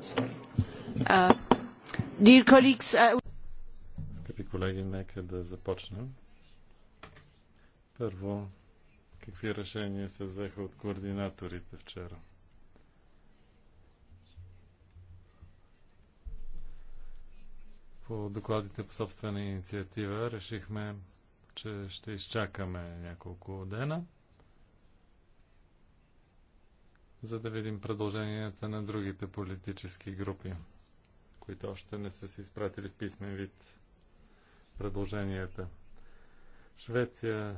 Uh, uh, Скъпи колеги, нека да започнем. Първо, какви решения се взеха от координаторите вчера? По докладите по собствена инициатива решихме, че ще изчакаме няколко дена – за да видим продълженията на другите политически групи, които още не са си изпратили в писмен вид предложенията. Швеция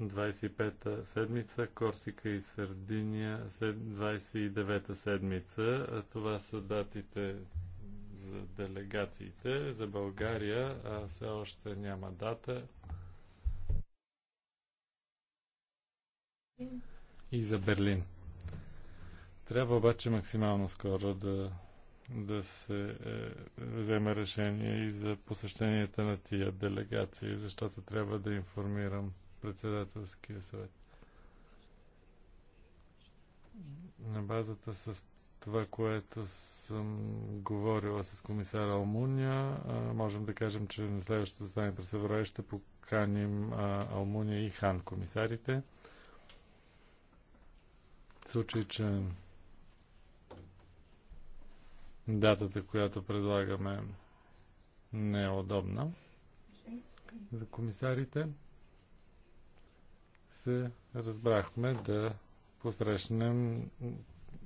25-та седмица, Корсика и Сърдиния 29-та седмица. Това са датите за делегациите. За България а все още няма дата и за Берлин. Трябва обаче максимално скоро да, да се е, вземе решение и за посещенията на тия делегации, защото трябва да информирам председателския съвет. На базата с това, което съм говорила с комисара Алмуния, можем да кажем, че на следващото заседание през февруари ще поканим Алмуния и Хан комисарите случай, че датата, която предлагаме не е удобна за комисарите, се разбрахме да посрещнем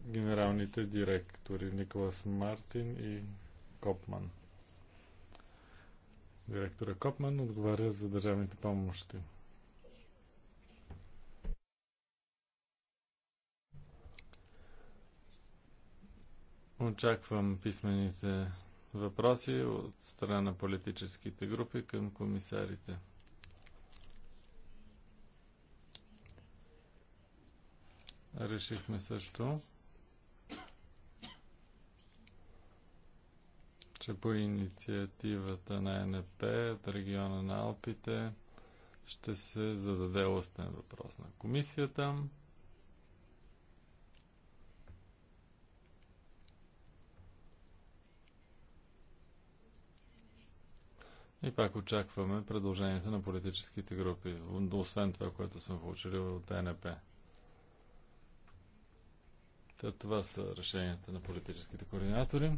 генералните директори Николас Мартин и Копман. Директора Копман отговаря за държавните помощи. Очаквам писмените въпроси от страна на политическите групи към комисарите. Решихме също, че по инициативата на НП от региона на Алпите ще се зададе устен въпрос на комисията. И пак очакваме предложението на политическите групи, освен това, което сме получили от ДНП. Та, това са решенията на политическите координатори,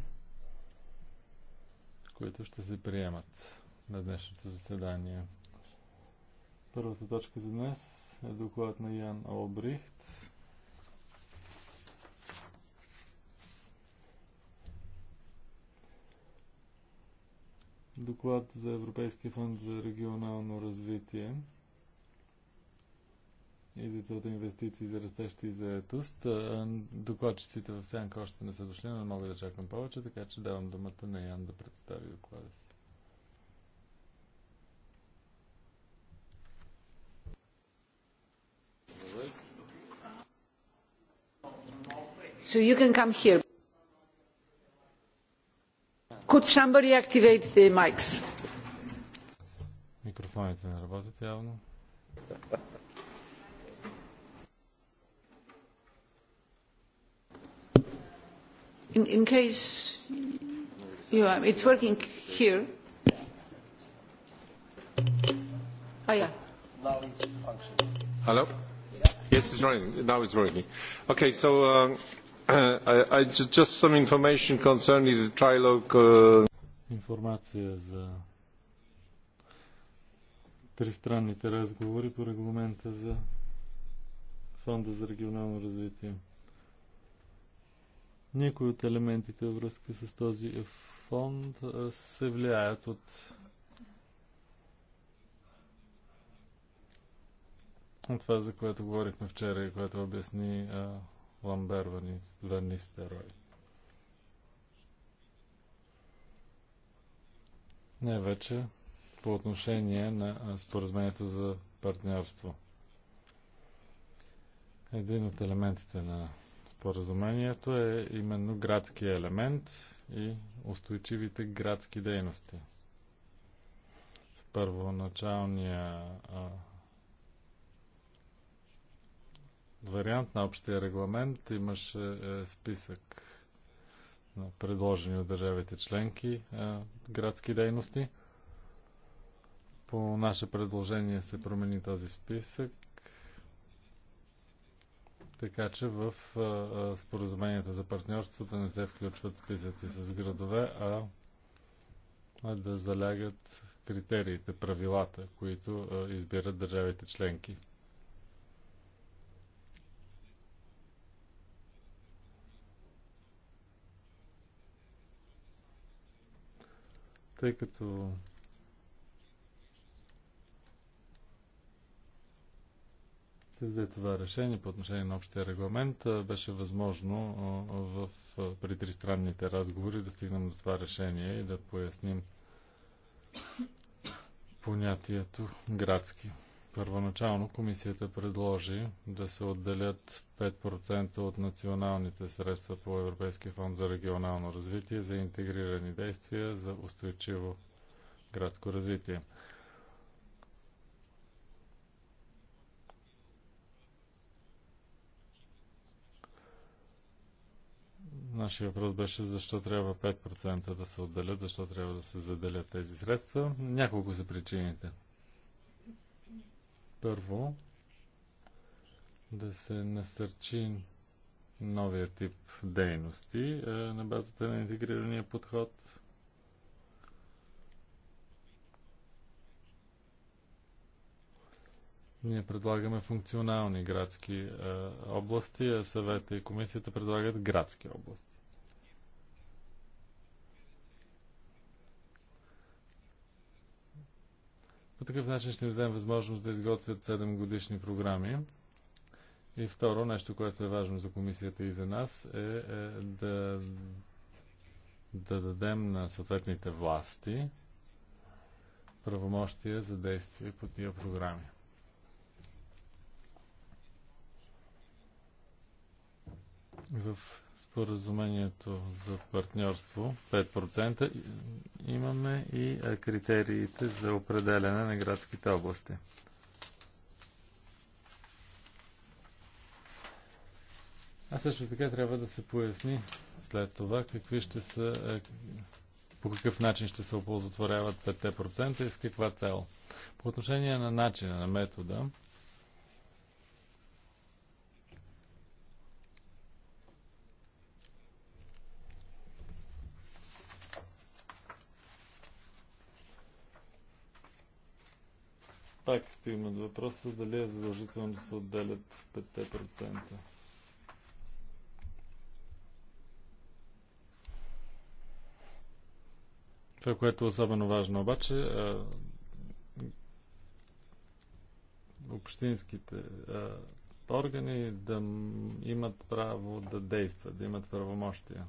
които ще се приемат на днешното заседание. Първата точка за днес е доклад на Ян Олбрихт. доклад за Европейския фонд за регионално развитие и за целта инвестиции за растещи и заетост. Докладчиците в сянка още не са дошли, но не мога да чакам повече, така че давам думата на Ян да представи доклада си. So you can come here. Could somebody activate the mics? Микрофоните не работят явно. In, in case you are, it's working here. Ah, yeah. Now it's functioning. Hello? Yeah. Yes, it's running. Now it's working. Okay, so. Um, Just some information concerning the trilogue. Uh, Информация за тристранните разговори по регламента за Фонда за регионално развитие. Някои от елементите във връзка с този фонд се влияят от от това, за което говорихме вчера и което обясни Ламбер Ванистерой. Не вече по отношение на споразумението за партньорство. Един от елементите на споразумението е именно градски елемент и устойчивите градски дейности. В първоначалния вариант на общия регламент имаше е, списък на предложени от държавите членки е, градски дейности. По наше предложение се промени този списък така че в е, споразуменията за партньорство да не се включват списъци с градове, а, да залягат критериите, правилата, които избират държавите членки. тъй като се взе това решение по отношение на общия регламент, беше възможно в, при тристранните разговори да стигнем до това решение и да поясним понятието градски. Първоначално комисията предложи да се отделят 5% от националните средства по Европейския фонд за регионално развитие за интегрирани действия за устойчиво градско развитие. Нашия въпрос беше защо трябва 5% да се отделят, защо трябва да се заделят тези средства. Няколко са причините – първо, да се насърчи новия тип дейности е, на базата на интегрирания подход. Ние предлагаме функционални градски е, области, а съвета и комисията предлагат градски области. По такъв начин ще им дадем възможност да изготвят 7 годишни програми. И второ, нещо, което е важно за комисията и за нас, е, е да, да дадем на съответните власти правомощия за действие по тия програми. В споразумението за партньорство 5% имаме и критериите за определяне на градските области. А също така трябва да се поясни след това какви ще са, по какъв начин ще се оползотворяват 5% и с каква цел. По отношение на начина, на метода, пак стигнат въпроса дали е задължително да се отделят 5%. Това, което е особено важно обаче, общинските органи да имат право да действат, да имат правомощия.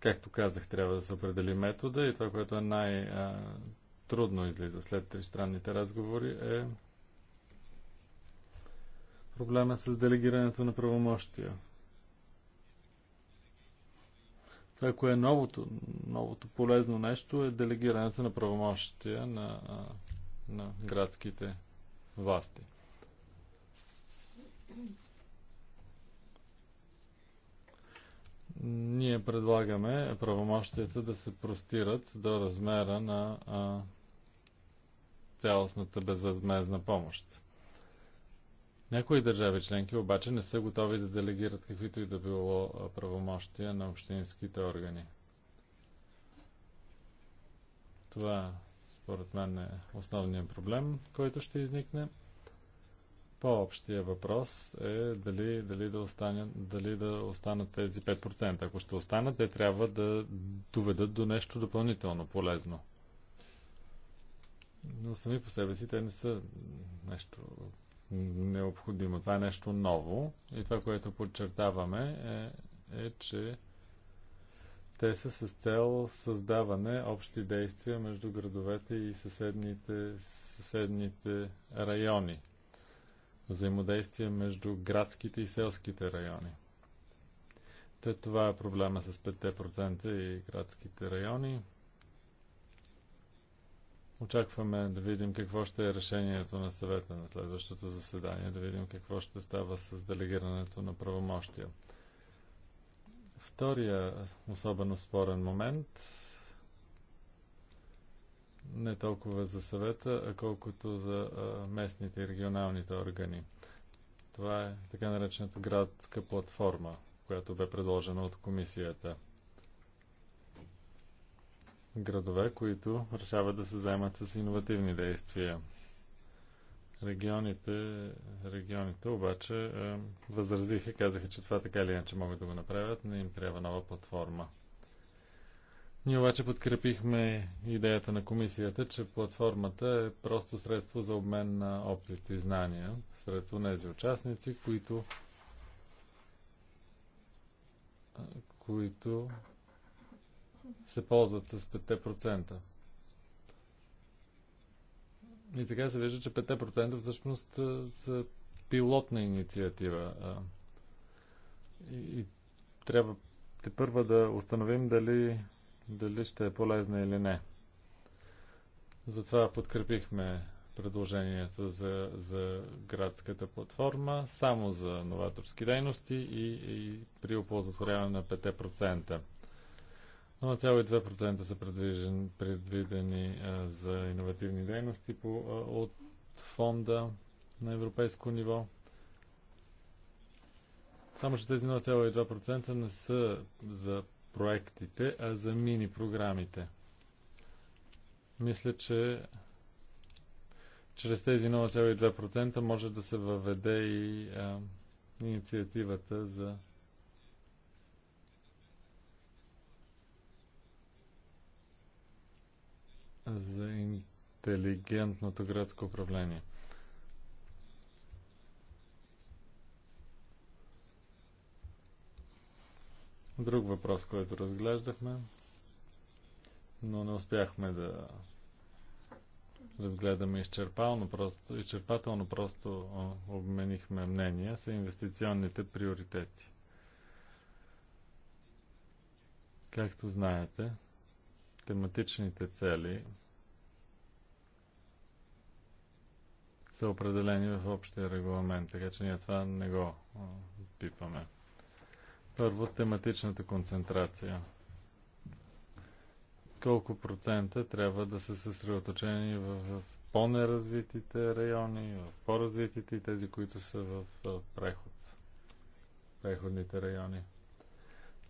както казах, трябва да се определи метода и това, което е най-трудно излиза след тристранните разговори е проблема с делегирането на правомощия. Това, кое е новото, новото полезно нещо е делегирането на правомощия на, на градските власти. Ние предлагаме правомощията да се простират до размера на а, цялостната безвъзмезна помощ. Някои държави членки обаче не са готови да делегират каквито и да било правомощия на общинските органи. Това, според мен, е основният проблем, който ще изникне. По-общия въпрос е дали, дали, да остане, дали да останат тези 5%. Ако ще останат, те трябва да доведат до нещо допълнително полезно. Но сами по себе си те не са нещо необходимо. Това е нещо ново. И това, което подчертаваме е, е че те са с цел създаване общи действия между градовете и съседните, съседните райони взаимодействие между градските и селските райони. Те, това е проблема с 5% и градските райони. Очакваме да видим какво ще е решението на съвета на следващото заседание, да видим какво ще става с делегирането на правомощия. Втория особено спорен момент не толкова за съвета, а колкото за местните и регионалните органи. Това е така наречената градска платформа, която бе предложена от комисията. Градове, които решават да се заемат с иновативни действия. Регионите, регионите обаче възразиха, казаха, че това така или иначе могат да го направят, но им трябва нова платформа. Ние обаче подкрепихме идеята на комисията, че платформата е просто средство за обмен на опит и знания сред тези участници, които, които се ползват с 5%. И така се вижда, че 5% всъщност са пилотна инициатива. И, и трябва те първа да установим дали дали ще е полезна или не. Затова подкрепихме предложението за, за градската платформа само за новаторски дейности и, и при оползотворяване на 5%. 0,2% са предвижен, предвидени а, за иновативни дейности по, а, от фонда на европейско ниво. Само, че тези 0,2% не са за проектите, а за мини-програмите. Мисля, че чрез тези 0,2% може да се въведе и а, инициативата за за интелигентното градско управление. Друг въпрос, който разглеждахме, но не успяхме да разгледаме изчерпателно, просто, изчерпателно просто обменихме мнения, са инвестиционните приоритети. Както знаете, тематичните цели са определени в общия регламент, така че ние това не го пипаме. Първо, тематичната концентрация. Колко процента трябва да са съсредоточени в, в по-неразвитите райони, в по-развитите и тези, които са в, в преход, преходните райони?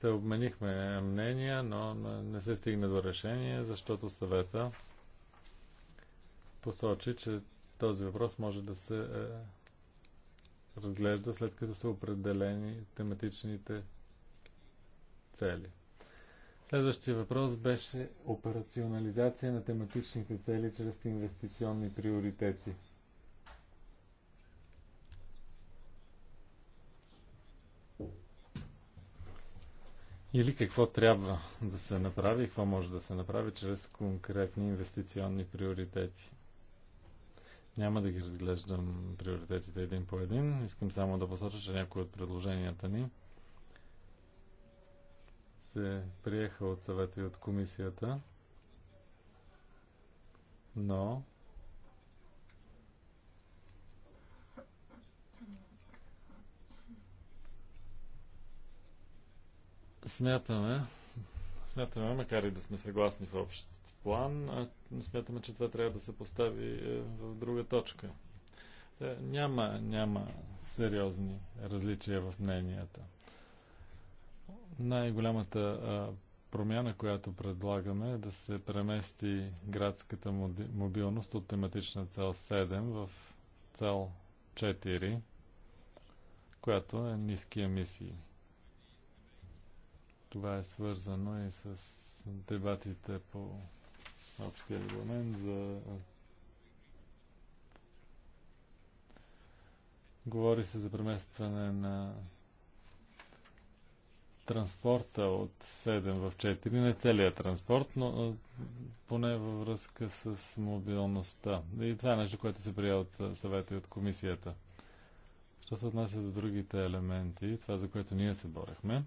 Те обменихме мнения, но не се стигна до решение, защото съвета посочи, че този въпрос може да се е, разглежда след като са определени тематичните цели. Следващия въпрос беше операционализация на тематичните цели чрез инвестиционни приоритети. Или какво трябва да се направи, и какво може да се направи чрез конкретни инвестиционни приоритети. Няма да ги разглеждам приоритетите един по един. Искам само да посоча, че някои от предложенията ни се приеха от съвета и от комисията, но смятаме, смятаме, макар и да сме съгласни в общ план, смятаме, че това трябва да се постави е, в друга точка. Е, няма, няма сериозни различия в мненията. Най-голямата промяна, която предлагаме е да се премести градската мобилност от тематична цел 7 в цел 4, която е ниски емисии. Това е свързано и с дебатите по общия регламент за Говори се за преместване на транспорта от 7 в 4, не целият транспорт, но поне във връзка с мобилността. И това е нещо, което се прия от съвета и от комисията. Що се отнася до другите елементи, това за което ние се борехме,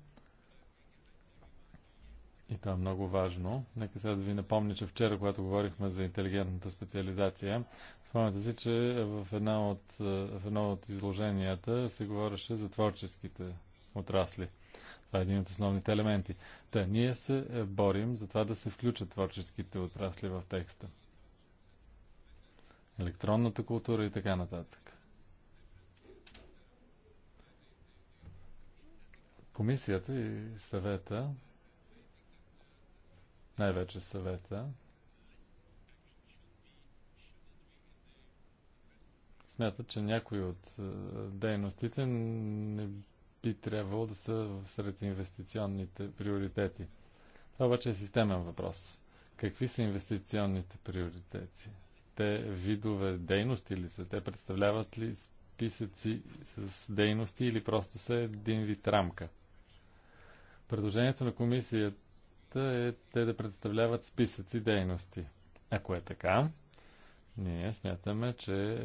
и това е много важно. Нека сега да ви напомня, че вчера, когато говорихме за интелигентната специализация, спомняте си, че в, една от, в едно от изложенията се говореше за творческите отрасли. Това е един от основните елементи. Та, ние се е, борим за това да се включат творческите отрасли в текста. Електронната култура и така нататък. Комисията и съвета, най-вече съвета, смятат, че някои от е, дейностите не би трябвало да са сред инвестиционните приоритети. Това обаче е системен въпрос. Какви са инвестиционните приоритети? Те видове дейности ли са? Те представляват ли списъци с дейности или просто са един вид рамка? Предложението на комисията е те да представляват списъци дейности. Ако е така, ние смятаме, че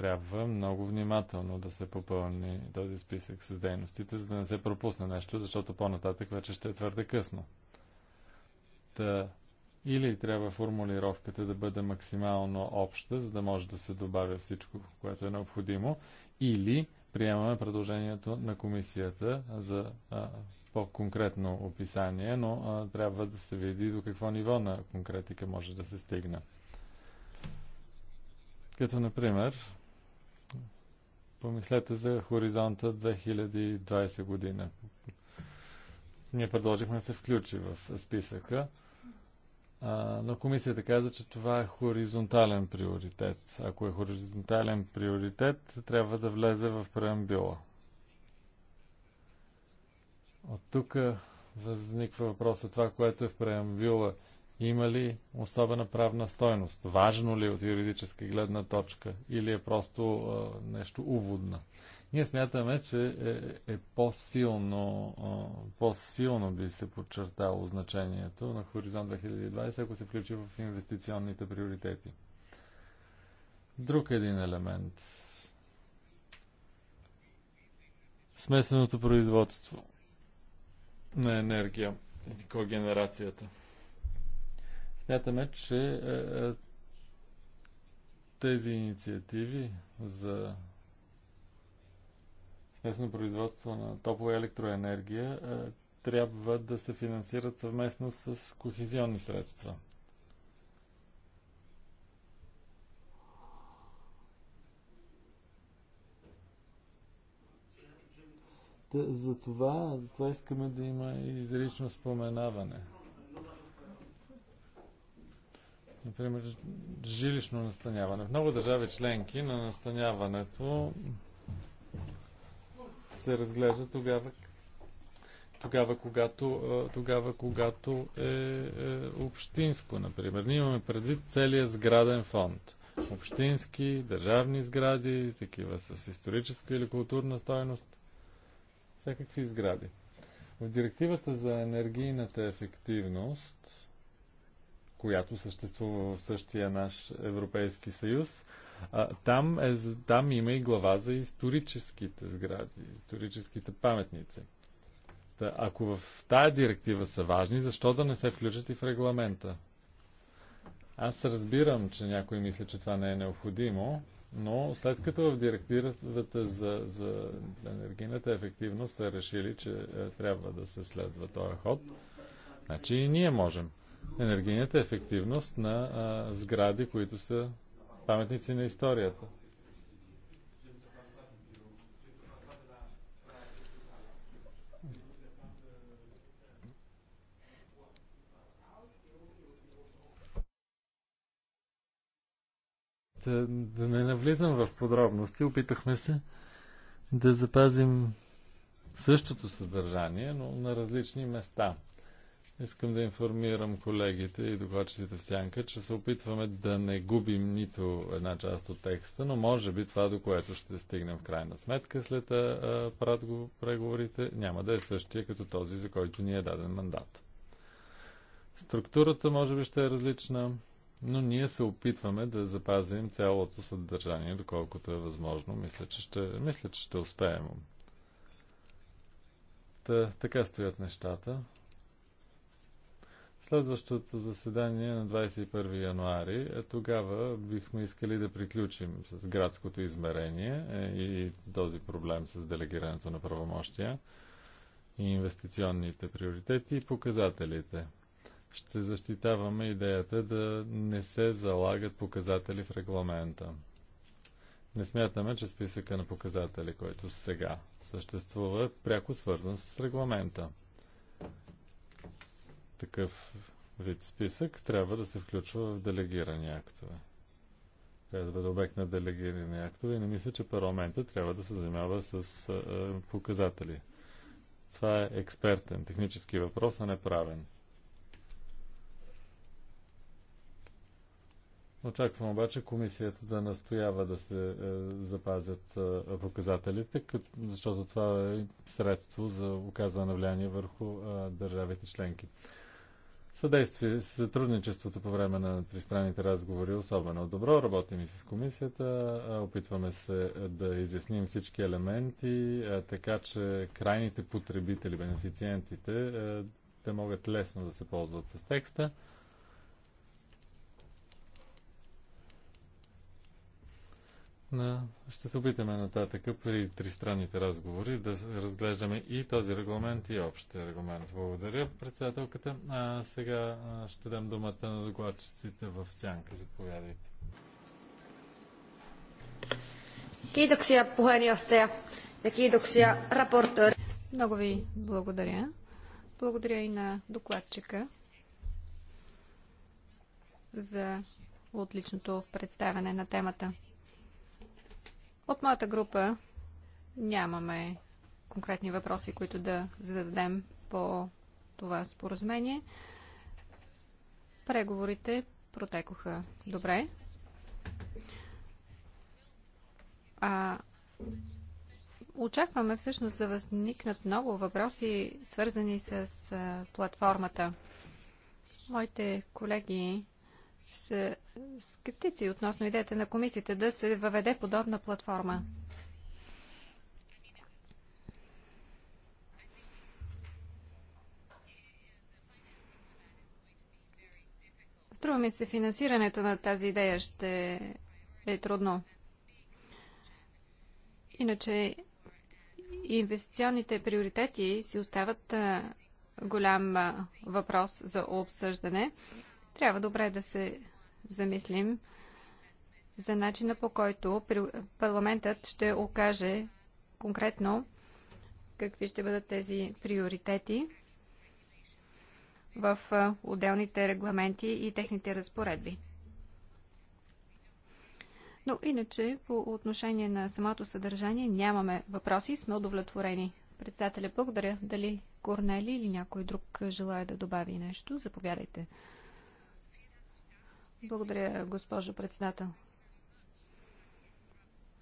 трябва много внимателно да се попълни този списък с дейностите, за да не се пропусне нещо, защото по-нататък вече ще е твърде късно. Та, или трябва формулировката да бъде максимално обща, за да може да се добавя всичко, което е необходимо, или приемаме предложението на комисията за по-конкретно описание, но а, трябва да се види до какво ниво на конкретика може да се стигне. Като, например, Помислете за хоризонта 2020 година. Ние предложихме да се включи в списъка, а, но комисията каза, че това е хоризонтален приоритет. Ако е хоризонтален приоритет, трябва да влезе в преамбюла. От тук възниква въпроса това, което е в преамбюла – има ли особена правна стойност? Важно ли е от юридическа гледна точка или е просто а, нещо уводна? Ние смятаме, че е, е по-силно, по-силно би се подчертало значението на Хоризонт 2020, ако се включи в инвестиционните приоритети. Друг един елемент. Смесеното производство на енергия и когенерацията. генерацията. Смятаме, че е, е, тези инициативи за местно производство на топла електроенергия е, трябва да се финансират съвместно с кохезионни средства. за това, за това искаме да има изрично споменаване. Например, жилищно настаняване. В много държави членки на настаняването се разглежда тогава, тогава, когато, тогава, когато е, е общинско, например. Ние имаме предвид целият сграден фонд. Общински, държавни сгради, такива с историческа или културна стоеност, Всякакви сгради. В директивата за енергийната ефективност която съществува в същия наш Европейски съюз. А, там, е, там има и глава за историческите сгради, историческите паметници. Та, ако в тая директива са важни, защо да не се включат и в регламента? Аз разбирам, че някой мисли, че това не е необходимо, но след като в директивата за, за енергийната ефективност са решили, че е, трябва да се следва този ход, значи и ние можем енергийната ефективност на а, сгради, които са паметници на историята. Да, да не навлизам в подробности, опитахме се да запазим същото съдържание, но на различни места – Искам да информирам колегите и докладчиците в сянка, че се опитваме да не губим нито една част от текста, но може би това, до което ще стигнем в крайна сметка след а, преговорите, няма да е същия като този, за който ни е даден мандат. Структурата може би ще е различна, но ние се опитваме да запазим цялото съдържание, доколкото е възможно. Мисля, че ще, мисля, че ще успеем. Та, така стоят нещата. Следващото заседание на 21 януари, е, тогава бихме искали да приключим с градското измерение е, и този проблем с делегирането на правомощия и инвестиционните приоритети и показателите. Ще защитаваме идеята да не се залагат показатели в регламента. Не смятаме, че списъка на показатели, който сега съществува, е пряко свързан с регламента такъв вид списък трябва да се включва в делегирани актове. Трябва да бъде обект на делегирани актове и не мисля, че парламента трябва да се занимава с показатели. Това е експертен, технически въпрос, а не правен. Очаквам обаче комисията да настоява да се е, запазят е, показателите, като, защото това е средство за оказване на влияние върху е, държавите членки. Съдействие, сътрудничеството по време на тристранните разговори е особено добро. Работим и с комисията, опитваме се да изясним всички елементи, така че крайните потребители, бенефициентите, да могат лесно да се ползват с текста. на... ще се опитаме нататък при тристранните разговори да разглеждаме и този регламент и общия регламент. Благодаря, председателката. А сега ще дам думата на докладчиците в сянка. Заповядайте. Кидоксия, puheenjohtaja ja kiitoksia Много ви благодаря. Благодаря и на докладчика за отличното представяне на темата. От моята група нямаме конкретни въпроси, които да зададем по това споразумение. Преговорите протекоха добре. А, очакваме всъщност да възникнат много въпроси, свързани с а, платформата. Моите колеги са скептици относно идеята на комисията да се въведе подобна платформа. Струва ми се, финансирането на тази идея ще е трудно. Иначе инвестиционните приоритети си остават голям въпрос за обсъждане. Трябва добре да се замислим за начина по който парламентът ще окаже конкретно какви ще бъдат тези приоритети в отделните регламенти и техните разпоредби. Но иначе по отношение на самото съдържание нямаме въпроси, сме удовлетворени. Председателя, благодаря. Дали Корнели или някой друг желая да добави нещо? Заповядайте. Благодаря, госпожо председател.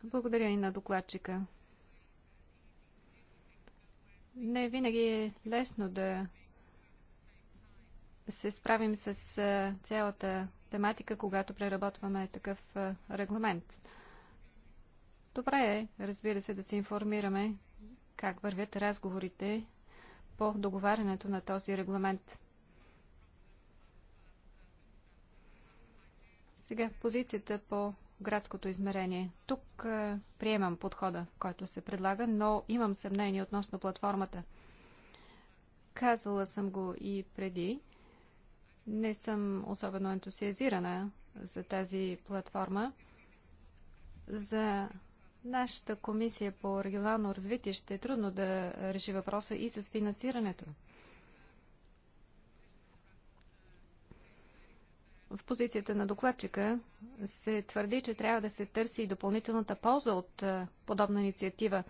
Благодаря и на докладчика. Не винаги е лесно да се справим с цялата тематика, когато преработваме такъв регламент. Добре е, разбира се, да се информираме как вървят разговорите по договарянето на този регламент. Сега позицията по градското измерение. Тук е, приемам подхода, който се предлага, но имам съмнение относно платформата. Казвала съм го и преди. Не съм особено ентусиазирана за тази платформа. За нашата комисия по регионално развитие ще е трудно да реши въпроса и с финансирането. В позицията на докладчика се твърди, че трябва да се търси и допълнителната полза от подобна инициатива,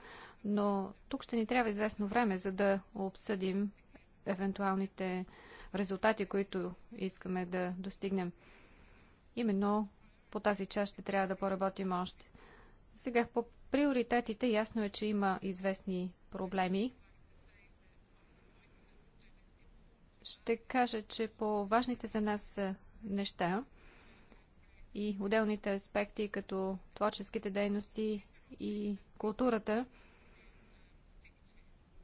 но тук ще ни трябва известно време, за да обсъдим евентуалните резултати, които искаме да достигнем. Именно по тази част ще трябва да поработим още. Сега по приоритетите ясно е, че има известни проблеми. Ще кажа, че по важните за нас неща и отделните аспекти, като творческите дейности и културата.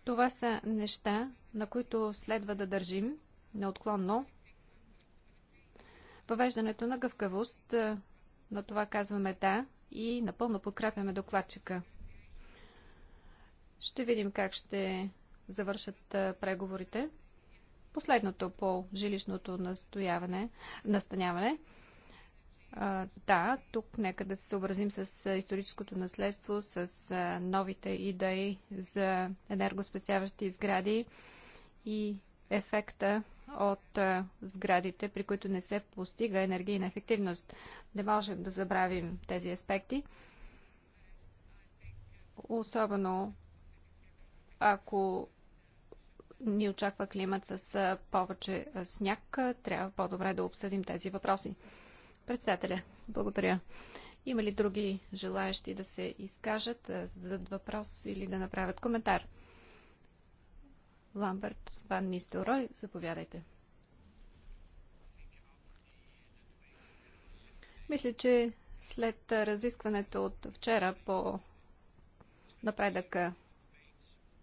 Това са неща, на които следва да държим неотклонно. Въвеждането на гъвкавост, е, на това казваме да и напълно подкрепяме докладчика. Ще видим как ще завършат е, преговорите. Последното по жилищното настояване, настаняване. А, да, тук нека да се съобразим с историческото наследство, с новите идеи за енергоспестяващи сгради и ефекта от сградите, при които не се постига енергийна ефективност. Не можем да забравим тези аспекти. Особено ако ни очаква климат с повече сняг, трябва по-добре да обсъдим тези въпроси. Председателя, благодаря. Има ли други желаящи да се изкажат, да зададат въпрос или да направят коментар? Ламберт Ван Нистелрой, заповядайте. Мисля, че след разискването от вчера по напредъка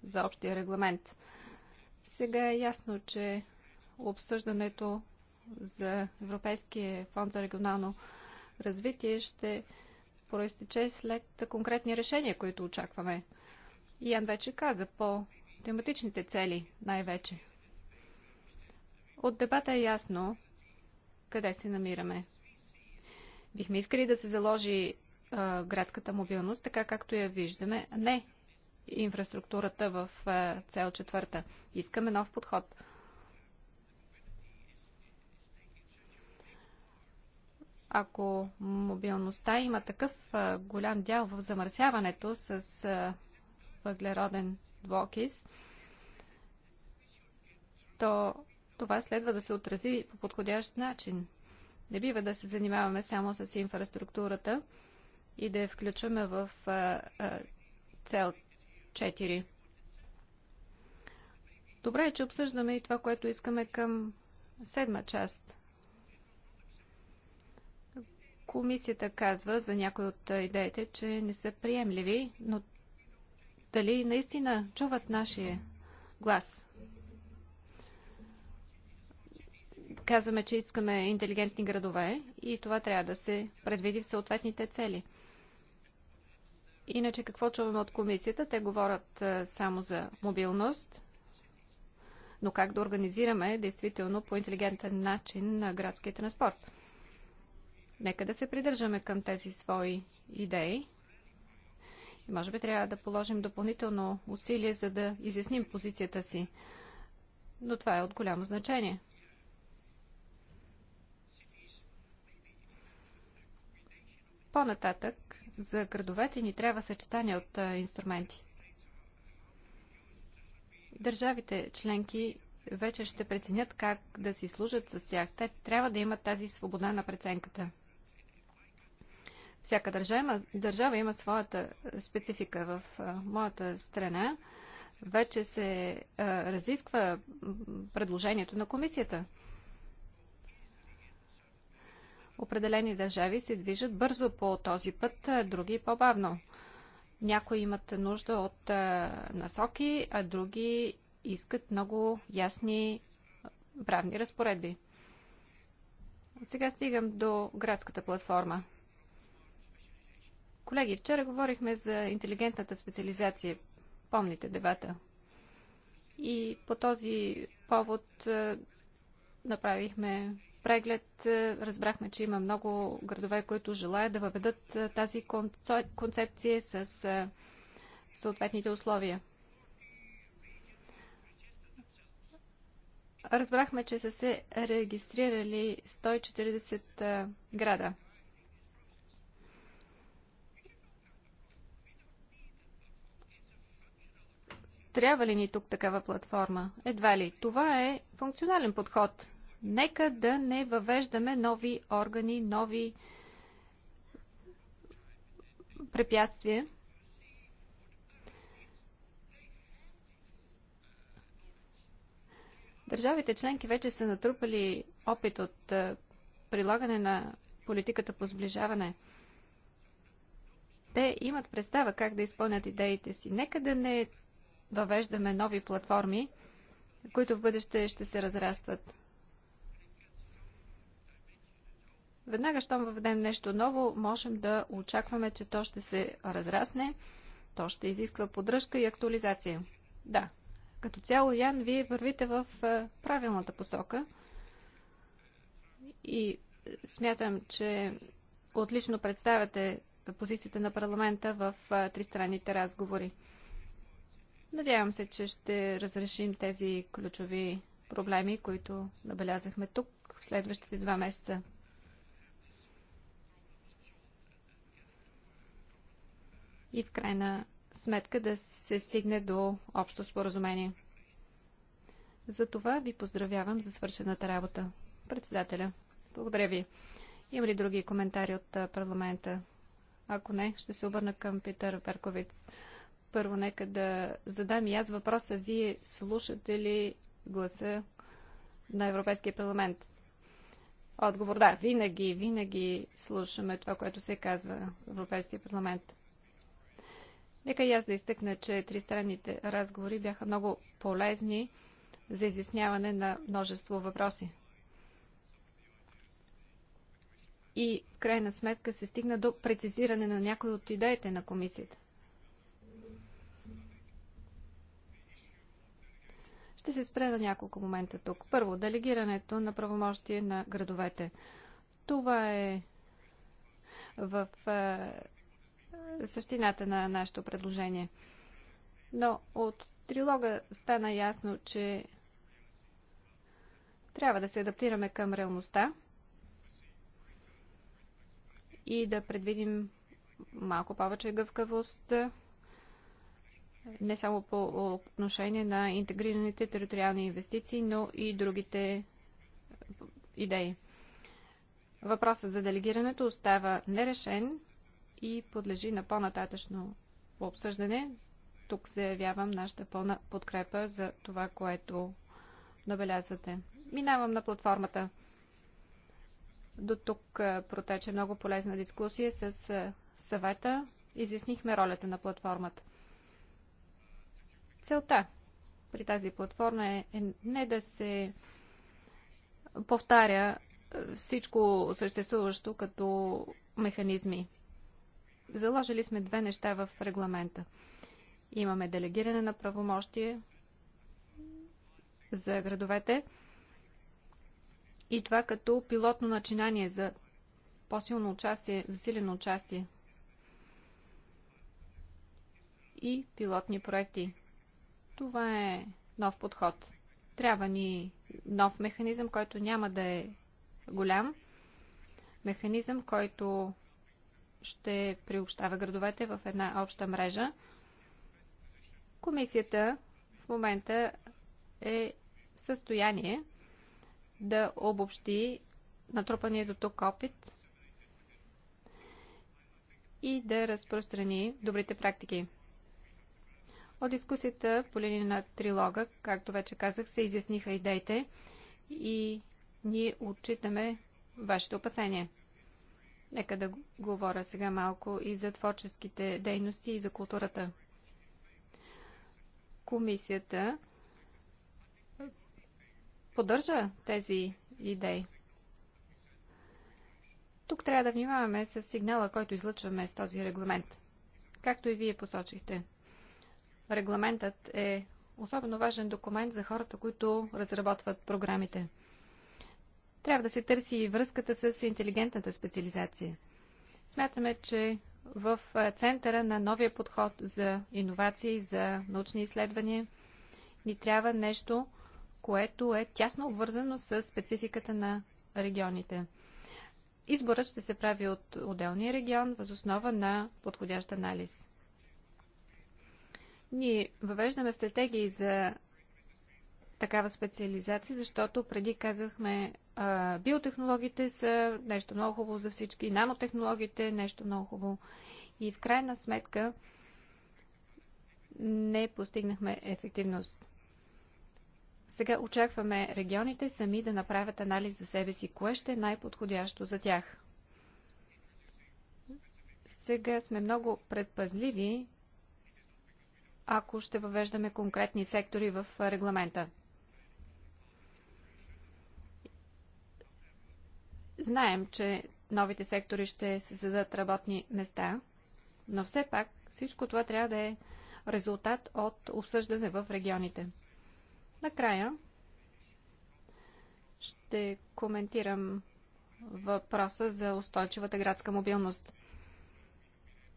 за общия регламент – сега е ясно, че обсъждането за Европейския фонд за регионално развитие ще проистече след конкретни решения, които очакваме. Ян вече каза по тематичните цели най-вече. От дебата е ясно къде се намираме. Бихме искали да се заложи а, градската мобилност, така както я виждаме. Не, инфраструктурата в е, цел четвърта. Искаме нов подход. Ако мобилността има такъв е, голям дял в замърсяването с е, въглероден двокис, то това следва да се отрази по подходящ начин. Не бива да се занимаваме само с инфраструктурата и да я включваме в цел 4. Добре е, че обсъждаме и това, което искаме към седма част. Комисията казва за някои от идеите, че не са приемливи, но дали наистина чуват нашия глас? Казваме, че искаме интелигентни градове и това трябва да се предвиди в съответните цели – Иначе какво чуваме от комисията? Те говорят е, само за мобилност, но как да организираме действително по интелигентен начин на градския транспорт? Нека да се придържаме към тези свои идеи. И може би трябва да положим допълнително усилие, за да изясним позицията си. Но това е от голямо значение. По-нататък за градовете ни трябва съчетание от инструменти. Държавите членки вече ще преценят как да си служат с тях. Те трябва да имат тази свобода на преценката. Всяка държава, държава има своята специфика. В моята страна вече се разисква предложението на комисията. Определени държави се движат бързо по този път, други по-бавно. Някои имат нужда от насоки, а други искат много ясни правни разпоредби. Сега стигам до градската платформа. Колеги, вчера говорихме за интелигентната специализация. Помните дебата. И по този повод направихме преглед е, разбрахме, че има много градове, които желаят да въведат е, тази концепция с е, съответните условия. Разбрахме, че са се регистрирали 140 града. Трябва ли ни тук такава платформа? Едва ли. Това е функционален подход. Нека да не въвеждаме нови органи, нови препятствия. Държавите членки вече са натрупали опит от е, прилагане на политиката по сближаване. Те имат представа как да изпълнят идеите си. Нека да не въвеждаме нови платформи, които в бъдеще ще се разрастват. Веднага, щом въведем нещо ново, можем да очакваме, че то ще се разрасне, то ще изисква поддръжка и актуализация. Да, като цяло, Ян, вие вървите в е, правилната посока и смятам, че отлично представяте позицията на парламента в е, тристранните разговори. Надявам се, че ще разрешим тези ключови проблеми, които набелязахме тук в следващите два месеца. и в крайна сметка да се стигне до общо споразумение. За това ви поздравявам за свършената работа. Председателя, благодаря ви. Има ли други коментари от парламента? Ако не, ще се обърна към Питър Перковиц. Първо, нека да задам и аз въпроса. Вие слушате ли гласа на Европейския парламент? Отговор да, винаги, винаги слушаме това, което се казва в Европейския парламент. Нека и аз да изтъкна, че тристранните разговори бяха много полезни за изясняване на множество въпроси. И в крайна сметка се стигна до прецизиране на някои от идеите на комисията. Ще се спре на няколко момента тук. Първо, делегирането на правомощие на градовете. Това е в е, същината на нашето предложение. Но от трилога стана ясно, че трябва да се адаптираме към реалността и да предвидим малко повече гъвкавост не само по отношение на интегрираните териториални инвестиции, но и другите идеи. Въпросът за делегирането остава нерешен и подлежи на по-нататъчно обсъждане. Тук заявявам нашата пълна подкрепа за това, което набелязвате. Минавам на платформата. До тук протече много полезна дискусия с съвета. Изяснихме ролята на платформата. Целта при тази платформа е, е не да се повтаря всичко съществуващо като механизми. Заложили сме две неща в регламента. Имаме делегиране на правомощие за градовете и това като пилотно начинание за по-силно участие, засилено участие и пилотни проекти. Това е нов подход. Трябва ни нов механизъм, който няма да е голям. Механизъм, който ще приобщава градовете в една обща мрежа. Комисията в момента е в състояние да обобщи натрупания до тук опит и да разпространи добрите практики. От дискусията по линия на трилога, както вече казах, се изясниха идеите и ние отчитаме вашето опасение. Нека да говоря сега малко и за творческите дейности и за културата. Комисията поддържа тези идеи. Тук трябва да внимаваме с сигнала, който излъчваме с този регламент. Както и вие посочихте. Регламентът е особено важен документ за хората, които разработват програмите – трябва да се търси и връзката с интелигентната специализация. Смятаме, че в центъра на новия подход за иновации, за научни изследвания, ни трябва нещо, което е тясно обвързано с спецификата на регионите. Изборът ще се прави от отделния регион, възоснова на подходящ анализ. Ние въвеждаме стратегии за такава специализация, защото преди казахме а, биотехнологите са нещо много хубаво за всички, нанотехнологите е нещо много хубаво. И в крайна сметка не постигнахме ефективност. Сега очакваме регионите сами да направят анализ за себе си, кое ще е най-подходящо за тях. Сега сме много предпазливи, ако ще въвеждаме конкретни сектори в регламента. Знаем, че новите сектори ще създадат работни места, но все пак всичко това трябва да е резултат от обсъждане в регионите. Накрая ще коментирам въпроса за устойчивата градска мобилност.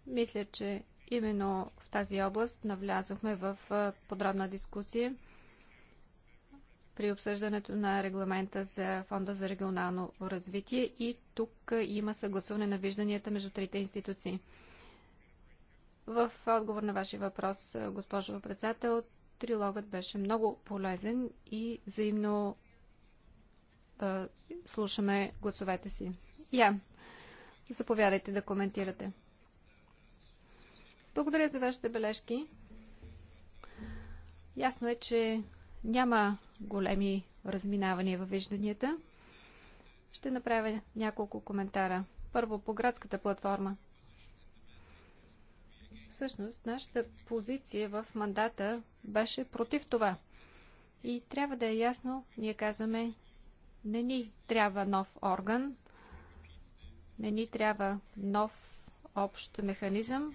Мисля, че именно в тази област навлязохме в подробна дискусия при обсъждането на регламента за Фонда за регионално развитие и тук има съгласуване на вижданията между трите институции. В отговор на вашия въпрос, госпожо председател, трилогът беше много полезен и взаимно е, слушаме гласовете си. Я, заповядайте да коментирате. Благодаря за вашите бележки. Ясно е, че няма големи разминавания във вижданията. Ще направя няколко коментара. Първо, по градската платформа. Всъщност, нашата позиция в мандата беше против това. И трябва да е ясно, ние казваме, не ни трябва нов орган, не ни трябва нов общ механизъм,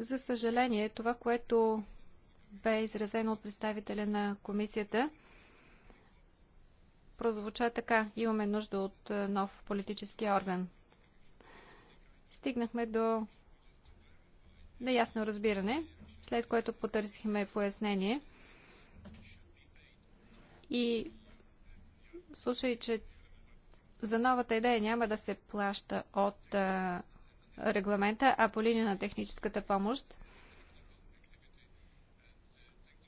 За съжаление, това, което бе изразено от представителя на комисията, прозвуча така. Имаме нужда от е, нов политически орган. Стигнахме до неясно разбиране, след което потърсихме пояснение. И случай, че за новата идея няма да се плаща от е, регламента, а по линия на техническата помощ.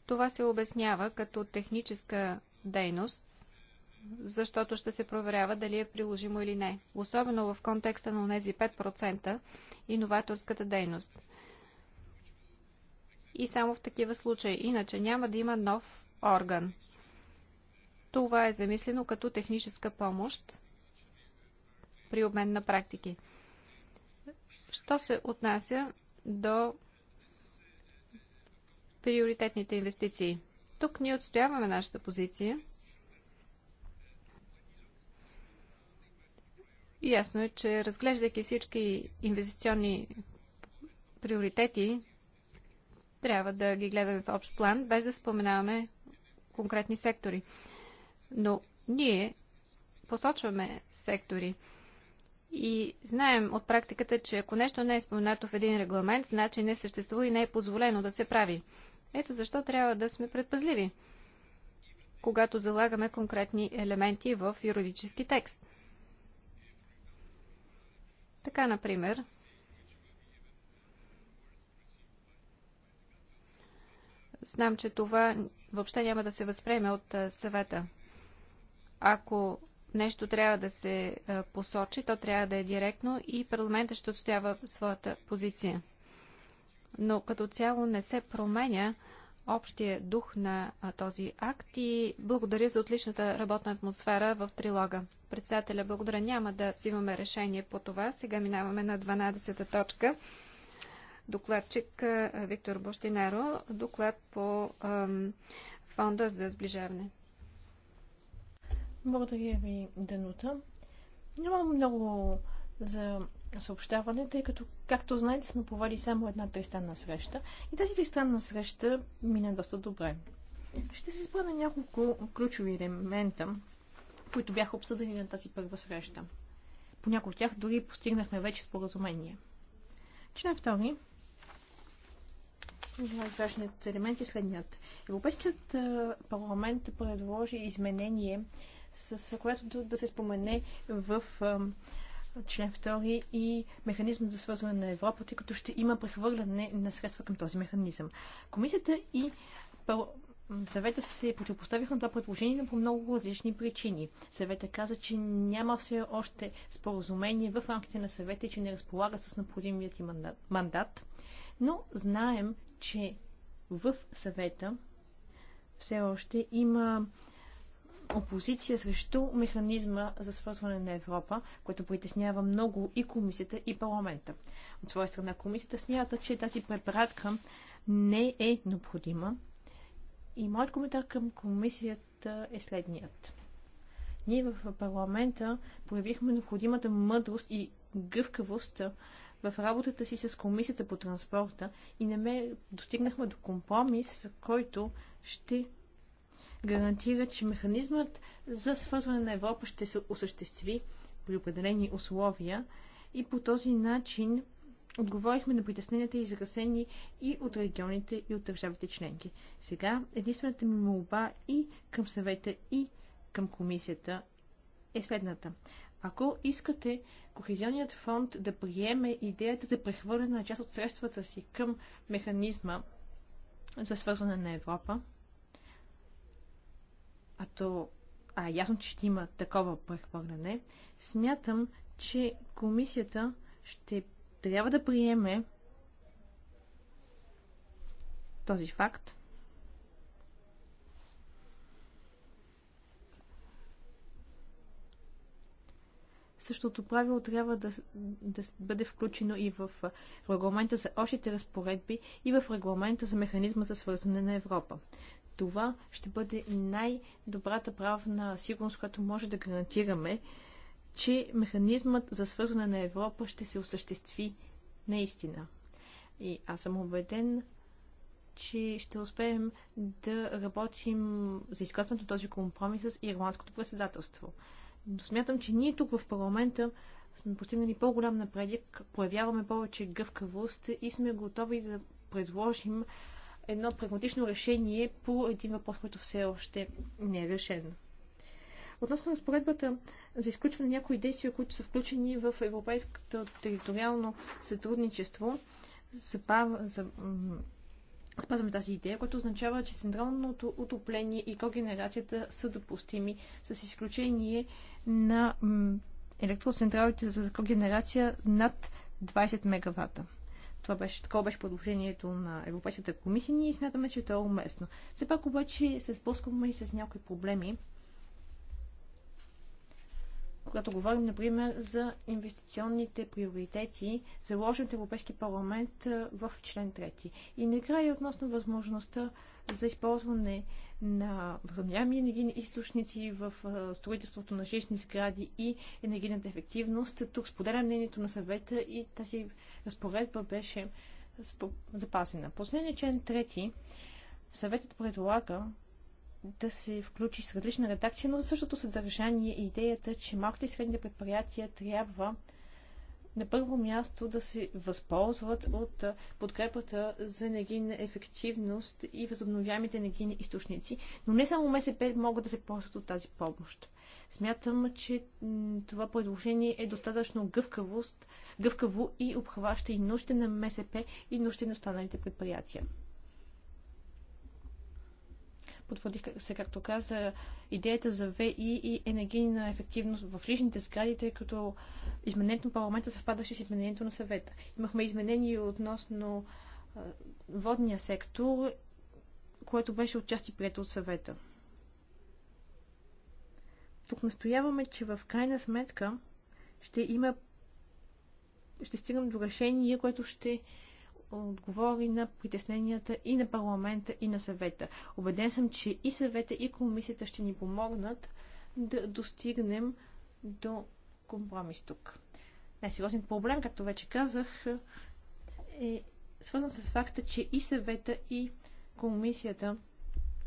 Това се обяснява като техническа дейност, защото ще се проверява дали е приложимо или не. Особено в контекста на тези 5% иноваторската дейност. И само в такива случаи. Иначе няма да има нов орган. Това е замислено като техническа помощ при обмен на практики. Що се отнася до приоритетните инвестиции? Тук ние отстояваме нашата позиция. И ясно е, че разглеждайки всички инвестиционни приоритети, трябва да ги гледаме в общ план, без да споменаваме конкретни сектори. Но ние посочваме сектори. И знаем от практиката, че ако нещо не е споменато в един регламент, значи не съществува и не е позволено да се прави. Ето защо трябва да сме предпазливи, когато залагаме конкретни елементи в юридически текст. Така, например, знам, че това въобще няма да се възприеме от съвета. Ако нещо трябва да се посочи, то трябва да е директно и парламентът ще отстоява своята позиция. Но като цяло не се променя общия дух на този акт и благодаря за отличната работна атмосфера в трилога. Председателя, благодаря. Няма да взимаме решение по това. Сега минаваме на 12-та точка. Докладчик Виктор Бощинаро. Доклад по ам, фонда за сближаване. Благодаря ви, Данута. Нямам много за съобщаване, тъй като, както знаете, сме повали само една тристранна среща. И тази тристранна среща мина доста добре. Ще се спра на няколко ключови елемента, които бяха обсъдени на тази първа среща. По някои от тях дори постигнахме вече споразумение. Член втори. Важният елемент е следният. Европейският парламент предложи изменение с което да се спомене в член 2 и механизмът за свързване на Европа, тъй като ще има прехвърляне на средства към този механизъм. Комисията и Съвета се противопоставиха на това предложение по много различни причини. Съвета каза, че няма все още споразумение в рамките на съвета и че не разполагат с необходимият и мандат. Но знаем, че в съвета все още има опозиция срещу механизма за свързване на Европа, което притеснява много и комисията, и парламента. От своя страна комисията смята, че тази препратка не е необходима. И моят коментар към комисията е следният. Ние в парламента проявихме необходимата мъдрост и гъвкавост в работата си с комисията по транспорта и не ме достигнахме до компромис, който ще гарантира, че механизмът за свързване на Европа ще се осъществи при определени условия и по този начин отговорихме на притесненията и изразени и от регионите и от държавите членки. Сега единствената ми молба и към съвета и към комисията е следната. Ако искате Кохезионният фонд да приеме идеята за прехвърляне на част от средствата си към механизма за свързване на Европа, а то а ясно, че ще има такова прехвърляне, смятам, че комисията ще трябва да приеме този факт. Същото правило трябва да, да бъде включено и в регламента за общите разпоредби и в регламента за механизма за свързване на Европа това ще бъде най-добрата правна сигурност, която може да гарантираме, че механизмът за свързване на Европа ще се осъществи наистина. И аз съм убеден, че ще успеем да работим за изготвянето този компромис с ирландското председателство. Но смятам, че ние тук в парламента сме постигнали по-голям напредък, проявяваме повече гъвкавост и сме готови да предложим едно прагматично решение по един въпрос, който все още не е решен. Относно разпоредбата за изключване на някои действия, които са включени в Европейското териториално сътрудничество, спазваме тази идея, което означава, че централното отопление и когенерацията са допустими, с изключение на електроцентралите за когенерация над 20 мегаватта. Това беше, такова беше предложението на Европейската комисия. Ние смятаме, че то е уместно. Все пак обаче се сблъскваме и с някои проблеми. Когато говорим, например, за инвестиционните приоритети, заложен от Европейски парламент в член 3. И накрая относно възможността за използване на възобновяеми енергийни източници в строителството на жилищни сгради и енергийната ефективност. Тук споделям мнението на съвета и тази разпоредба беше запазена. Последният член трети съветът предлага да се включи с различна редакция, но за същото съдържание и идеята, че малките и средните предприятия трябва на първо място да се възползват от подкрепата за енергийна ефективност и възобновяемите енергийни източници, но не само МСП могат да се ползват от тази помощ. Смятам, че това предложение е достатъчно гъвкавост, гъвкаво и обхваща и нуждите на МСП и нуждите на останалите предприятия потвърдих се, както каза, идеята за ВИ и енергийна ефективност в личните сгради, тъй като изменението на парламента съвпадаше с изменението на съвета. Имахме изменение относно водния сектор, което беше отчасти прието от съвета. Тук настояваме, че в крайна сметка ще има ще стигнем до решение, което ще отговори на притесненията и на парламента, и на съвета. Обеден съм, че и съвета, и комисията ще ни помогнат да достигнем до компромис тук. Най-сериозният проблем, както вече казах, е свързан с факта, че и съвета, и комисията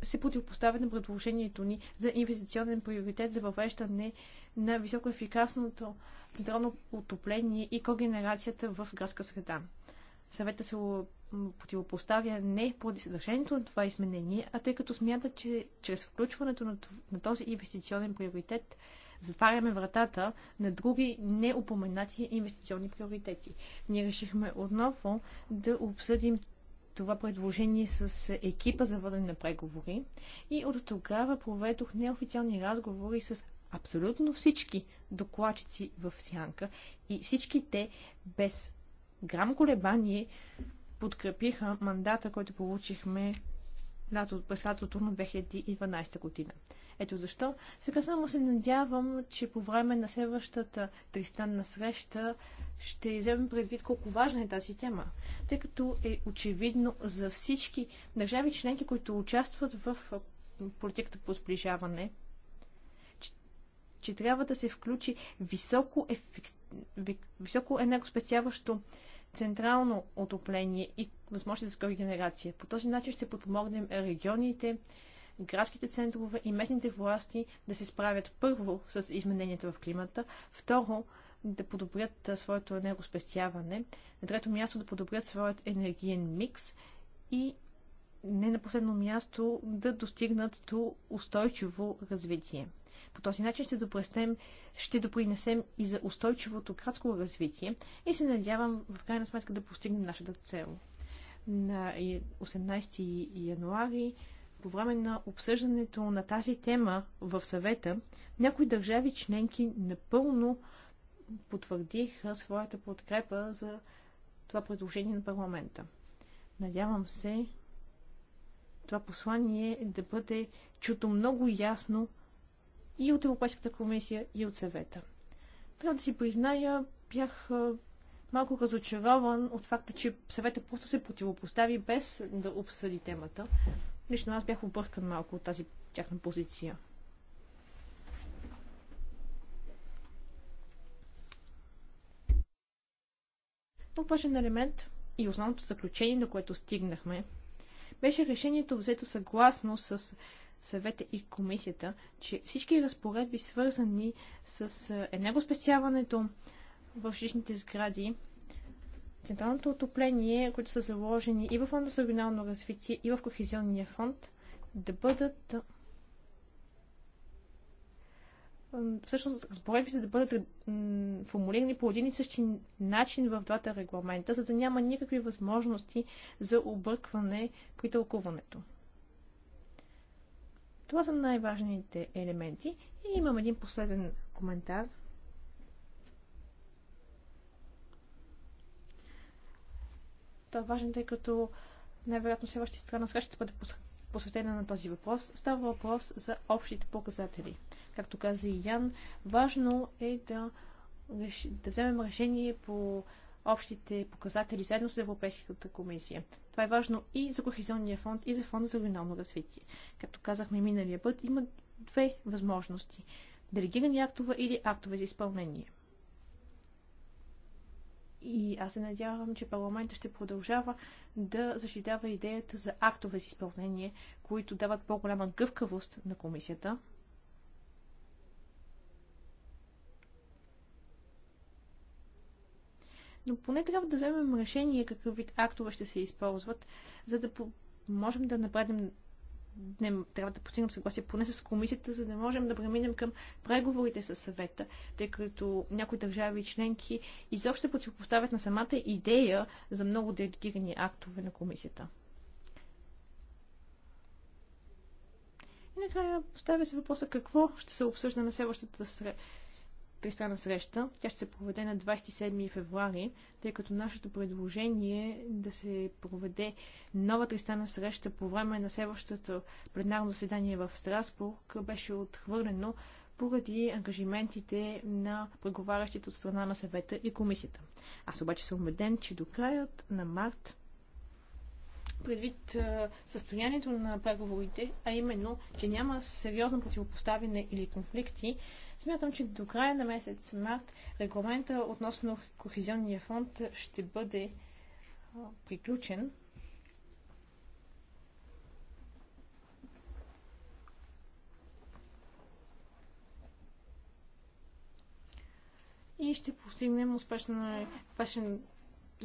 се противопоставят на предложението ни за инвестиционен приоритет за въвеждане на високоефикасното централно отопление и когенерацията в градска среда съвета се противопоставя не по съдържанието на това изменение, а тъй като смята, че чрез включването на този инвестиционен приоритет затваряме вратата на други неупоменати инвестиционни приоритети. Ние решихме отново да обсъдим това предложение с екипа за водене на преговори и от тогава проведох неофициални разговори с абсолютно всички докладчици в Сянка и всички те без грам колебание подкрепиха мандата, който получихме лято, през лятото на 2012 година. Ето защо. Сега само се надявам, че по време на следващата тристанна среща ще вземем предвид колко важна е тази тема, тъй като е очевидно за всички държави членки, които участват в политиката по сближаване, че, че трябва да се включи високо, ефект, високо енергоспестяващо централно отопление и възможност за когенерация. По този начин ще подпомогнем регионите, градските центрове и местните власти да се справят първо с измененията в климата, второ да подобрят своето енергоспестяване, на трето място да подобрят своят енергиен микс и не на последно място да достигнат до устойчиво развитие. По този начин ще, допрестем, ще допринесем и за устойчивото градско развитие и се надявам в крайна сметка да постигнем нашата цел. На 18 януари по време на обсъждането на тази тема в съвета, някои държави членки напълно потвърдиха своята подкрепа за това предложение на парламента. Надявам се това послание да бъде чуто много ясно и от Европейската комисия, и от съвета. Трябва да си призная, бях малко разочарован от факта, че съвета просто се противопостави без да обсъди темата. Лично аз бях объркан малко от тази тяхна позиция. Друг важен елемент и основното заключение, на което стигнахме, беше решението взето съгласно с съвета и комисията, че всички разпоредби, свързани с енергоспестяването в жилищните сгради, централното отопление, които са заложени и в фонда за регионално развитие, и в кохезионния фонд, да бъдат всъщност разпоредбите да бъдат формулирани по един и същи начин в двата регламента, за да няма никакви възможности за объркване при тълкуването. Това са най-важните елементи. И имам един последен коментар. Това е важно, тъй като най-вероятно следващата страна сега ще бъде посветена на този въпрос. Става въпрос за общите показатели. Както каза и Ян, важно е да, да вземем решение по общите показатели заедно с Европейската комисия. Това е важно и за Кохезионния фонд, и за фонда за регионално развитие. Както казахме миналия път, има две възможности. Делегирани актове или актове за изпълнение. И аз се надявам, че парламентът ще продължава да защитава идеята за актове за изпълнение, които дават по-голяма гъвкавост на комисията – но поне трябва да вземем решение какъв вид актове ще се използват, за да можем да направим не, трябва да постигнем съгласие поне с комисията, за да можем да преминем към преговорите с съвета, тъй като някои държави и членки изобщо противопоставят на самата идея за много делегирани актове на комисията. И накрая поставя се въпроса какво ще се обсъжда на следващата среща тристранна среща. Тя ще се проведе на 27 февруари, тъй като нашето предложение е да се проведе нова тристранна среща по време на следващото пленарно заседание в Страсбург беше отхвърлено поради ангажиментите на преговарящите от страна на съвета и комисията. Аз обаче съм убеден, че до краят на март предвид състоянието на преговорите, а именно, че няма сериозно противопоставяне или конфликти, смятам, че до края на месец март регламента относно Кохезионния фонд ще бъде приключен. И ще постигнем успешен, успешен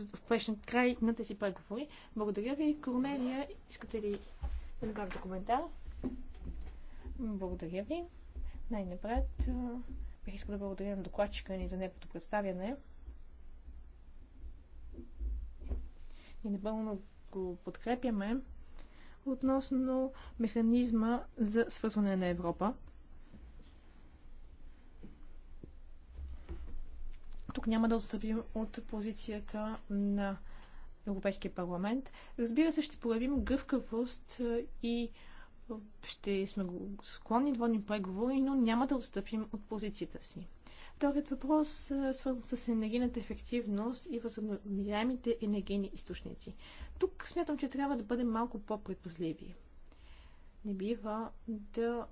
впрещнат край на тези преговори. Благодаря ви. Корнелия, искате ли да направите коментар? Благодаря ви. Най-напред бих искал да благодаря на докладчика ни за неговото представяне. И напълно го подкрепяме относно механизма за свързване на Европа. Тук няма да отстъпим от позицията на Европейския парламент. Разбира се, ще проявим гъвкавост е, и е, ще сме склонни да водим преговори, но няма да отстъпим от позицията си. Вторият въпрос е, свързан с енергийната ефективност и възобновяемите енергийни източници. Тук смятам, че трябва да бъдем малко по-предпазливи. Не бива да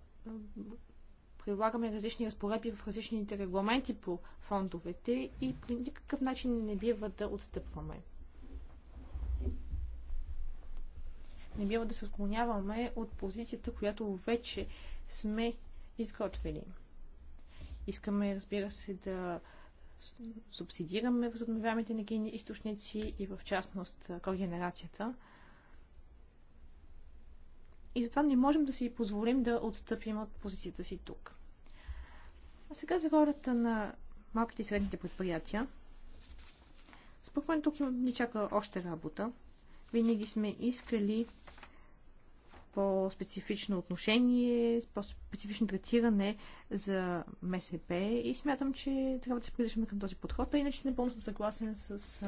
прилагаме различни разпоредби в различните регламенти по фондовете и по никакъв начин не бива да отстъпваме. Не бива да се отклоняваме от позицията, която вече сме изготвили. Искаме, разбира се, да субсидираме възобновяемите енергийни източници и в частност когенерацията. И затова не можем да си позволим да отстъпим от позицията си тук. А сега за хората на малките и средните предприятия. Според мен тук ни чака още работа. Винаги сме искали по-специфично отношение, по-специфично третиране за МСП и смятам, че трябва да се придържаме към този подход, а иначе напълно съм съгласен с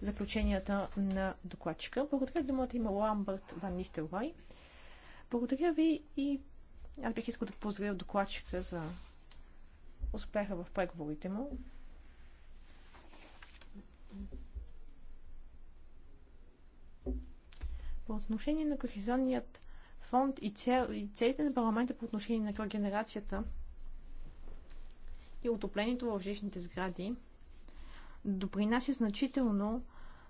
заключенията на докладчика. Благодаря думата има Ламбърт Ван Нистелвай. Благодаря ви и аз бих искал да поздравя докладчика за успяха в преговорите му. По отношение на кохезионният фонд и, цел, и целите на парламента по отношение на когенерацията и отоплението в жилищните сгради допринася значително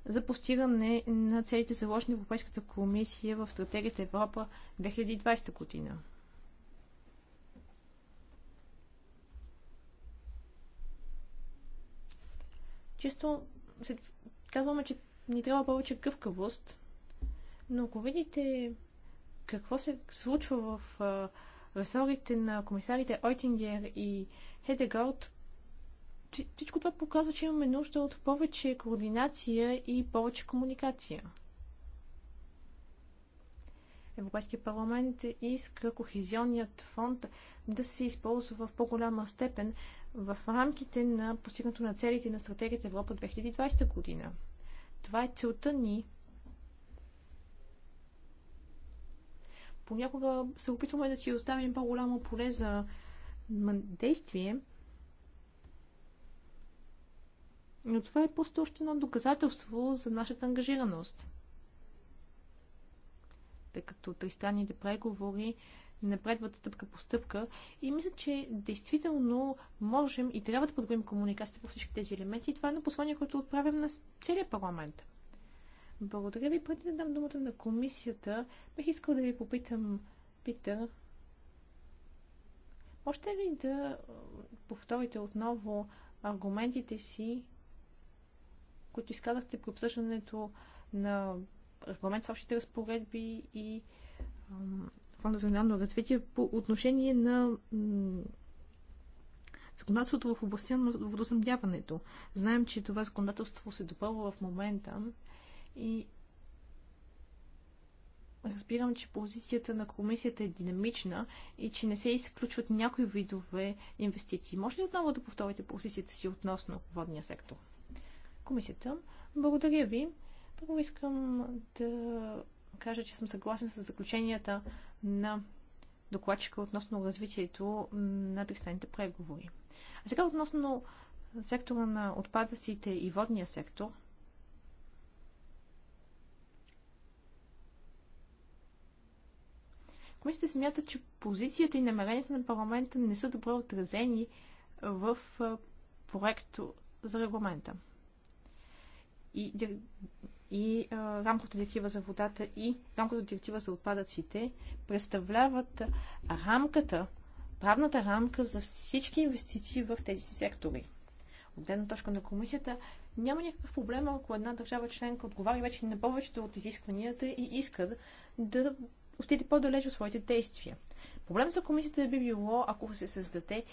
за постигане на целите заложени в Европейската комисия в стратегията Европа 2020 година. Често се казваме, че ни трябва повече гъвкавост, но ако видите какво се случва в а, ресорите на комисарите Ойтингер и Хедегард, всичко това показва, че имаме нужда от повече координация и повече комуникация. Европейския парламент иска кохезионният фонд да се използва в по-голяма степен, в рамките на постигнато на целите на стратегията Европа 2020 година. Това е целта ни. Понякога се опитваме да си оставим по-голямо поле за действие, но това е просто още едно доказателство за нашата ангажираност. Тъй като тристранните преговори напредват стъпка по стъпка и мисля, че действително можем и трябва да подобрим комуникацията по всички тези елементи и това е на послание, което отправям на целия парламент. Благодаря ви. Преди да дам думата на комисията, бих искал да ви попитам, Питър, можете ли да повторите отново аргументите си, които изказахте при обсъждането на регламент с общите разпоредби и фонда за регионално развитие по отношение на законодателството в областта на водоснабдяването. Знаем, че това законодателство се допълва в момента и разбирам, че позицията на комисията е динамична и че не се изключват някои видове инвестиции. Може ли отново да повторите позицията си относно водния сектор? Комисията, благодаря ви. Първо искам да кажа, че съм съгласен с заключенията на докладчика относно развитието на тристранните преговори. А сега относно сектора на отпадъците и водния сектор. Комисията смята, че позицията и намеренията на парламента не са добре отразени в проекто за регламента. И и а, рамковата директива за водата и рамковата директива за отпадъците представляват рамката, правната рамка за всички инвестиции в тези сектори. От гледна точка на комисията няма никакъв проблем, ако една държава членка отговаря вече на повечето от изискванията и иска да отиде по-далеч от своите действия. Проблем за комисията би било, ако се създаде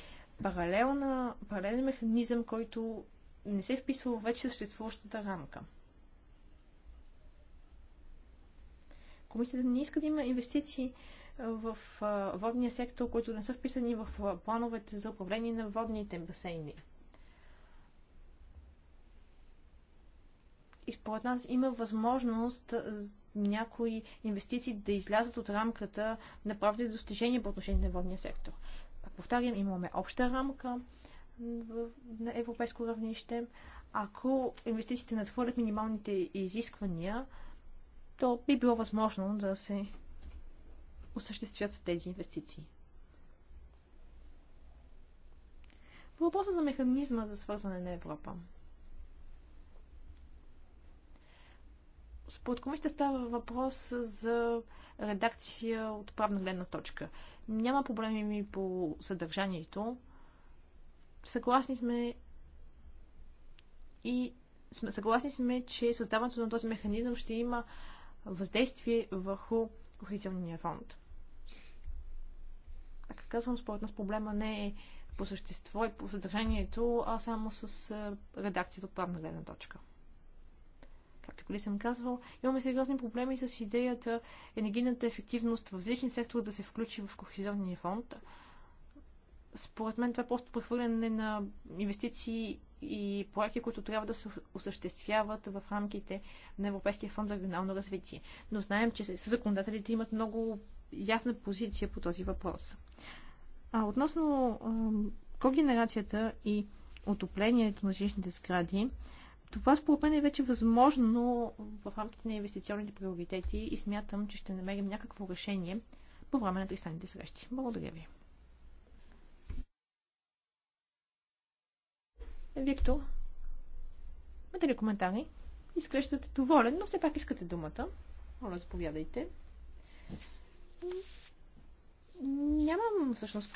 паралелна, паралелен механизъм, който не се вписва в вече съществуващата рамка. Комисията не иска да има инвестиции в водния сектор, които не са вписани в плановете за управление на водните басейни. И според нас има възможност някои инвестиции да излязат от рамката на правните достижения по отношение на водния сектор. Пак повтарям, имаме обща рамка на европейско равнище. Ако инвестициите надхвърлят минималните изисквания, то би било възможно да се осъществят тези инвестиции. въпроса за механизма за свързване на Европа. Според комисията става въпрос за редакция от правна гледна точка. Няма проблеми ми по съдържанието. Съгласни сме и съгласни сме, че създаването на този механизъм ще има въздействие върху Кохезионния фонд. Така казвам, според нас проблема не е по същество и по съдържанието, а само с редакцията от правна гледна точка. Както коли съм казвал, имаме сериозни проблеми с идеята енергийната ефективност в различни сектори да се включи в Кохезионния фонд. Според мен това е просто прехвърляне на инвестиции и проекти, които трябва да се осъществяват в рамките на Европейския фонд за регионално развитие. Но знаем, че законодателите имат много ясна позиция по този въпрос. А относно когенерацията и отоплението на жилищните сгради, това според мен е вече възможно в рамките на инвестиционните приоритети и смятам, че ще намерим някакво решение по време на тристаните срещи. Благодаря ви. Виктор, имате ли коментари? Изглеждате доволен, но все пак искате думата. Моля, заповядайте. Нямам всъщност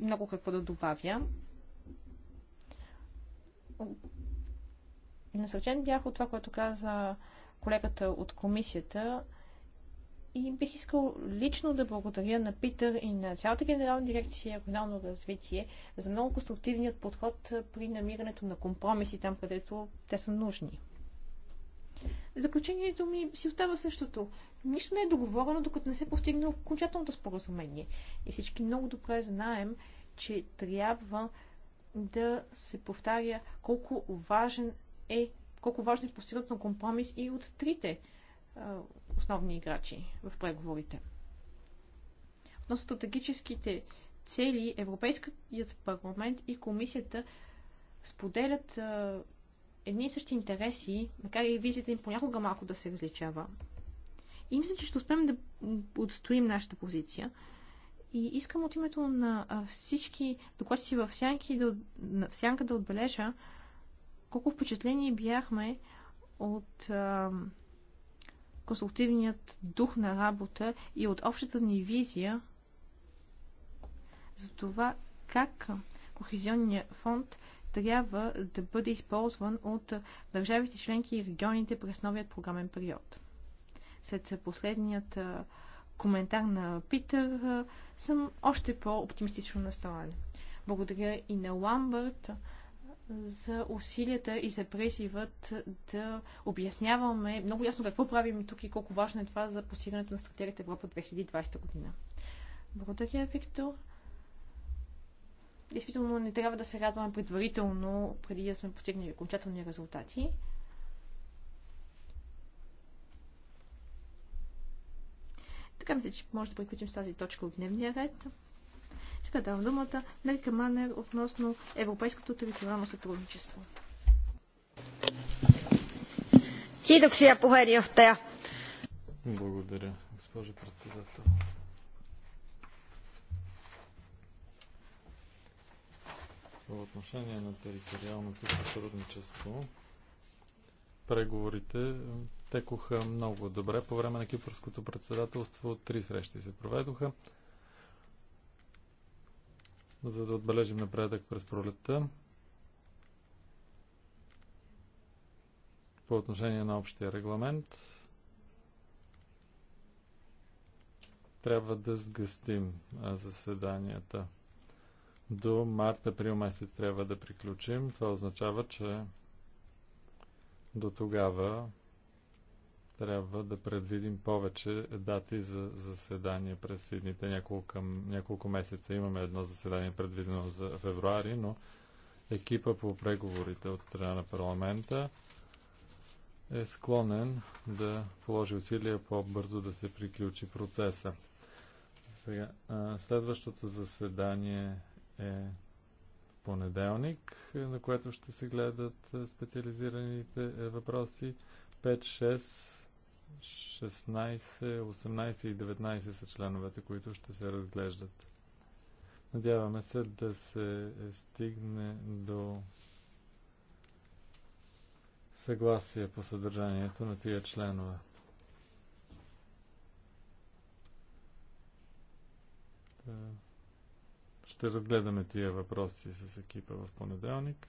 много какво да добавя. Насърчен бях от това, което каза колегата от комисията. И бих искал лично да благодаря на Питър и на цялата генерална дирекция регионално развитие за много конструктивният подход при намирането на компромиси там, където те са нужни. Заключението ми си остава същото. Нищо не е договорено, докато не се постигне окончателното споразумение. И всички много добре знаем, че трябва да се повтаря колко важен е колко важно е постигнат на компромис и от трите основни играчи в преговорите. Относно стратегическите цели, Европейският парламент и комисията споделят едни и същи интереси, макар и визията им понякога малко да се различава. И мисля, че ще успеем да отстоим нашата позиция. И искам от името на всички докладчици в сянки да, на сянка да отбележа колко впечатление бяхме от а, конструктивният дух на работа и от общата ни визия за това как Кохезионният фонд трябва да бъде използван от държавите членки и регионите през новият програмен период. След последният коментар на Питър съм още по-оптимистично настроен. Благодаря и на Ламбърт за усилията и за пресивът да обясняваме много ясно какво правим тук и колко важно е това за постигането на стратегията Европа 2020 година. Благодаря, Виктор. Действително не трябва да се радваме предварително, преди да сме постигнали окончателни резултати. Така мисля, че може да приключим с тази точка от дневния ред. Сега давам думата на Рика Манер относно европейското териториално сътрудничество. Kiitoksia puheenjohtaja. Благодаря, госпожо председател. По отношение на териториалното сътрудничество, преговорите текоха много добре. По време на кипърското председателство три срещи се проведоха за да отбележим напредък през пролетта по отношение на общия регламент. Трябва да сгъстим заседанията. До март-април месец трябва да приключим. Това означава, че до тогава трябва да предвидим повече дати за заседания през следните няколко, няколко месеца. Имаме едно заседание предвидено за февруари, но екипа по преговорите от страна на парламента е склонен да положи усилия по-бързо да се приключи процеса. Сега, следващото заседание е понеделник, на което ще се гледат специализираните въпроси. 5-6 16, 18 и 19 са членовете, които ще се разглеждат. Надяваме се да се е стигне до съгласие по съдържанието на тия членове. Ще разгледаме тия въпроси с екипа в понеделник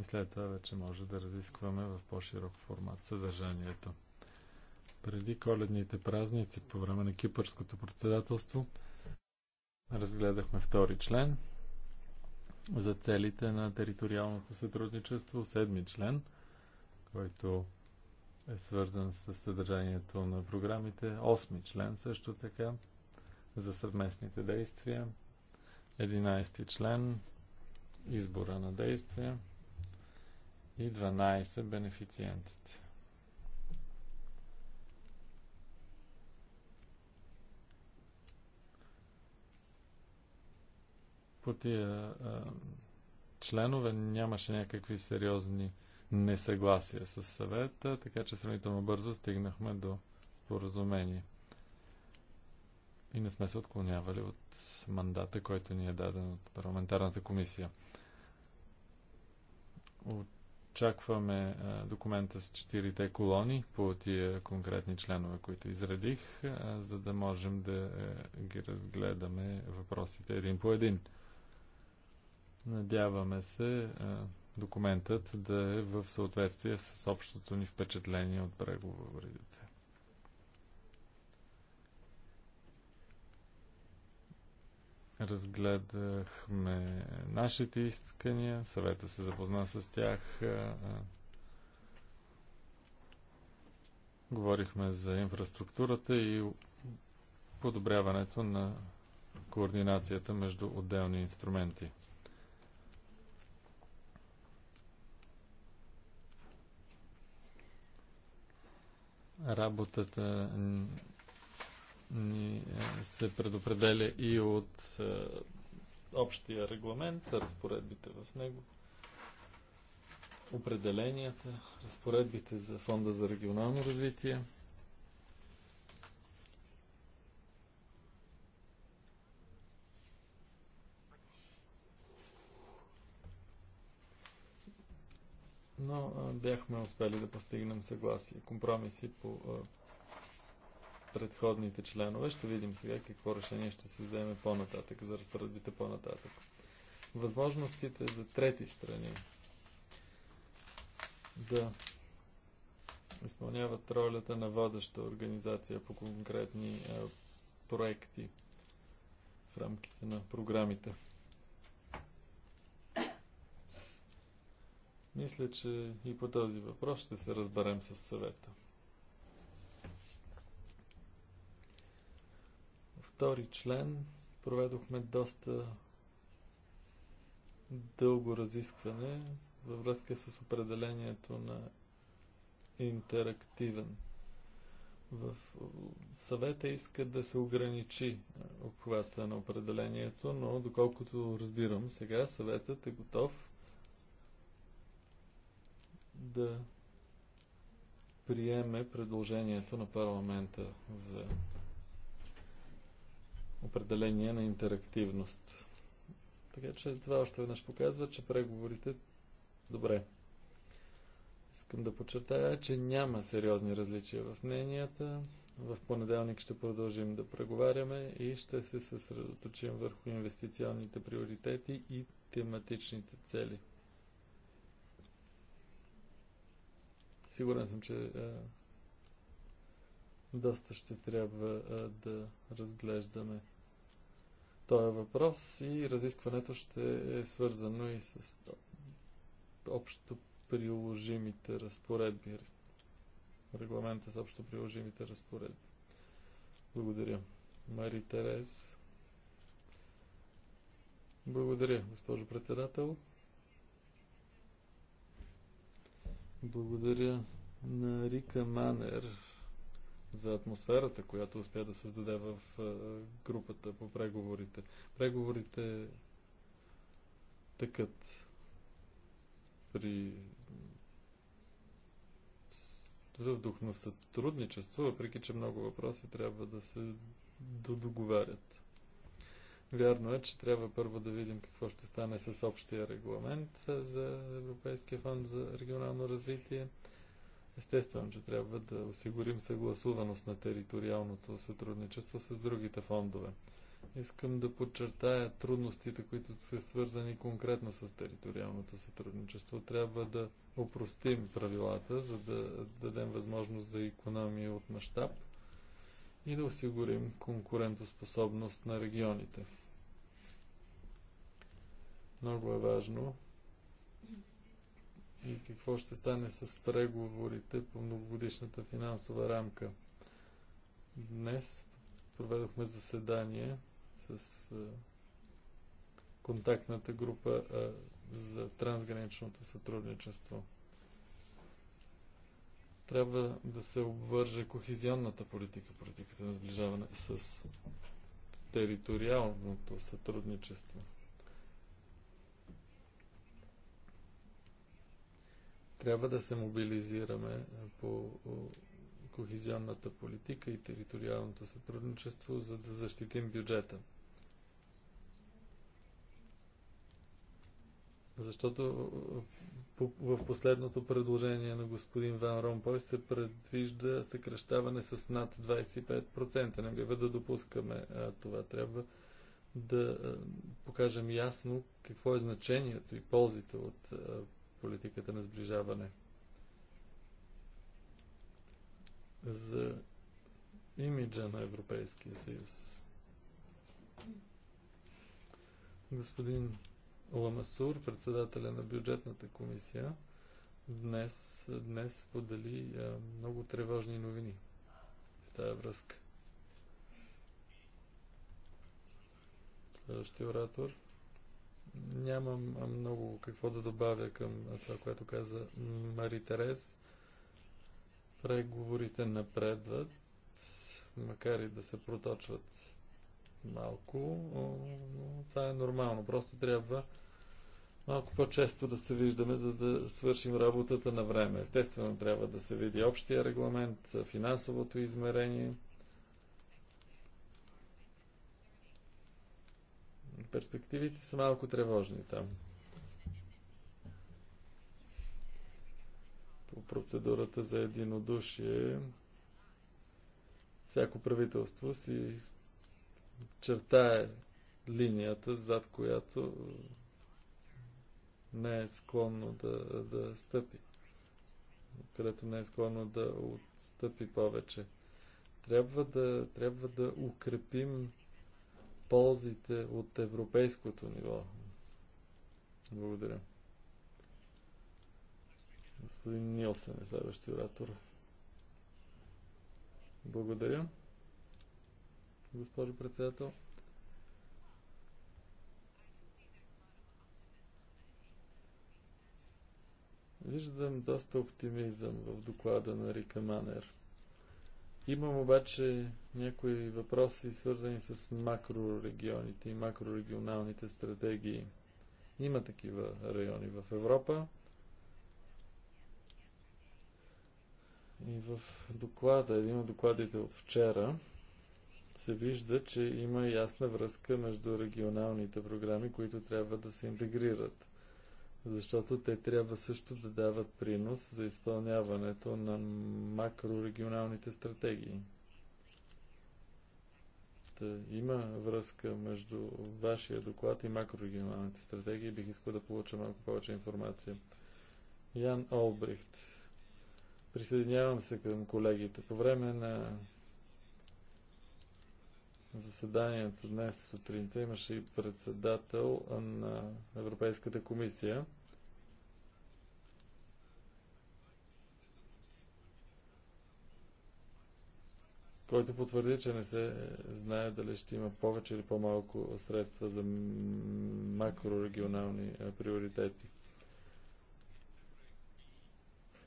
и след това вече може да разискваме в по-широк формат съдържанието преди коледните празници по време на кипърското председателство разгледахме втори член за целите на териториалното сътрудничество, седми член, който е свързан с съдържанието на програмите, осми член също така за съвместните действия, единайсти член избора на действия и 12 бенефициентите. по тия а, членове нямаше някакви сериозни несъгласия с съвета, така че сравнително бързо стигнахме до споразумение. И не сме се отклонявали от мандата, който ни е даден от парламентарната комисия. Очакваме а, документа с четирите колони по тия конкретни членове, които изредих, а, за да можем да а, е, ги разгледаме въпросите един по един. Надяваме се е, документът да е в съответствие с общото ни впечатление от преговорите. Разгледахме нашите искания, съвета се запозна с тях. Е, е. Говорихме за инфраструктурата и подобряването на координацията между отделни инструменти. работата ни е, се предопределя и от е, общия регламент, разпоредбите в него, определенията, разпоредбите за Фонда за регионално развитие – но а, бяхме успели да постигнем съгласие, компромиси по а, предходните членове. Ще видим сега какво решение ще се вземе по-нататък, за разпоредбите по-нататък. Възможностите за трети страни да изпълняват ролята на водеща организация по конкретни а, проекти в рамките на програмите. Мисля, че и по този въпрос ще се разберем с съвета. Втори член проведохме доста дълго разискване във връзка с определението на интерактивен. В съвета иска да се ограничи обхвата на определението, но доколкото разбирам сега, съветът е готов да приеме предложението на парламента за определение на интерактивност. Така че това още веднъж показва, че преговорите добре. Искам да подчертая, че няма сериозни различия в мненията. В понеделник ще продължим да преговаряме и ще се съсредоточим върху инвестиционните приоритети и тематичните цели. Сигурен съм, че доста ще трябва да разглеждаме този въпрос и разискването ще е свързано и с общо приложимите разпоредби. Регламента с общо приложимите разпоредби. Благодаря. Мари Терез. Благодаря, госпожо председател. Благодаря на Рика Манер за атмосферата, която успя да създаде в групата по преговорите. Преговорите тъкат при в дух на сътрудничество, въпреки че много въпроси трябва да се договарят. Вярно е, че трябва първо да видим какво ще стане с общия регламент за Европейския фонд за регионално развитие. Естествено, че трябва да осигурим съгласуваност на териториалното сътрудничество с другите фондове. Искам да подчертая трудностите, които са свързани конкретно с териториалното сътрудничество. Трябва да опростим правилата, за да дадем възможност за економия от мащаб и да осигурим конкурентоспособност на регионите. Много е важно и какво ще стане с преговорите по многогодишната финансова рамка. Днес проведохме заседание с контактната група за трансграничното сътрудничество. Трябва да се обвърже кохезионната политика, политиката на сближаване с териториалното сътрудничество. Трябва да се мобилизираме по кохезионната политика и териториалното сътрудничество, за да защитим бюджета. Защото е, в последното предложение на господин Ван Ромпой се предвижда съкръщаване с над 25%. Не бива да допускаме е, това. Трябва да е, покажем ясно какво е значението и ползите от политиката на сближаване. За имиджа на Европейския съюз. Господин Ламасур, председателя на бюджетната комисия, днес, днес подели а, много тревожни новини в тази връзка. Следващия оратор. Нямам много какво да добавя към това, което каза Мари Терес. Преговорите напредват, макар и да се проточват малко, но това е нормално. Просто трябва малко по-често да се виждаме, за да свършим работата на време. Естествено, трябва да се види общия регламент, финансовото измерение. Перспективите са малко тревожни там. По процедурата за единодушие, всяко правителство си черта е линията, зад която не е склонно да, да стъпи. Където не е склонно да отстъпи повече. Трябва да, трябва да укрепим ползите от европейското ниво. Благодаря. Господин Нилсен е следващия оратор. Благодаря госпожо председател. Виждам доста оптимизъм в доклада на Рика Манер. Имам обаче някои въпроси, свързани с макрорегионите и макрорегионалните стратегии. Има такива райони в Европа. И в доклада, един от докладите от вчера, се вижда, че има ясна връзка между регионалните програми, които трябва да се интегрират. Защото те трябва също да дават принос за изпълняването на макрорегионалните стратегии. Та има връзка между вашия доклад и макрорегионалните стратегии. Бих искал да получа малко повече информация. Ян Олбрихт. Присъединявам се към колегите. По време на заседанието днес сутринта имаше и председател на Европейската комисия. който потвърди, че не се знае дали ще има повече или по-малко средства за макрорегионални приоритети.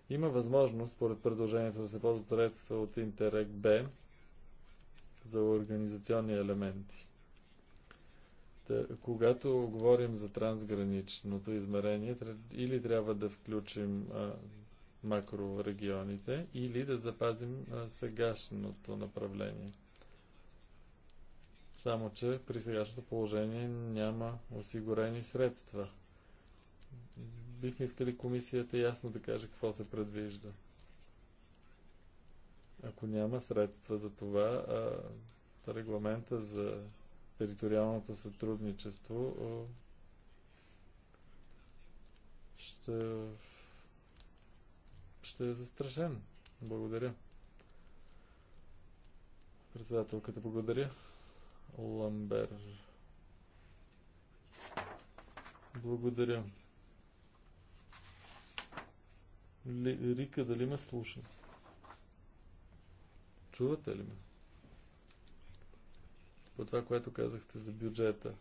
Има възможност, според предложението, да се ползват средства от Интерек Б, за организационни елементи. Та, когато говорим за трансграничното измерение, или трябва да включим а, макрорегионите, или да запазим а, сегашното направление. Само, че при сегашното положение няма осигурени средства. Бихме искали комисията ясно да каже какво се предвижда. Ако няма средства за това, регламента за териториалното сътрудничество ще, ще е застрашен. Благодаря. Председателката, благодаря. Ламбер. Благодаря. Рика, дали ме слуша? Чувате ли ме? По това, което казахте за бюджета.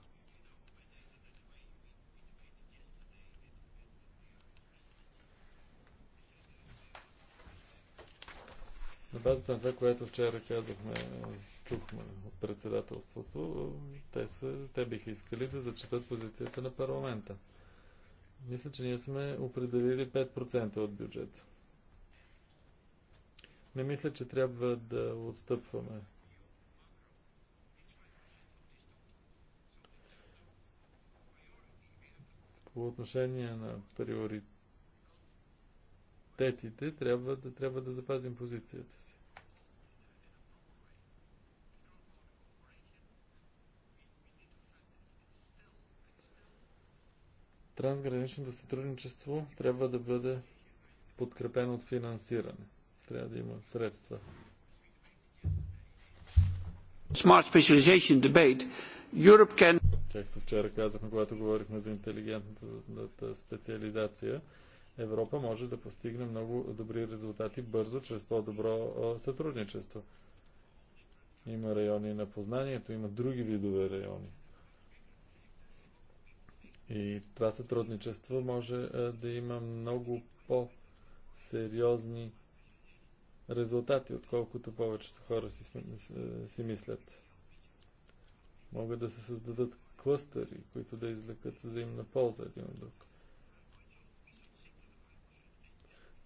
На базата на това, което вчера казахме, чухме от председателството, те, са, те биха искали да зачитат позицията на парламента. Мисля, че ние сме определили 5% от бюджета не мисля, че трябва да отстъпваме. По отношение на приоритетите, трябва да, трябва да запазим позицията си. Трансграничното сътрудничество трябва да бъде подкрепено от финансиране трябва да има средства. Smart specialization debate. Europe can... Както вчера казахме, когато говорихме за интелигентната специализация, Европа може да постигне много добри резултати бързо, чрез по-добро сътрудничество. Има райони на познанието, има други видове райони. И това сътрудничество може да има много по-сериозни резултати, отколкото повечето хора си, си мислят. Могат да се създадат клъстери, които да извлекат взаимна полза един от друг.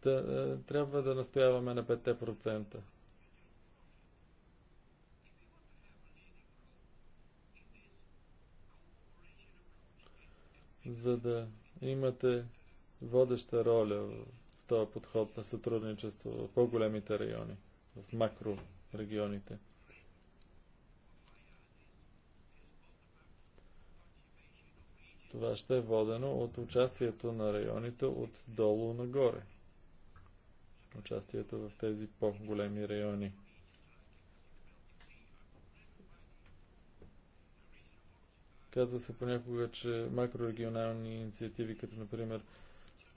Та, е, трябва да настояваме на 5%. За да имате водеща роля в този подход на сътрудничество в по-големите райони, в макрорегионите. Това ще е водено от участието на районите отдолу нагоре. Участието в тези по-големи райони. Казва се понякога, че макрорегионални инициативи, като например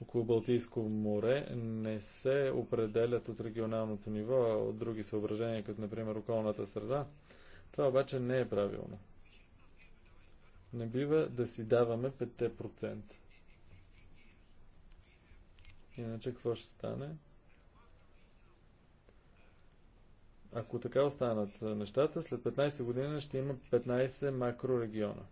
около Балтийско море не се определят от регионалното ниво, а от други съображения, като например околната среда. Това обаче не е правилно. Не бива да си даваме 5%. Иначе какво ще стане? Ако така останат нещата, след 15 години ще има 15 макрорегиона.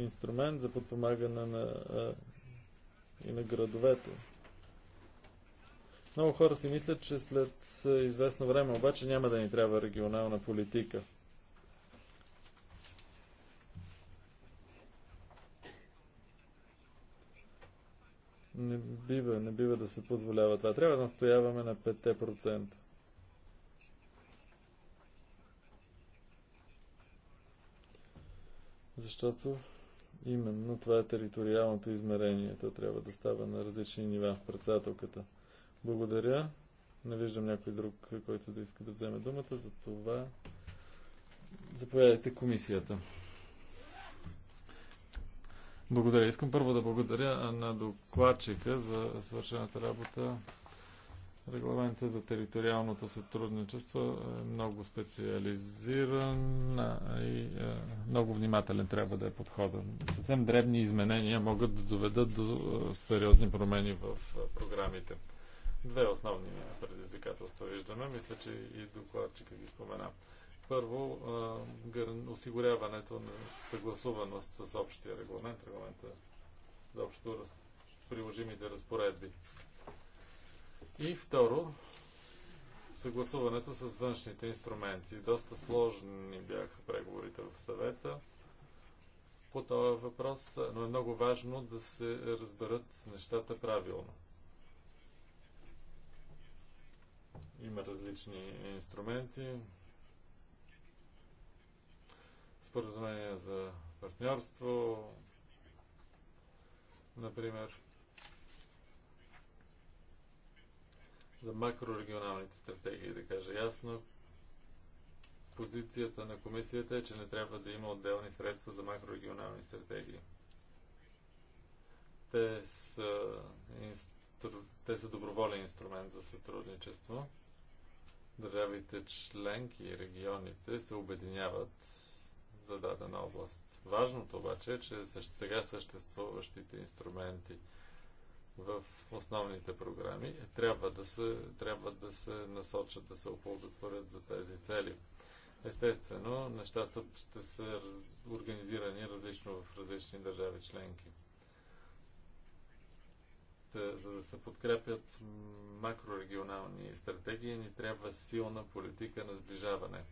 инструмент за подпомагане на, а, и на градовете. Много хора си мислят, че след известно време обаче няма да ни трябва регионална политика. Не бива, не бива да се позволява това. Трябва да настояваме на 5%. Защото Именно това е териториалното измерение. То трябва да става на различни нива в председателката. Благодаря. Не виждам някой друг, който да иска да вземе думата. За това заповядайте комисията. Благодаря. Искам първо да благодаря на докладчика за свършената работа Регламента за териториалното сътрудничество е много специализиран и много внимателен трябва да е подходен. Съвсем дребни изменения могат да доведат до сериозни промени в програмите. Две основни предизвикателства виждаме. Мисля, че и докладчика ги спомена. Първо, осигуряването на съгласуваност с общия регламент, регламента за общо приложимите разпоредби и второ, съгласуването с външните инструменти. Доста сложни бяха преговорите в съвета по този въпрос, но е много важно да се разберат нещата правилно. Има различни инструменти. споразумение за партньорство, например. за макрорегионалните стратегии, да кажа ясно. Позицията на комисията е, че не трябва да има отделни средства за макрорегионални стратегии. Те са, инстру... Те са доброволен инструмент за сътрудничество. Държавите членки и регионите се обединяват за дадена област. Важното обаче е, че сега съществуващите инструменти – в основните програми трябва да се, трябва да се насочат, да се оползотворят за тези цели. Естествено, нещата ще са организирани различно в различни държави членки. За да се подкрепят макрорегионални стратегии, ни трябва силна политика на сближаване –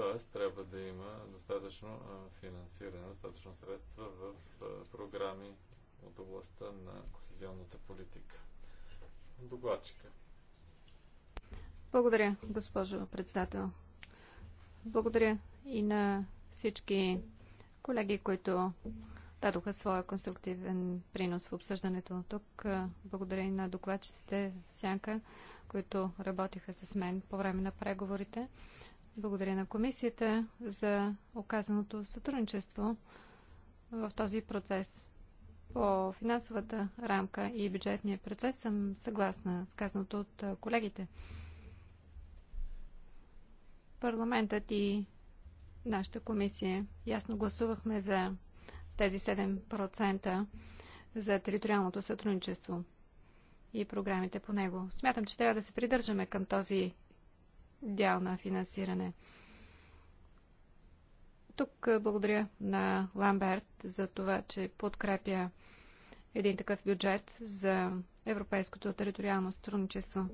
Тоест, трябва да има достатъчно финансиране, достатъчно средства в програми от областта на кохезионната политика. Докладчика. Благодаря, госпожо председател. Благодаря и на всички колеги, които дадоха своя конструктивен принос в обсъждането тук. Благодаря и на докладчиците в Сянка, които работиха с мен по време на преговорите. Благодаря на комисията за оказаното сътрудничество в този процес. По финансовата рамка и бюджетния процес съм съгласна с казаното от колегите. Парламентът и нашата комисия ясно гласувахме за тези 7% за териториалното сътрудничество и програмите по него. Смятам, че трябва да се придържаме към този дял на финансиране. Тук благодаря на Ламберт за това, че подкрепя един такъв бюджет за европейското териториално сътрудничество.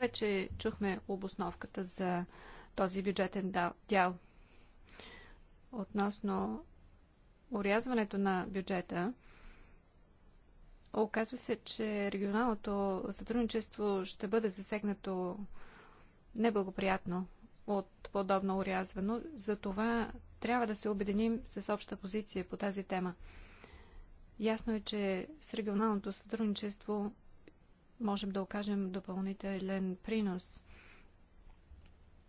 Вече чухме обосновката за този бюджетен дял. Относно урязването на бюджета, оказва се, че регионалното сътрудничество ще бъде засегнато неблагоприятно от подобно урязвано. Затова трябва да се обединим с обща позиция по тази тема. Ясно е, че с регионалното сътрудничество можем да окажем допълнителен принос.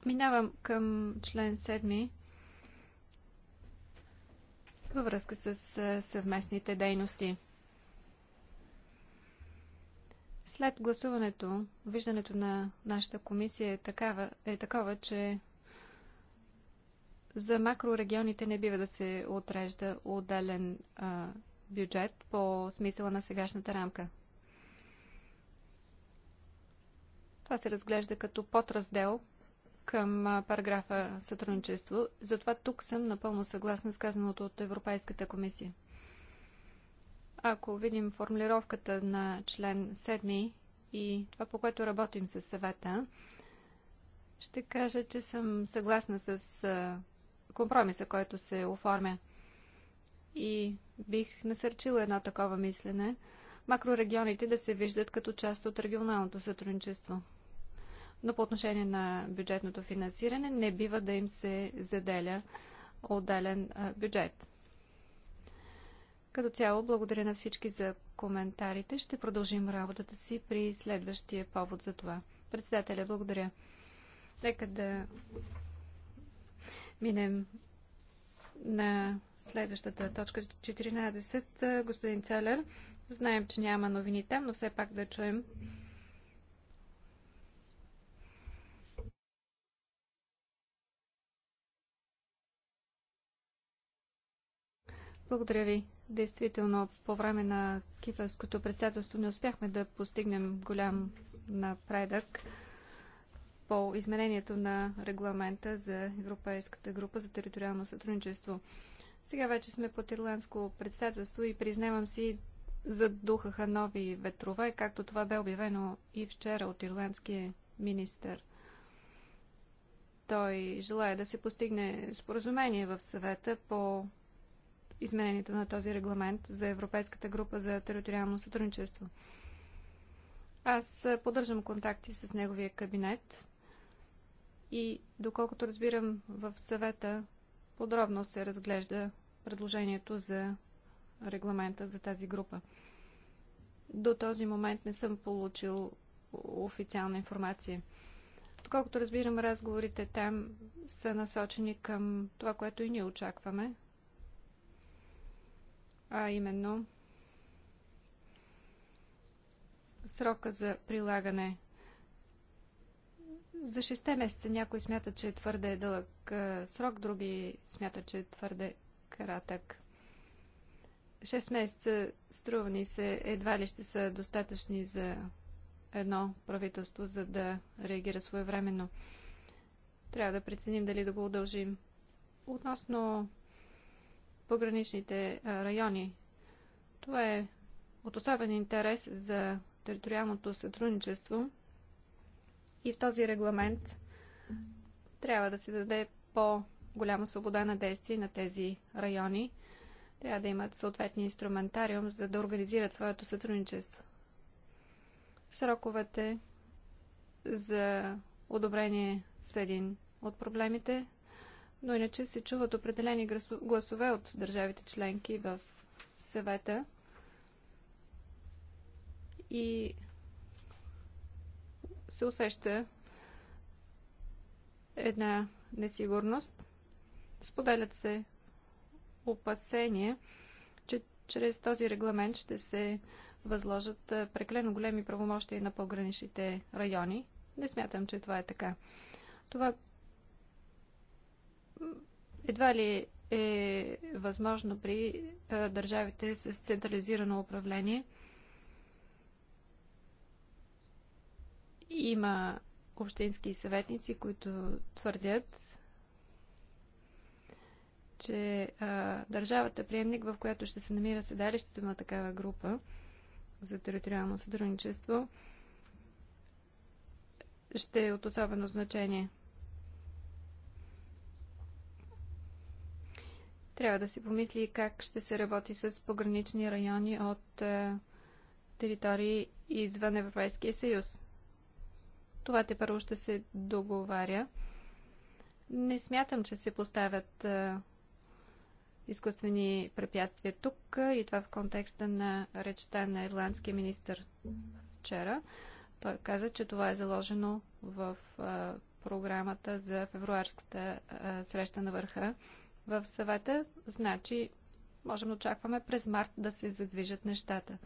Минавам към член 7 във връзка с съвместните дейности. След гласуването, виждането на нашата комисия е, такава, е такова, че за макрорегионите не бива да се отрежда отделен а, бюджет по смисъла на сегашната рамка. Това се разглежда като подраздел към параграфа сътрудничество. Затова тук съм напълно съгласна с казаното от Европейската комисия. Ако видим формулировката на член 7 и това, по което работим със съвета, ще кажа, че съм съгласна с компромиса, който се оформя. И бих насърчила едно такова мислене макрорегионите да се виждат като част от регионалното сътрудничество. Но по отношение на бюджетното финансиране не бива да им се заделя отделен бюджет. Като цяло, благодаря на всички за коментарите. Ще продължим работата си при следващия повод за това. Председателя, благодаря. Нека да минем на следващата точка 14. Господин Целер, знаем, че няма новини там, но все пак да чуем. Благодаря ви. Действително, по време на кипърското председателство не успяхме да постигнем голям напредък по изменението на регламента за Европейската група за териториално сътрудничество. Сега вече сме под ирландско председателство и признавам си, задухаха нови ветрове, както това бе обявено и вчера от ирландския министър. Той желая да се постигне споразумение в съвета по изменението на този регламент за Европейската група за териториално сътрудничество. Аз поддържам контакти с неговия кабинет и доколкото разбирам в съвета подробно се разглежда предложението за регламента за тази група. До този момент не съм получил официална информация. Доколкото разбирам, разговорите там са насочени към това, което и ние очакваме, а именно срока за прилагане. За 6 месеца някои смятат, че е твърде дълъг срок, други смятат, че е твърде кратък. 6 месеца, струва ни се, едва ли ще са достатъчни за едно правителство, за да реагира своевременно. Трябва да преценим дали да го удължим. Относно пограничните райони. Това е от особен интерес за териториалното сътрудничество и в този регламент трябва да се даде по-голяма свобода на действие на тези райони. Трябва да имат съответния инструментариум, за да организират своето сътрудничество. Сроковете за одобрение са един от проблемите но иначе се чуват определени гласове от държавите членки в съвета. И се усеща една несигурност. Споделят се опасения, че чрез този регламент ще се възложат преклено големи правомощия на пограничните райони. Не смятам, че това е така. Това едва ли е възможно при е, държавите с централизирано управление. Има общински съветници, които твърдят, че а, държавата приемник, в която ще се намира седалището на такава група за териториално сътрудничество, ще е от особено значение. Трябва да се помисли как ще се работи с погранични райони от е, територии извън Европейския съюз. Това те първо ще се договаря. Не смятам, че се поставят е, изкуствени препятствия тук е, и това в контекста на речта на ирландския министр вчера. Той каза, че това е заложено в програмата за февруарската среща на върха в съвета, значи можем да очакваме през март да се задвижат нещата.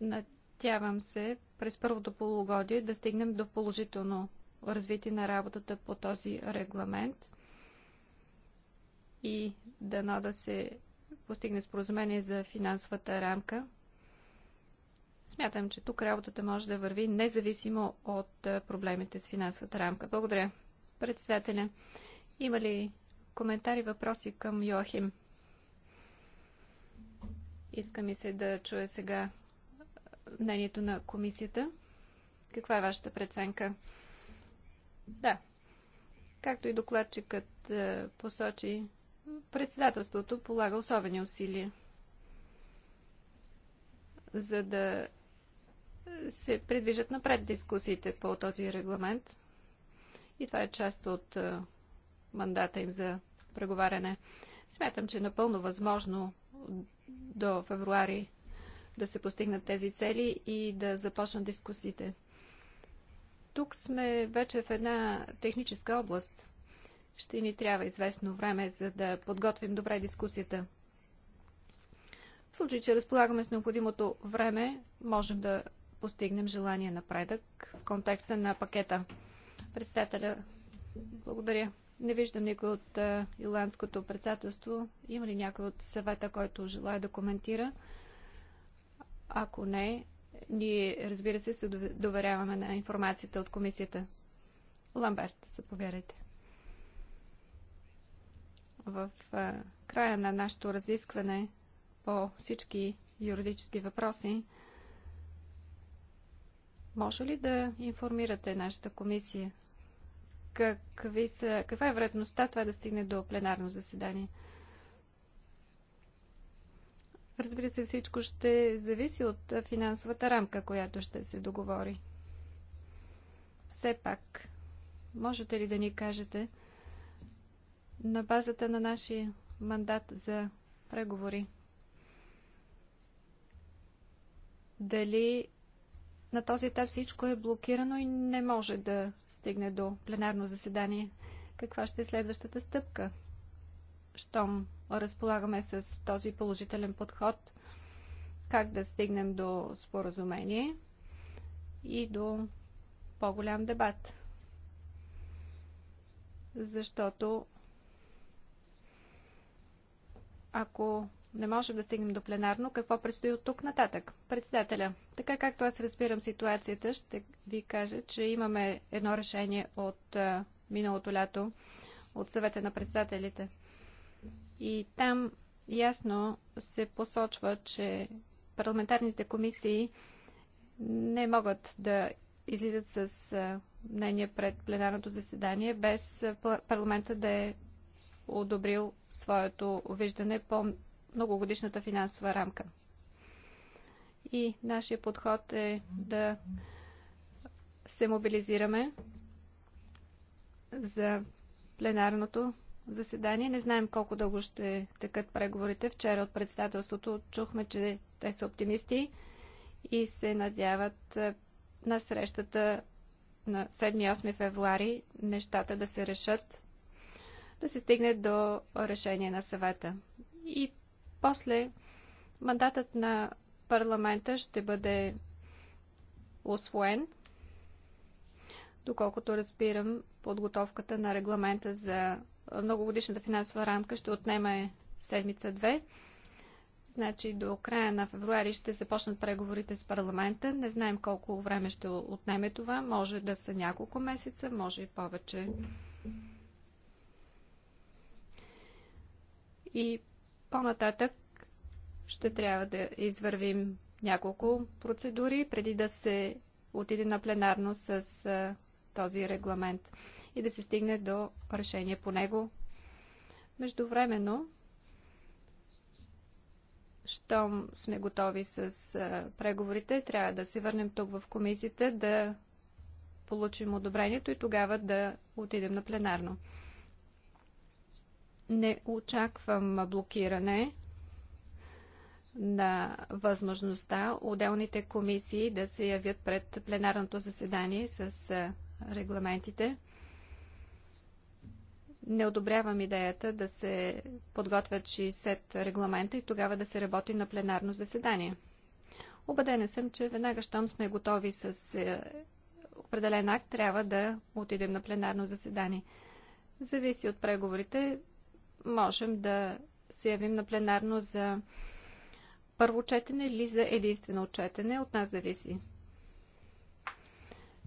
Надявам се през първото полугодие да стигнем до положително развитие на работата по този регламент и дано да се постигне споразумение за финансовата рамка. Смятам, че тук работата може да върви независимо от проблемите с финансовата рамка. Благодаря. Председателя. Има ли коментари, въпроси към Йоахим? Иска ми се да чуя сега мнението на комисията. Каква е вашата преценка? Да. Както и докладчикът посочи, председателството полага особени усилия, за да се предвижат напред дискусиите по този регламент. И това е част от мандата им за преговаряне. Смятам, че е напълно възможно до февруари да се постигнат тези цели и да започнат дискусиите. Тук сме вече в една техническа област. Ще ни трябва известно време, за да подготвим добре дискусията. В случай, че разполагаме с необходимото време, можем да постигнем желания напредък в контекста на пакета. Председателя, благодаря. Не виждам никой от Ирландското председателство. Има ли някой от съвета, който желая да коментира? Ако не, ние, разбира се, се доверяваме на информацията от комисията. Ламберт, заповядайте. В края на нашето разискване по всички юридически въпроси, може ли да информирате нашата комисия? какви са, каква е вероятността това да стигне до пленарно заседание? Разбира се, всичко ще зависи от финансовата рамка, която ще се договори. Все пак, можете ли да ни кажете на базата на нашия мандат за преговори? Дали на този етап всичко е блокирано и не може да стигне до пленарно заседание. Каква ще е следващата стъпка? Щом разполагаме с този положителен подход, как да стигнем до споразумение и до по-голям дебат. Защото ако не можем да стигнем до пленарно, какво предстои от тук нататък? Председателя, така както аз разбирам ситуацията, ще ви кажа, че имаме едно решение от а, миналото лято от съвета на председателите. И там ясно се посочва, че парламентарните комисии не могат да излизат с а, мнение пред пленарното заседание, без парламента да е одобрил своето виждане по многогодишната финансова рамка. И нашия подход е да се мобилизираме за пленарното заседание. Не знаем колко дълго ще текат преговорите. Вчера от председателството чухме, че те са оптимисти и се надяват е, на срещата на 7-8 февруари нещата да се решат, да се стигне до решение на съвета. И после мандатът на парламента ще бъде освоен. Доколкото разбирам, подготовката на регламента за многогодишната финансова рамка ще отнеме седмица-две. Значи до края на февруари ще започнат преговорите с парламента. Не знаем колко време ще отнеме това. Може да са няколко месеца, може и повече. И по-нататък ще трябва да извървим няколко процедури преди да се отиде на пленарно с този регламент и да се стигне до решение по него. Междувременно, щом сме готови с преговорите, трябва да се върнем тук в комисията, да получим одобрението и тогава да отидем на пленарно. Не очаквам блокиране на възможността отделните комисии да се явят пред пленарното заседание с регламентите. Не одобрявам идеята да се подготвят 60 регламента и тогава да се работи на пленарно заседание. Обадена съм, че веднага, щом сме готови с е, определен акт, трябва да отидем на пленарно заседание. Зависи от преговорите, можем да се явим на пленарно за първо четене или за единствено четене. От нас зависи.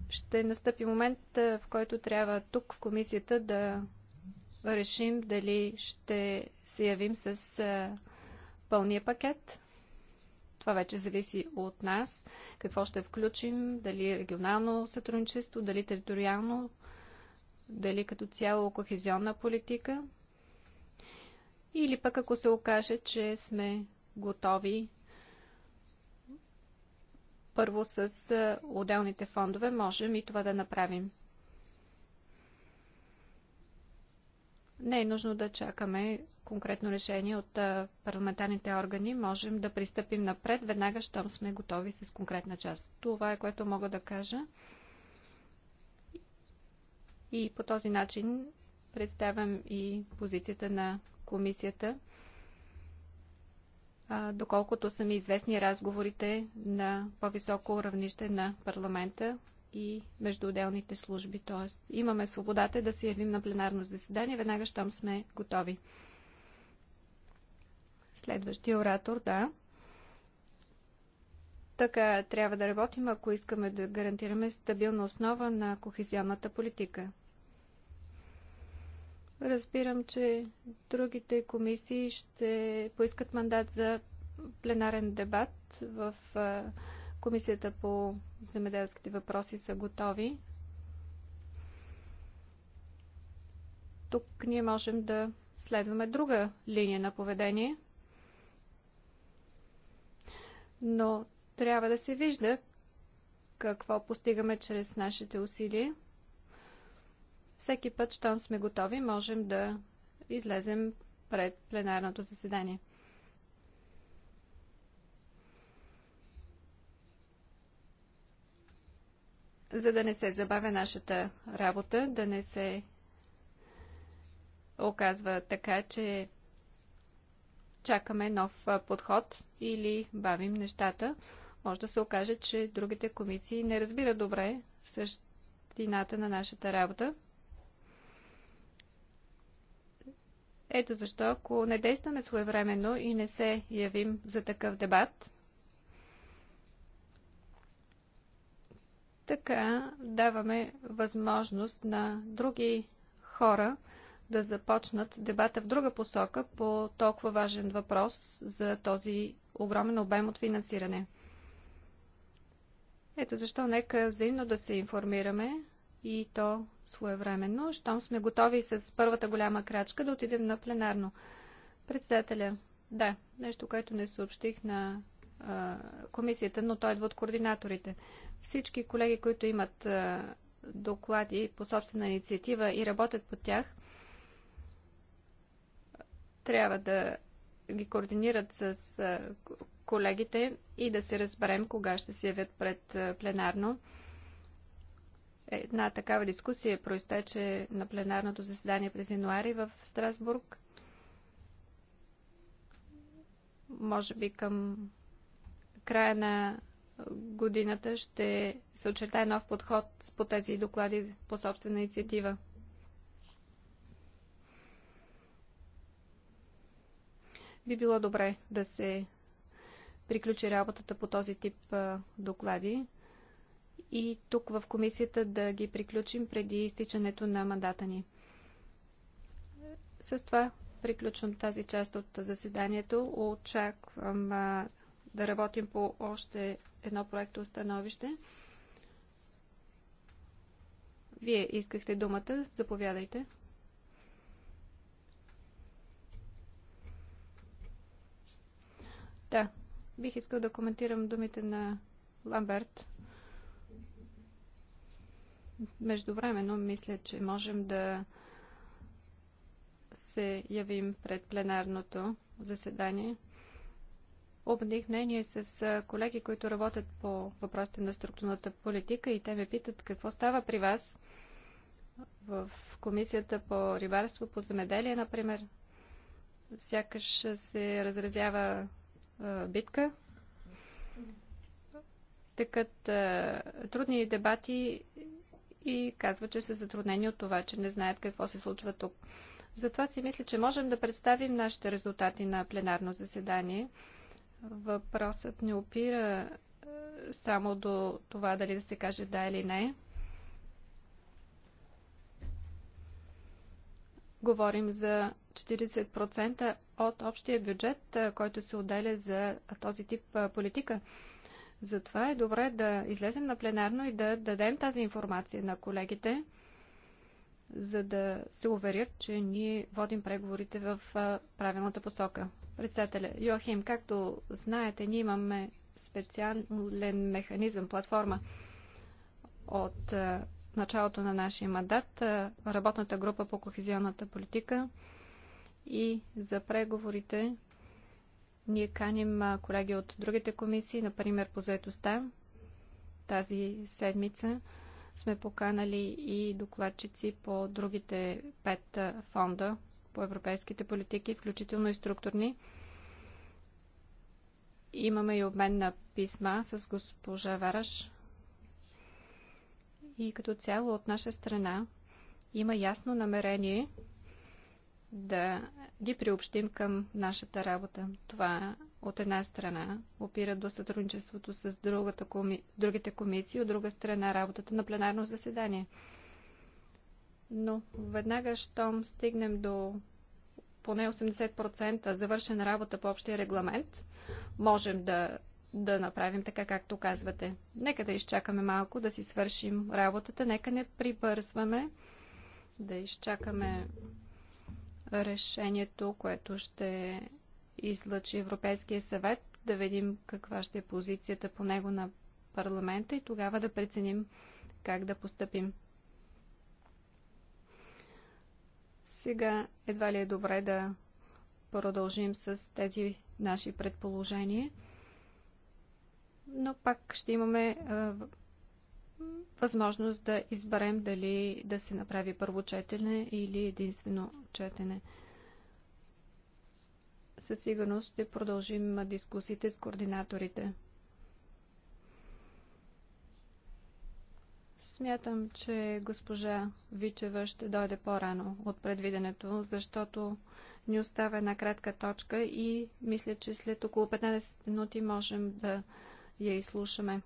Ще настъпи момент, в който трябва тук в комисията да решим дали ще се явим с пълния пакет. Това вече зависи от нас. Какво ще включим, дали регионално сътрудничество, дали териториално, дали като цяло кохезионна политика. Или пък ако се окаже, че сме готови първо с отделните фондове, можем и това да направим. Не е нужно да чакаме конкретно решение от парламентарните органи. Можем да пристъпим напред веднага, щом сме готови с конкретна част. Това е което мога да кажа. И по този начин представям и позицията на комисията. доколкото са ми известни разговорите на по-високо равнище на парламента и между отделните служби. Тоест, имаме свободата да се явим на пленарно заседание, веднага щом сме готови. Следващия оратор, да. Така трябва да работим, ако искаме да гарантираме стабилна основа на кохезионната политика. Разбирам, че другите комисии ще поискат мандат за пленарен дебат в Комисията по земеделските въпроси са готови. Тук ние можем да следваме друга линия на поведение, но трябва да се вижда какво постигаме чрез нашите усилия. Всеки път, щом сме готови, можем да излезем пред пленарното заседание. За да не се забавя нашата работа, да не се оказва така, че чакаме нов подход или бавим нещата, може да се окаже, че другите комисии не разбират добре същината на нашата работа. Ето защо, ако не действаме своевременно и не се явим за такъв дебат, така даваме възможност на други хора да започнат дебата в друга посока по толкова важен въпрос за този огромен обем от финансиране. Ето защо нека взаимно да се информираме, и то своевременно, щом сме готови с първата голяма крачка да отидем на пленарно. Председателя, да, нещо, което не съобщих на а, комисията, но той идва от координаторите. Всички колеги, които имат а, доклади по собствена инициатива и работят по тях, трябва да ги координират с колегите и да се разберем кога ще се явят пред пленарно. Една такава дискусия проистече на пленарното заседание през януари в Страсбург. Може би към края на годината ще се очертае нов подход по тези доклади по собствена инициатива. Би било добре да се приключи работата по този тип доклади и тук в комисията да ги приключим преди изтичането на мандата ни. С това приключвам тази част от заседанието. Очаквам а, да работим по още едно проекто установище. Вие искахте думата. Заповядайте. Да, бих искал да коментирам думите на Ламберт. Междувременно мисля, че можем да се явим пред пленарното заседание. Обдихнение с колеги, които работят по въпросите на структурната политика и те ме питат какво става при вас в комисията по рибарство, по земеделие, например. Сякаш се разразява битка. Такът а, трудни дебати и казва, че са затруднени от това, че не знаят какво се случва тук. Затова си мисля, че можем да представим нашите резултати на пленарно заседание. Въпросът не опира е, само до това дали да се каже да или не. Говорим за 40% от общия бюджет, е, който се отделя за този тип е, политика. Затова е добре да излезем на пленарно и да дадем тази информация на колегите, за да се уверят, че ние водим преговорите в правилната посока. Председателя Йохим, както знаете, ние имаме специален механизъм, платформа от началото на нашия мандат, работната група по кохезионната политика и за преговорите ние каним колеги от другите комисии, например по заедостта. Тази седмица сме поканали и докладчици по другите пет фонда по европейските политики, включително и структурни. Имаме и обмен на писма с госпожа Вараш. И като цяло от наша страна има ясно намерение да ги приобщим към нашата работа. Това от една страна опира до сътрудничеството с другата коми... другите комисии, от друга страна работата на пленарно заседание. Но веднага, щом стигнем до поне 80% завършена работа по общия регламент, можем да, да направим така, както казвате. Нека да изчакаме малко, да си свършим работата, нека не прибързваме, да изчакаме решението, което ще излъчи Европейския съвет, да видим каква ще е позицията по него на парламента и тогава да преценим как да постъпим. Сега едва ли е добре да продължим с тези наши предположения, но пак ще имаме възможност да изберем дали да се направи първо четене или единствено четене. Със сигурност ще продължим дискусиите с координаторите. Смятам, че госпожа Вичева ще дойде по-рано от предвиденето, защото ни остава една кратка точка и мисля, че след около 15 минути можем да я изслушаме.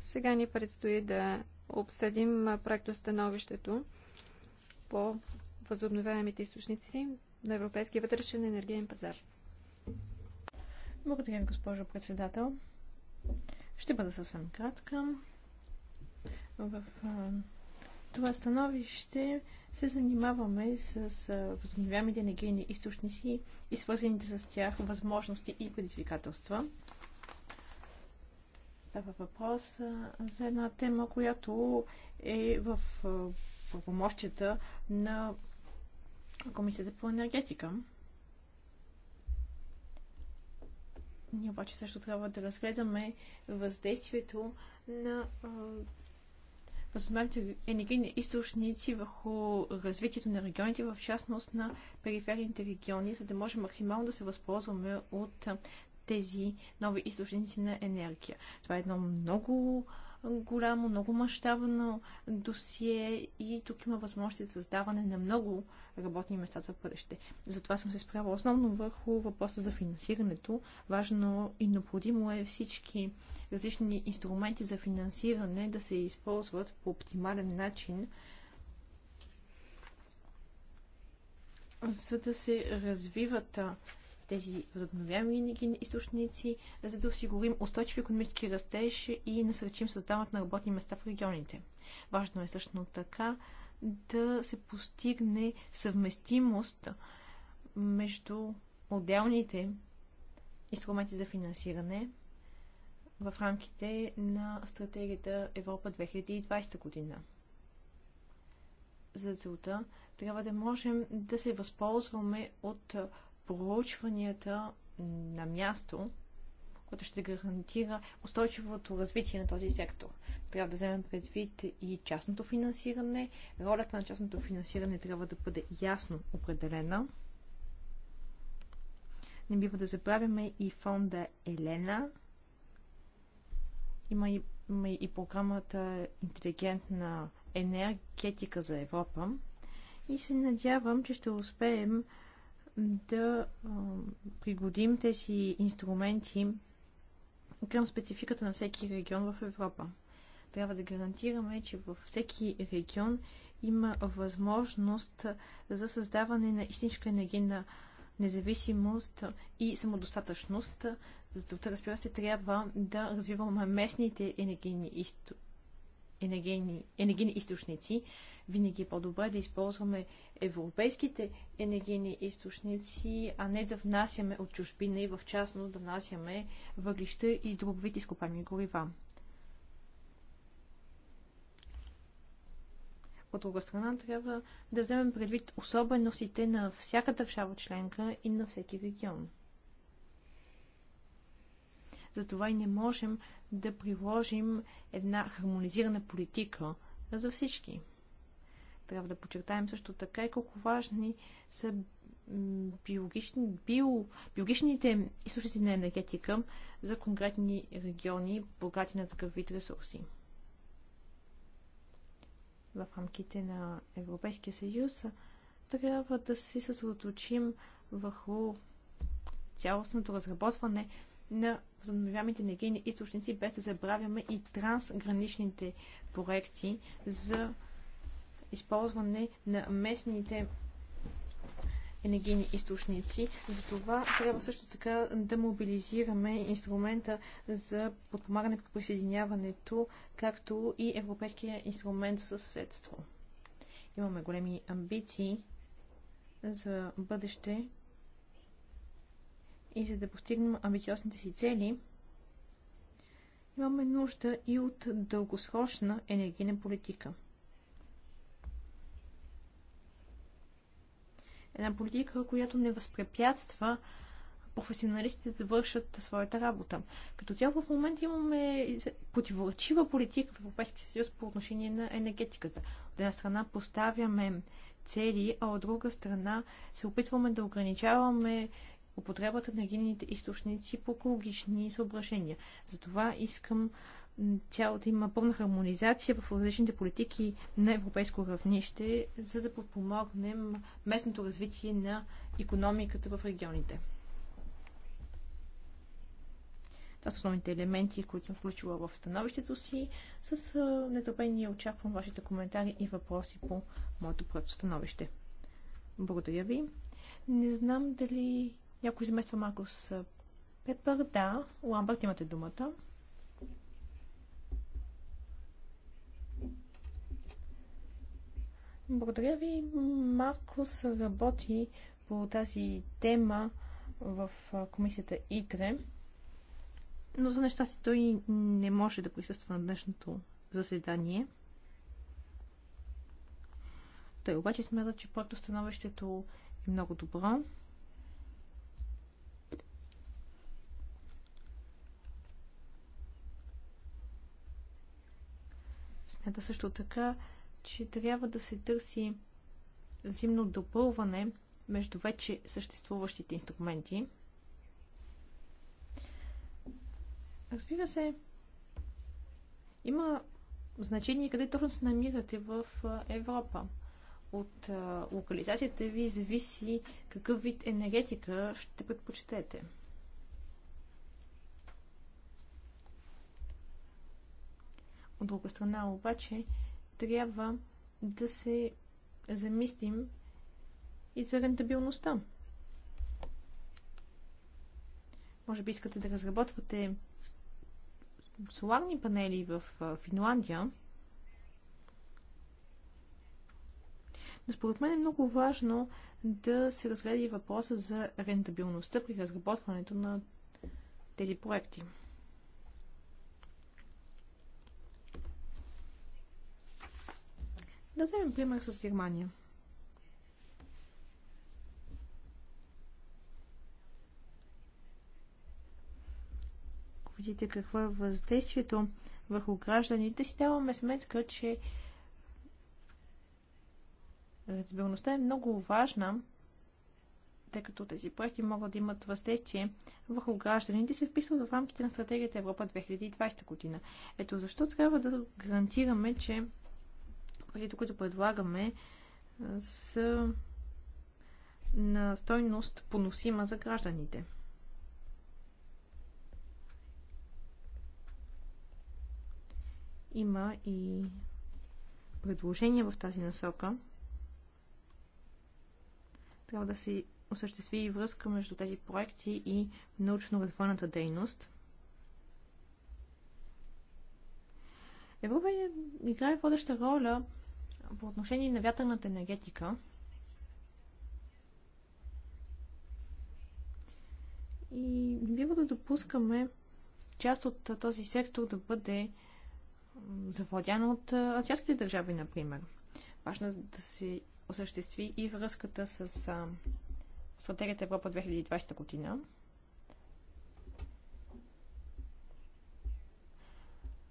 Сега ни предстои да обсъдим проектостановището по възобновяемите източници на Европейския вътрешен енергиен пазар. Благодаря госпожо председател. Ще бъда съвсем кратка. В това становище се занимаваме с възобновяемите енергийни източници и свързаните с тях възможности и предизвикателства. Става въпрос за една тема, която е в правомощията на Комисията по енергетика. Ние обаче също трябва да разгледаме въздействието на възобновяемите енергийни източници върху развитието на регионите, в частност на периферните региони, за да може максимално да се възползваме от тези нови източници на енергия. Това е едно много голямо, много мащабно досие и тук има възможност за създаване на много работни места за бъдеще. Затова съм се справила основно върху въпроса за финансирането. Важно и необходимо е всички различни инструменти за финансиране да се използват по оптимален начин, за да се развиват тези възобновяеми енергийни източници, за да осигурим устойчив економически растеж и насърчим създаването на работни места в регионите. Важно е също така да се постигне съвместимост между отделните инструменти за финансиране в рамките на стратегията Европа 2020 година. За целта трябва да можем да се възползваме от проучванията на място, което ще гарантира устойчивото развитие на този сектор. Трябва да вземем предвид и частното финансиране. Ролята на частното финансиране трябва да бъде ясно определена. Не бива да забравяме и фонда Елена. Има и, има и програмата Интелигентна енергетика за Европа. И се надявам, че ще успеем да пригодим тези инструменти към спецификата на всеки регион в Европа. Трябва да гарантираме, че във всеки регион има възможност за създаване на истинска енергийна независимост и самодостатъчност. За това, разбира се, трябва да развиваме местните енергийни източници енергийни, енергийни източници, винаги е по-добре да използваме европейските енергийни източници, а не да внасяме от чужбина и в частност да внасяме въглища и дробовите изкопани горива. От друга страна, трябва да вземем предвид особеностите на всяка държава членка и на всеки регион. Затова и не можем да приложим една хармонизирана политика за всички. Трябва да подчертаем също така и колко важни са биологични, био, биологичните източници на енергетика за конкретни региони, богати на такъв вид ресурси. В рамките на Европейския съюз трябва да се съсредоточим върху цялостното разработване на възобновяемите енергийни източници, без да забравяме и трансграничните проекти за използване на местните енергийни източници. Затова трябва също така да мобилизираме инструмента за подпомагане при присъединяването, както и Европейския инструмент за съседство. Имаме големи амбиции за бъдеще, и за да постигнем амбициозните си цели, имаме нужда и от дългосрочна енергийна политика. Една политика, която не възпрепятства професионалистите да вършат своята работа. Като цяло в момента имаме противоречива политика в Европейския съюз по отношение на енергетиката. От една страна поставяме цели, а от друга страна се опитваме да ограничаваме употребата на енергийните източници по екологични съображения. Затова искам цяло да има пълна хармонизация в различните политики на европейско равнище, за да подпомогнем местното развитие на економиката в регионите. Това са основните елементи, които съм включила в становището си. С нетърпение очаквам вашите коментари и въпроси по моето проекто становище. Благодаря ви. Не знам дали някой малко с Пепър? Да. Ламбърт, имате думата. Благодаря ви. Маркус работи по тази тема в комисията ИТРЕ, но за нещастие той не може да присъства на днешното заседание. Той обаче смята, че проектостановището е много добро. Смята също така, че трябва да се търси взаимно допълване между вече съществуващите инструменти. Разбира се, има значение къде точно се намирате в Европа. От локализацията ви зависи какъв вид енергетика ще предпочитете. От друга страна обаче трябва да се замислим и за рентабилността. Може би искате да разработвате соларни панели в Финландия. Но според мен е много важно да се разгледа и въпроса за рентабилността при разработването на тези проекти. Да вземем пример с Германия. Видите какво е въздействието върху гражданите, си даваме сметка, че ретабилността е много важна, тъй като тези проекти могат да имат въздействие върху гражданите, се вписват в рамките на стратегията Европа 2020 година. Ето защо трябва да гарантираме, че разпоредите, които предлагаме, са на стойност поносима за гражданите. Има и предложения в тази насока. Трябва да се осъществи и връзка между тези проекти и научно-развойната дейност. Европа играе водеща роля по отношение на вятърната енергетика и не бива да допускаме част от този сектор да бъде завладян от азиатските държави, например. Важно е да се осъществи и връзката с стратегията Европа 2020 година.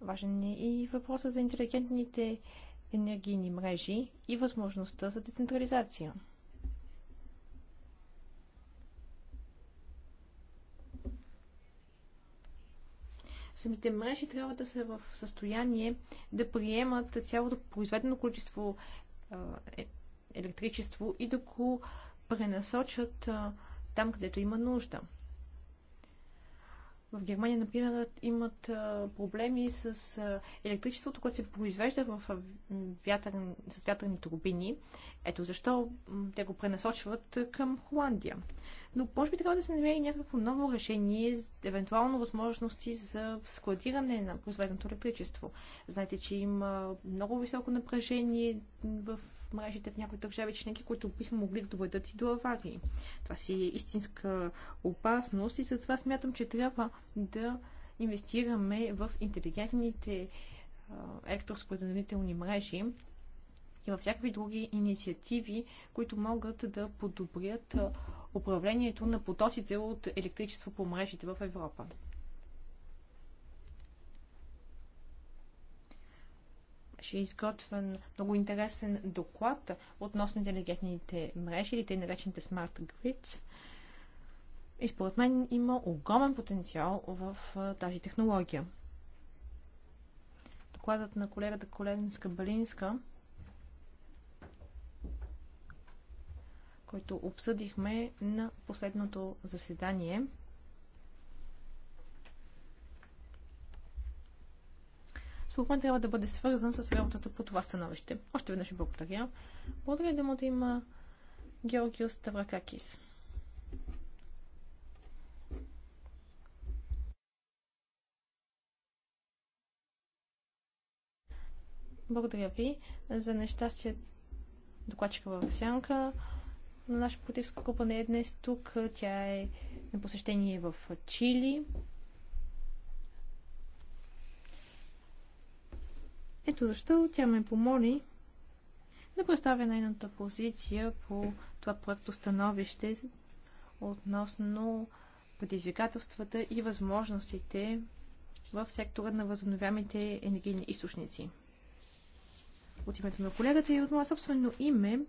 Важен е и въпросът за интелигентните енергийни мрежи и възможността за децентрализация. Самите мрежи трябва да са в състояние да приемат цялото произведено количество е, електричество и да го пренасочат там, където има нужда. В Германия, например, имат проблеми с електричеството, което се произвежда в вятър, с вятърни турбини. Ето защо те го пренасочват към Холандия. Но може би трябва да се намери някакво ново решение, евентуално възможности за складиране на произведеното електричество. Знаете, че има много високо напрежение в мрежите в някои държави членки, които биха могли да доведат и до аварии. Това си е истинска опасност и затова смятам, че трябва да инвестираме в интелигентните електроразпределителни мрежи и във всякакви други инициативи, които могат да подобрят управлението на потоците от електричество по мрежите в Европа. че е изготвен много интересен доклад относно интелигентните мрежи или тъй наречените Smart Grids. И според мен има огромен потенциал в тази технология. Докладът на колегата Коленска-Балинска, който обсъдихме на последното заседание – според трябва да бъде свързан с работата по това становище. Още веднъж благодаря. Благодаря да му да има Георгиус Ставракакис. Благодаря ви за нещастие докладчика в сянка. На нашата политическа група не е днес тук. Тя е на посещение в Чили. Ето защо тя ме помоли да представя нейната позиция по това проекто становище относно предизвикателствата и възможностите в сектора на възобновяемите енергийни източници. От името на колегата и от моя собствено име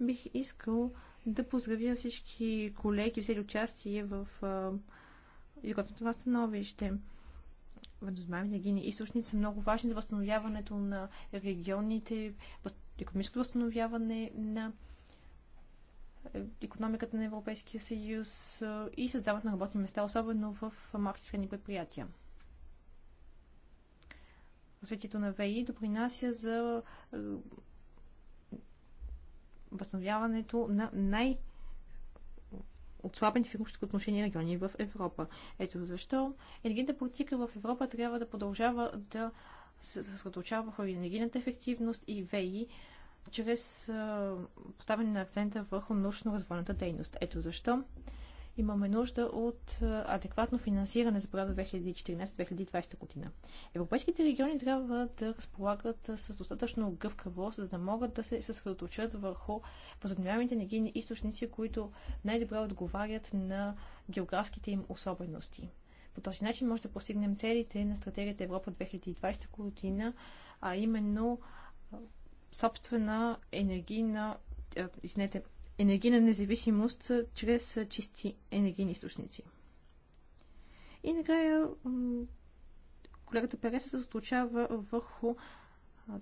бих искал да поздравя всички колеги, взели участие в изготвянето на становище. Възобновяемите енергийни източници са много важни за възстановяването на регионите, економическо възстановяване на е, економиката на Европейския съюз е, и създават на работни места, особено в малки средни предприятия. Развитието на ВИ допринася за е, възстановяването на най- отслабените в економическо отношение региони в Европа. Ето защо енергийната политика в Европа трябва да продължава да се съсредоточава върху енергийната ефективност и ВЕИ, чрез поставяне на акцента върху научно-развойната дейност. Ето защо имаме нужда от е, адекватно финансиране за периода 2014-2020 година. Европейските региони трябва да разполагат е, с достатъчно гъвкаво, за да могат да се съсредоточат върху възобновяемите енергийни източници, които най-добре отговарят на географските им особености. По този начин може да постигнем целите на стратегията Европа 2020 година, а именно е, собствена енергийна извинете, енергийна независимост чрез чисти енергийни източници. И накрая колегата Перес се случава върху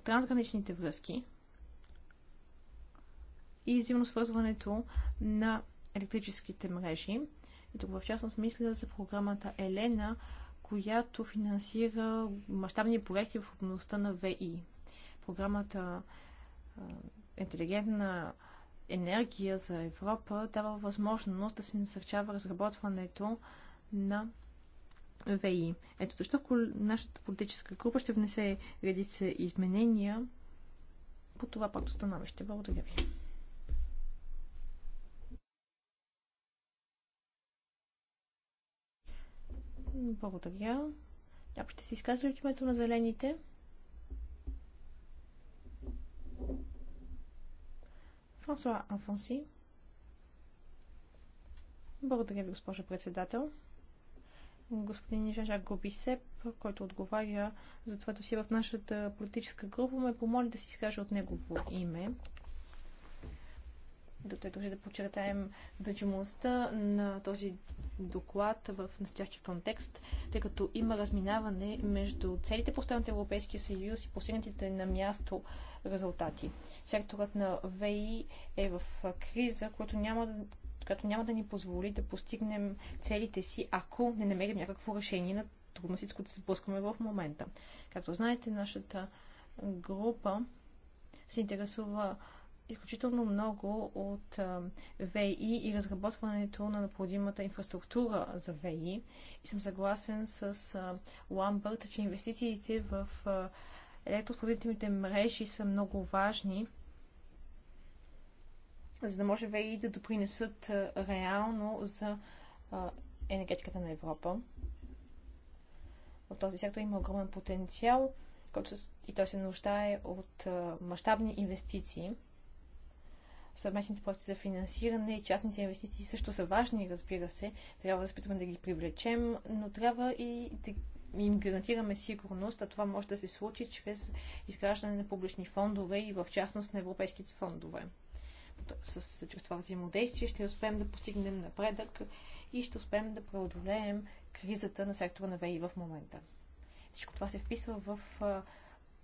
трансграничните връзки и взаимно свързването на електрическите мрежи. И тук в частност мисля за програмата Елена, която финансира мащабни проекти в областта на ВИ. Програмата интелигентна енергия за Европа дава възможност да се насърчава разработването на ВИ. Ето защо нашата политическа група ще внесе редица изменения по това пакто становище. Благодаря ви. Благодаря. Някой ще се изказва от името на зелените? Франсуа Афонси. Благодаря ви, госпожо председател. Господин Жажа Губисеп, който отговаря за това досие в нашата политическа група, ме помоли да си изкаже от негово име той дължи да подчертаем значимостта на този доклад в настоящия контекст, тъй като има разминаване между целите поставените Европейския съюз и постигнатите на място резултати. Секторът на ВИ е в криза, която няма да която няма да ни позволи да постигнем целите си, ако не намерим някакво решение на трудностите, с които се сблъскваме в момента. Както знаете, нашата група се интересува изключително много от ВИ и разработването на необходимата инфраструктура за ВИ. И съм съгласен с Ламбърт, че инвестициите в електроспределителните мрежи са много важни, за да може ВИ да допринесат реално за енергетиката на Европа. В този сектор има огромен потенциал, който и той се нуждае от мащабни инвестиции съвместните проекти за финансиране и частните инвестиции също са важни, разбира се. Трябва да спитаме да ги привлечем, но трябва и да им гарантираме сигурност, а това може да се случи чрез изграждане на публични фондове и в частност на европейските фондове. С, чрез това взаимодействие ще успеем да постигнем напредък и ще успеем да преодолеем кризата на сектора на ВИ в момента. Всичко това се вписва в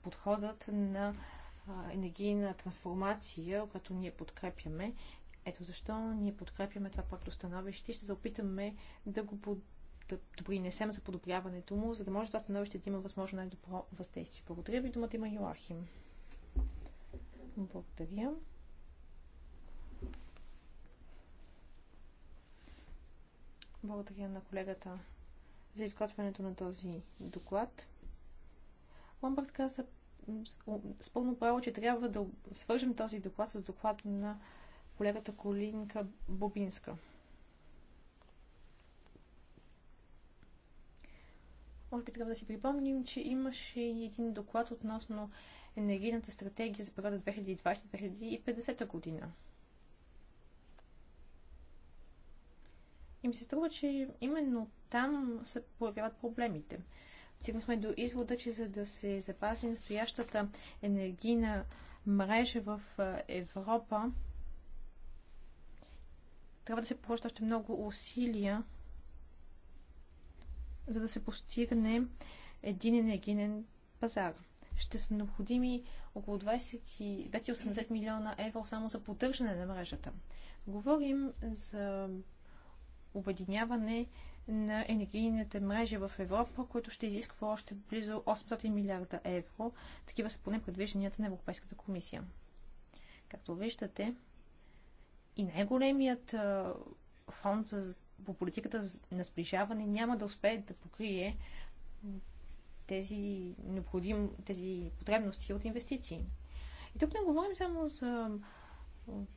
подходът на енергийна трансформация, която ние подкрепяме. Ето защо ние подкрепяме това пакто становище и ще се опитаме да го под... да допринесем за подобряването му, за да може това становище да има възможно най-добро въздействие. Благодаря ви, думата има Йоахим. Благодаря. Благодаря на колегата за изготвянето на този доклад. Ламбърт каза с пълно право, че трябва да свържем този доклад с доклад на колегата Колинка Бобинска. Може би трябва да си припомним, че имаше и един доклад относно енергийната стратегия за периода 2020-2050 година. И ми се струва, че именно там се появяват проблемите стигнахме до извода, че за да се запази настоящата енергийна мрежа в Европа, трябва да се положат още много усилия, за да се постигне един енергиен пазар. Ще са необходими около 20, 280 милиона евро само за поддържане на мрежата. Говорим за обединяване на енергийната мрежа в Европа, което ще изисква още близо 800 милиарда евро. Такива са поне предвижданията на Европейската комисия. Както виждате, и най-големият фонд за, по политиката на сближаване няма да успее да покрие тези, необходим, тези потребности от инвестиции. И тук не говорим само за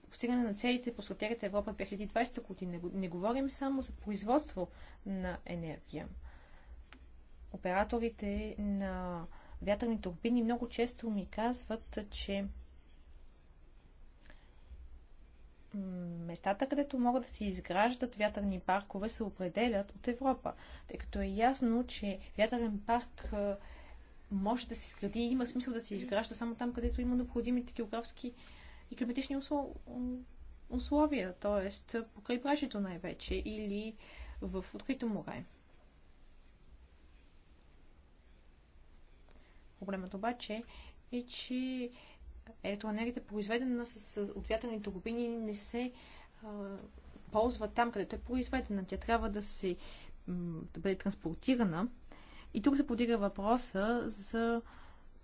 постигане на целите по стратегията Европа 2020 година. Не говорим само за производство на енергия. Операторите на вятърни турбини много често ми казват, че местата, където могат да се изграждат вятърни паркове, се определят от Европа, тъй като е ясно, че вятърен парк може да се изгради и има смисъл да се изгражда само там, където има необходимите географски и климатични услов... условия, т.е. по крайбрежието най-вече или в открито море. Проблемът обаче е, че електроенергията, произведена с отвятърни турбини, не се а, ползва там, където е произведена. Тя трябва да, се, да бъде транспортирана. И тук се подига въпроса за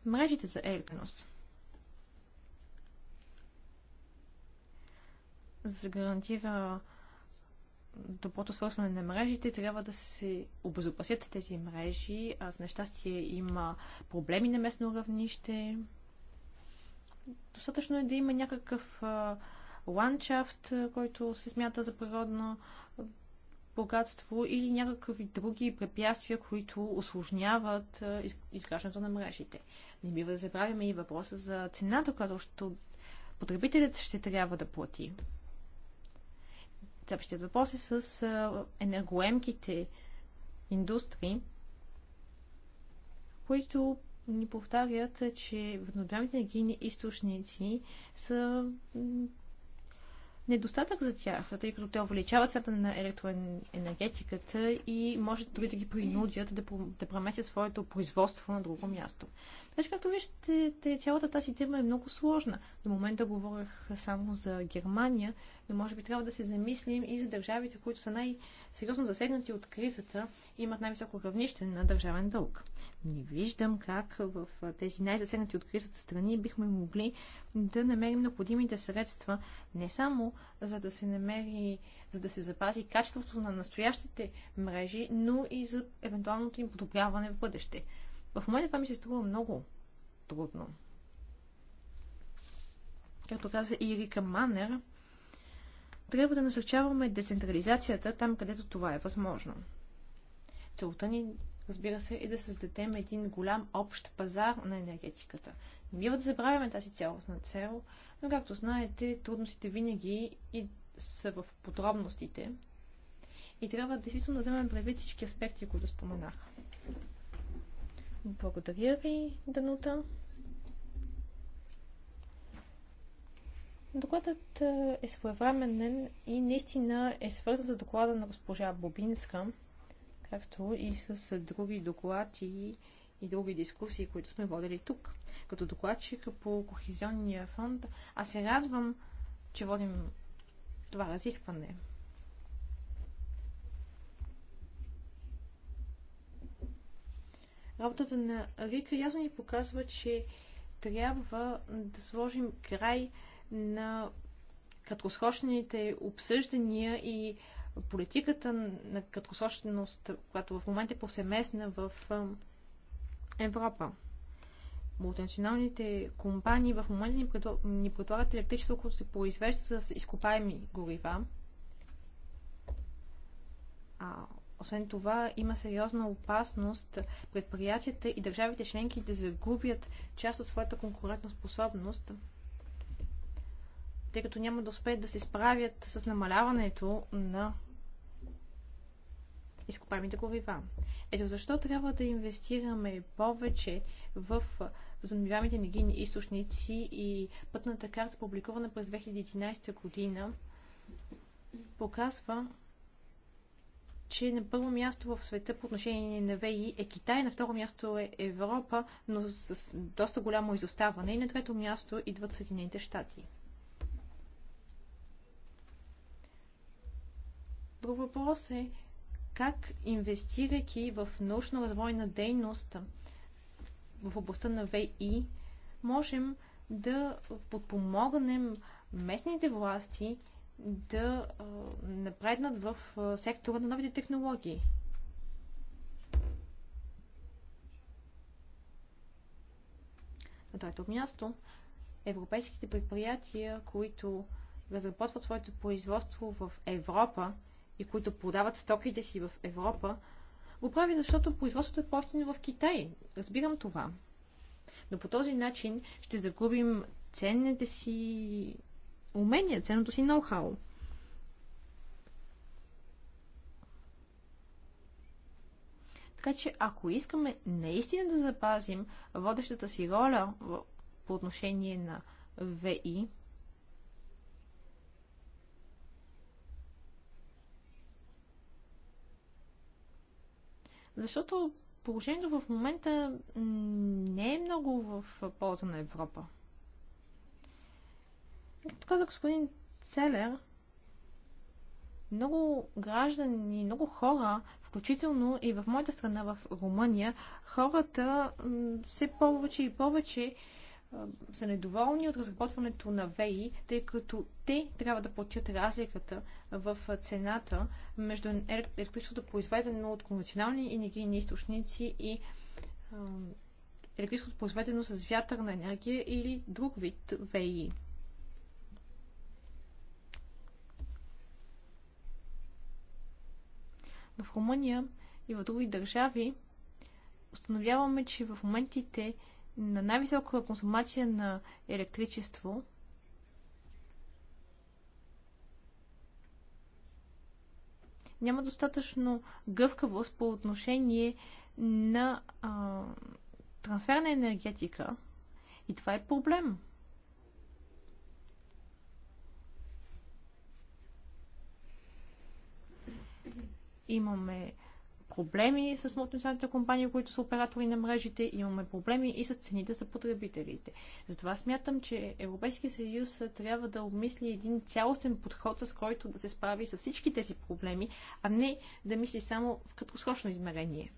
мрежите за електронност. за да гарантира доброто свързване на мрежите, трябва да се обезопасят тези мрежи. А с нещастие има проблеми на местно равнище. Достатъчно е да има някакъв ландшафт, който се смята за природно богатство или някакви други препятствия, които осложняват изграждането на мрежите. Не бива да забравяме и въпроса за цената, която потребителят ще трябва да плати. Следващият въпрос е с енергоемките индустрии, които ни повтарят, че възобновяемите енергийни източници са недостатък за тях, тъй като те увеличават цената на електроенергетиката и може дори да ги принудят да, да преместят своето производство на друго място. Така значи, както виждате, цялата тази тема е много сложна. До момента говорих само за Германия, но може би трябва да се замислим и за държавите, които са най-сериозно засегнати от кризата и имат най-високо равнище на държавен дълг. Не виждам как в тези най-засегнати от кризата страни бихме могли да намерим необходимите средства не само за да се намери, за да се запази качеството на настоящите мрежи, но и за евентуалното им подобряване в бъдеще. В момента това ми се струва много трудно. Както каза Ирика Манер, трябва да насърчаваме децентрализацията там, където това е възможно. Целта ни разбира се, и да създадем един голям общ пазар на енергетиката. Не бива да забравяме тази цялостна цел, но както знаете, трудностите винаги и са в подробностите и трябва действително да вземем предвид всички аспекти, които споменах. Благодаря ви, Данута. Докладът е своевременен и наистина е свързан с доклада на госпожа Бобинска – както и с други доклади и други дискусии, които сме водили тук. Като докладчик по Кохизионния фонд, аз се радвам, че водим това разискване. Работата на Рика ясно ни показва, че трябва да сложим край на краткосрочните обсъждания и политиката на краткосрочност, която в момента е повсеместна в Европа. Мултинационалните компании в момента ни предлагат електричество, което се произвежда с изкопаеми горива. А освен това, има сериозна опасност предприятията и държавите членки да загубят част от своята конкурентоспособност способност тъй като няма да успеят да се справят с намаляването на изкопаемите горива. Ето защо трябва да инвестираме повече в възобновяемите енергийни източници и пътната карта, публикувана през 2011 година, показва, че на първо място в света по отношение на ВИ е Китай, на второ място е Европа, но с доста голямо изоставане и на трето място идват Съединените щати. Друг въпрос е как инвестирайки в научно-развойна дейност в областта на ВИ, можем да подпомогнем местните власти да напреднат в сектора на новите технологии. На трето място, европейските предприятия, които разработват своето производство в Европа и които продават стоките си в Европа, го прави, защото производството е по-ефтино в Китай. Разбирам това. Но по този начин ще загубим ценните си умения, ценното си ноу-хау. Така че, ако искаме наистина да запазим водещата си роля по отношение на ВИ, Защото положението в момента не е много в полза на Европа. Както каза господин Целер, много граждани, много хора, включително и в моята страна, в Румъния, хората все повече и повече са недоволни от разработването на ВЕИ, тъй като те трябва да платят разликата в цената между електричеството, произведено от конвенционални енергийни източници и електричеството, произведено с вятърна енергия или друг вид ВЕИ. В Румъния и в други държави установяваме, че в моментите, на най-висока консумация на електричество, няма достатъчно гъвкавост по отношение на а, трансферна енергетика. И това е проблем. Имаме проблеми с мултинационалните компании, които са оператори на мрежите, имаме проблеми и с цените за потребителите. Затова смятам, че Европейския съюз трябва да обмисли един цялостен подход, с който да се справи с всички тези проблеми, а не да мисли само в краткосрочно измерение.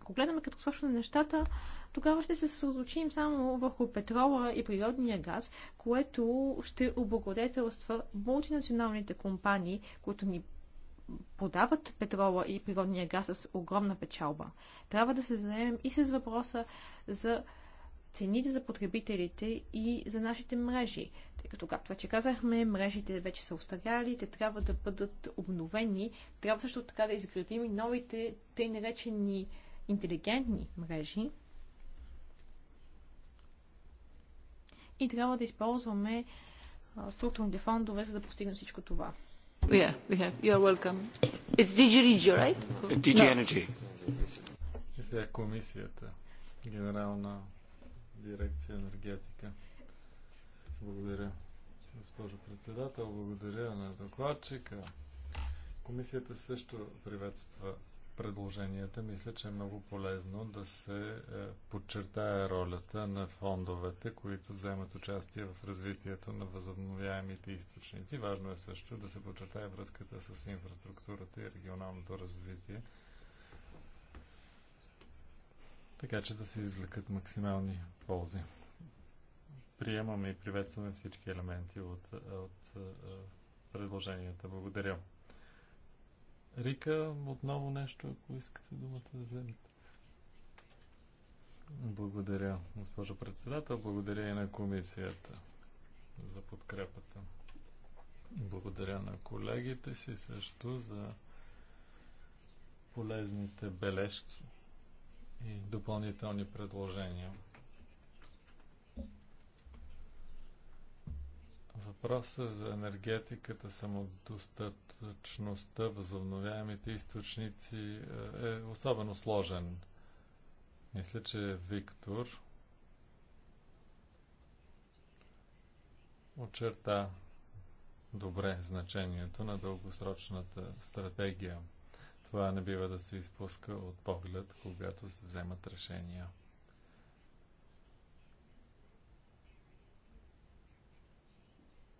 Ако гледаме краткосрочно на нещата, тогава ще се съсредоточим само върху петрола и природния газ, което ще облагодетелства мултинационалните компании, които ни продават петрола и природния газ с огромна печалба. Трябва да се заемем и с въпроса за цените за потребителите и за нашите мрежи. Тъй като, както вече казахме, мрежите вече са устаряли, те трябва да бъдат обновени. Трябва също така да изградим и новите, тъй наречени интелигентни мрежи. И трябва да използваме структурните фондове, за да постигнем всичко това. Yeah, we И сега комисията. Генерална дирекция енергетика. Благодаря, госпожо председател. Благодаря на докладчика. Комисията също приветства предложенията, мисля, че е много полезно да се е, подчертая ролята на фондовете, които вземат участие в развитието на възобновяемите източници. Важно е също да се подчертая връзката с инфраструктурата и регионалното развитие, така че да се извлекат максимални ползи. Приемаме и приветстваме всички елементи от, от е, предложенията. Благодаря. Рика, отново нещо, ако искате думата да вземете. Благодаря, госпожо председател. Благодаря и на комисията за подкрепата. Благодаря на колегите си също за полезните бележки и допълнителни предложения. въпроса за енергетиката, самодостатъчността, възобновяемите източници е, е особено сложен. Мисля, че Виктор очерта добре значението на дългосрочната стратегия. Това не бива да се изпуска от поглед, когато се вземат решения.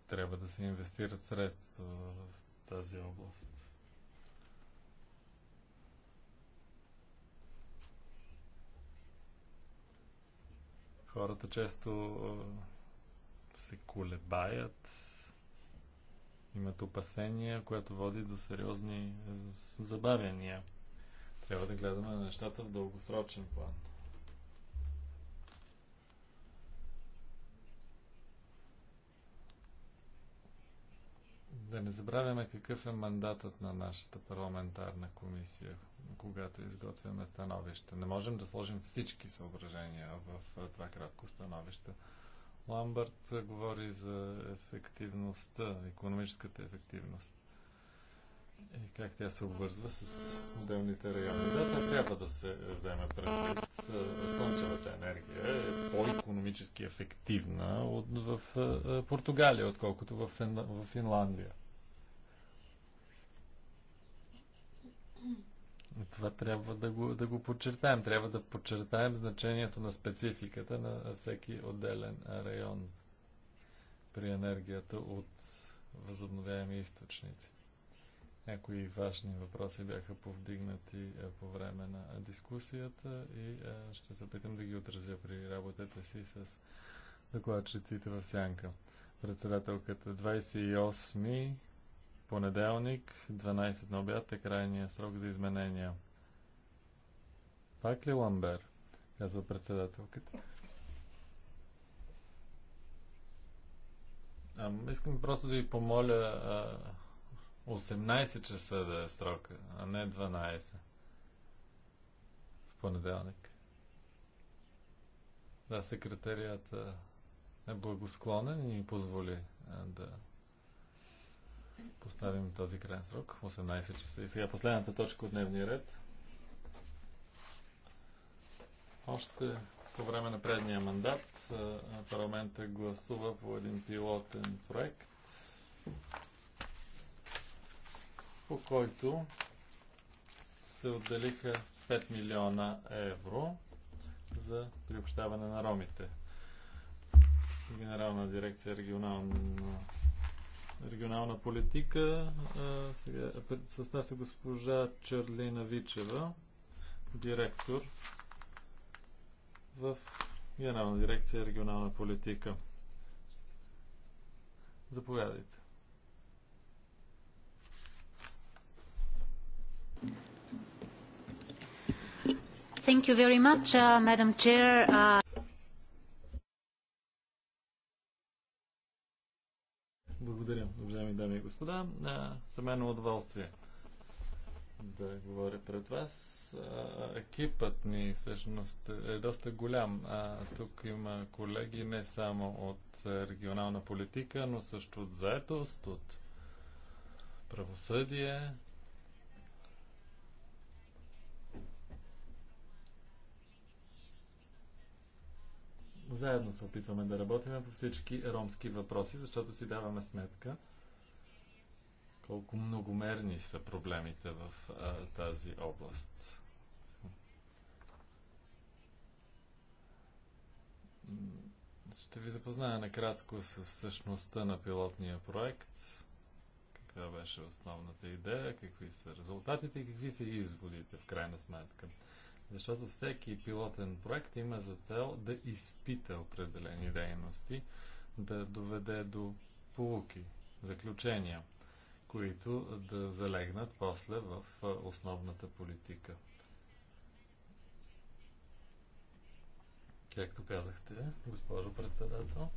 трябва да се инвестират средства в тази област. Хората често се колебаят, имат опасения, което води до сериозни забавяния. Трябва да гледаме нещата в дългосрочен план. да не забравяме какъв е мандатът на нашата парламентарна комисия, когато изготвяме становище. Не можем да сложим всички съображения в това кратко становище. Ламбърт говори за ефективността, економическата ефективност и как тя се обвързва с отделните райони. Да, тя трябва да се вземе предвид. Е, слънчевата енергия е по-економически ефективна от, в е, е, Португалия, отколкото в, в Финландия. Това трябва да го, да го подчертаем. Трябва да подчертаем значението на спецификата на всеки отделен район при енергията от възобновяеми източници. Някои важни въпроси бяха повдигнати е, по време на дискусията и е, ще се опитам да ги отразя при работата си с докладчиците в Сянка. Председателката 28 понеделник, 12 на обяд е крайния срок за изменения. Пак ли Ламбер? Казва председателката. А, искам просто да ви помоля а, е, 18 часа да е срока, а не 12 в понеделник. Да, секретарията е благосклонен и ни позволи да поставим този крайен срок 18 часа. И сега последната точка от дневния ред. Още по време на предния мандат парламента гласува по един пилотен проект по който се отделиха 5 милиона евро за приобщаване на ромите. Генерална дирекция регионална, регионална политика. сега, с нас е госпожа Чарлина Вичева, директор в Генерална дирекция регионална политика. Заповядайте. Thank you very much, uh, Madam Chair. Uh, Благодаря, уважаеми дами и господа. За мен е удоволствие да говоря пред вас. Екипът ни всъщност е доста голям. Тук има колеги не само от регионална политика, но също от заетост, от правосъдие, Заедно се опитваме да работим по всички ромски въпроси, защото си даваме сметка колко многомерни са проблемите в а, тази област. Ще ви запозная накратко с същността на пилотния проект. Каква беше основната идея, какви са резултатите и какви са изводите в крайна сметка. Защото всеки пилотен проект има за цел да изпита определени дейности, да доведе до полуки, заключения, които да залегнат после в основната политика. Както казахте, госпожо председател.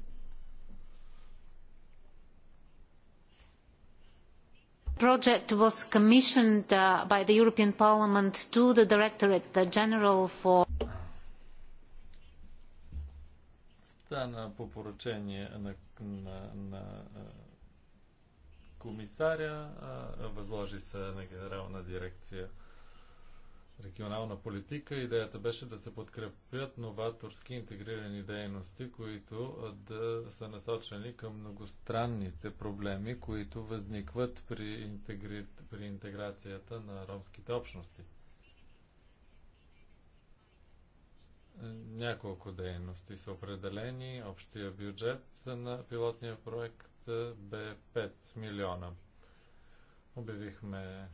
project was commissioned by the European Parliament to the Directorate General for стана по поръчение на, на, на комисаря, възложи се на генерална дирекция регионална политика. Идеята беше да се подкрепят новаторски интегрирани дейности, които да са насочени към многостранните проблеми, които възникват при, интегри... при интеграцията на ромските общности. Няколко дейности са определени. Общия бюджет на пилотния проект бе 5 милиона. Обявихме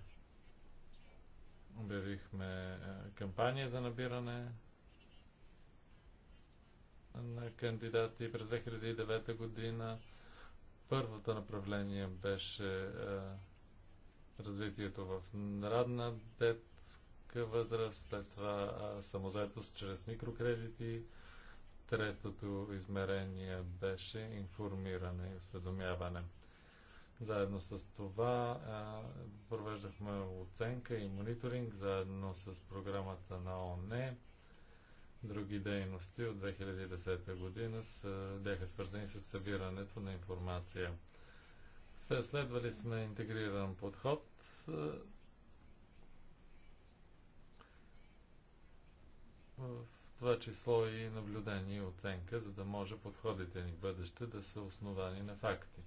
Обявихме е, кампания за набиране на кандидати през 2009 година. Първото направление беше е, развитието в нарадна детска възраст, след това е, самозаетост чрез микрокредити. Третото измерение беше информиране и осведомяване. Заедно с това а, провеждахме оценка и мониторинг, заедно с програмата на ОНЕ. Други дейности от 2010 година са, бяха свързани с събирането на информация. След, следвали сме интегриран подход. В това число и наблюдение и оценка, за да може подходите ни в бъдеще да са основани на факти.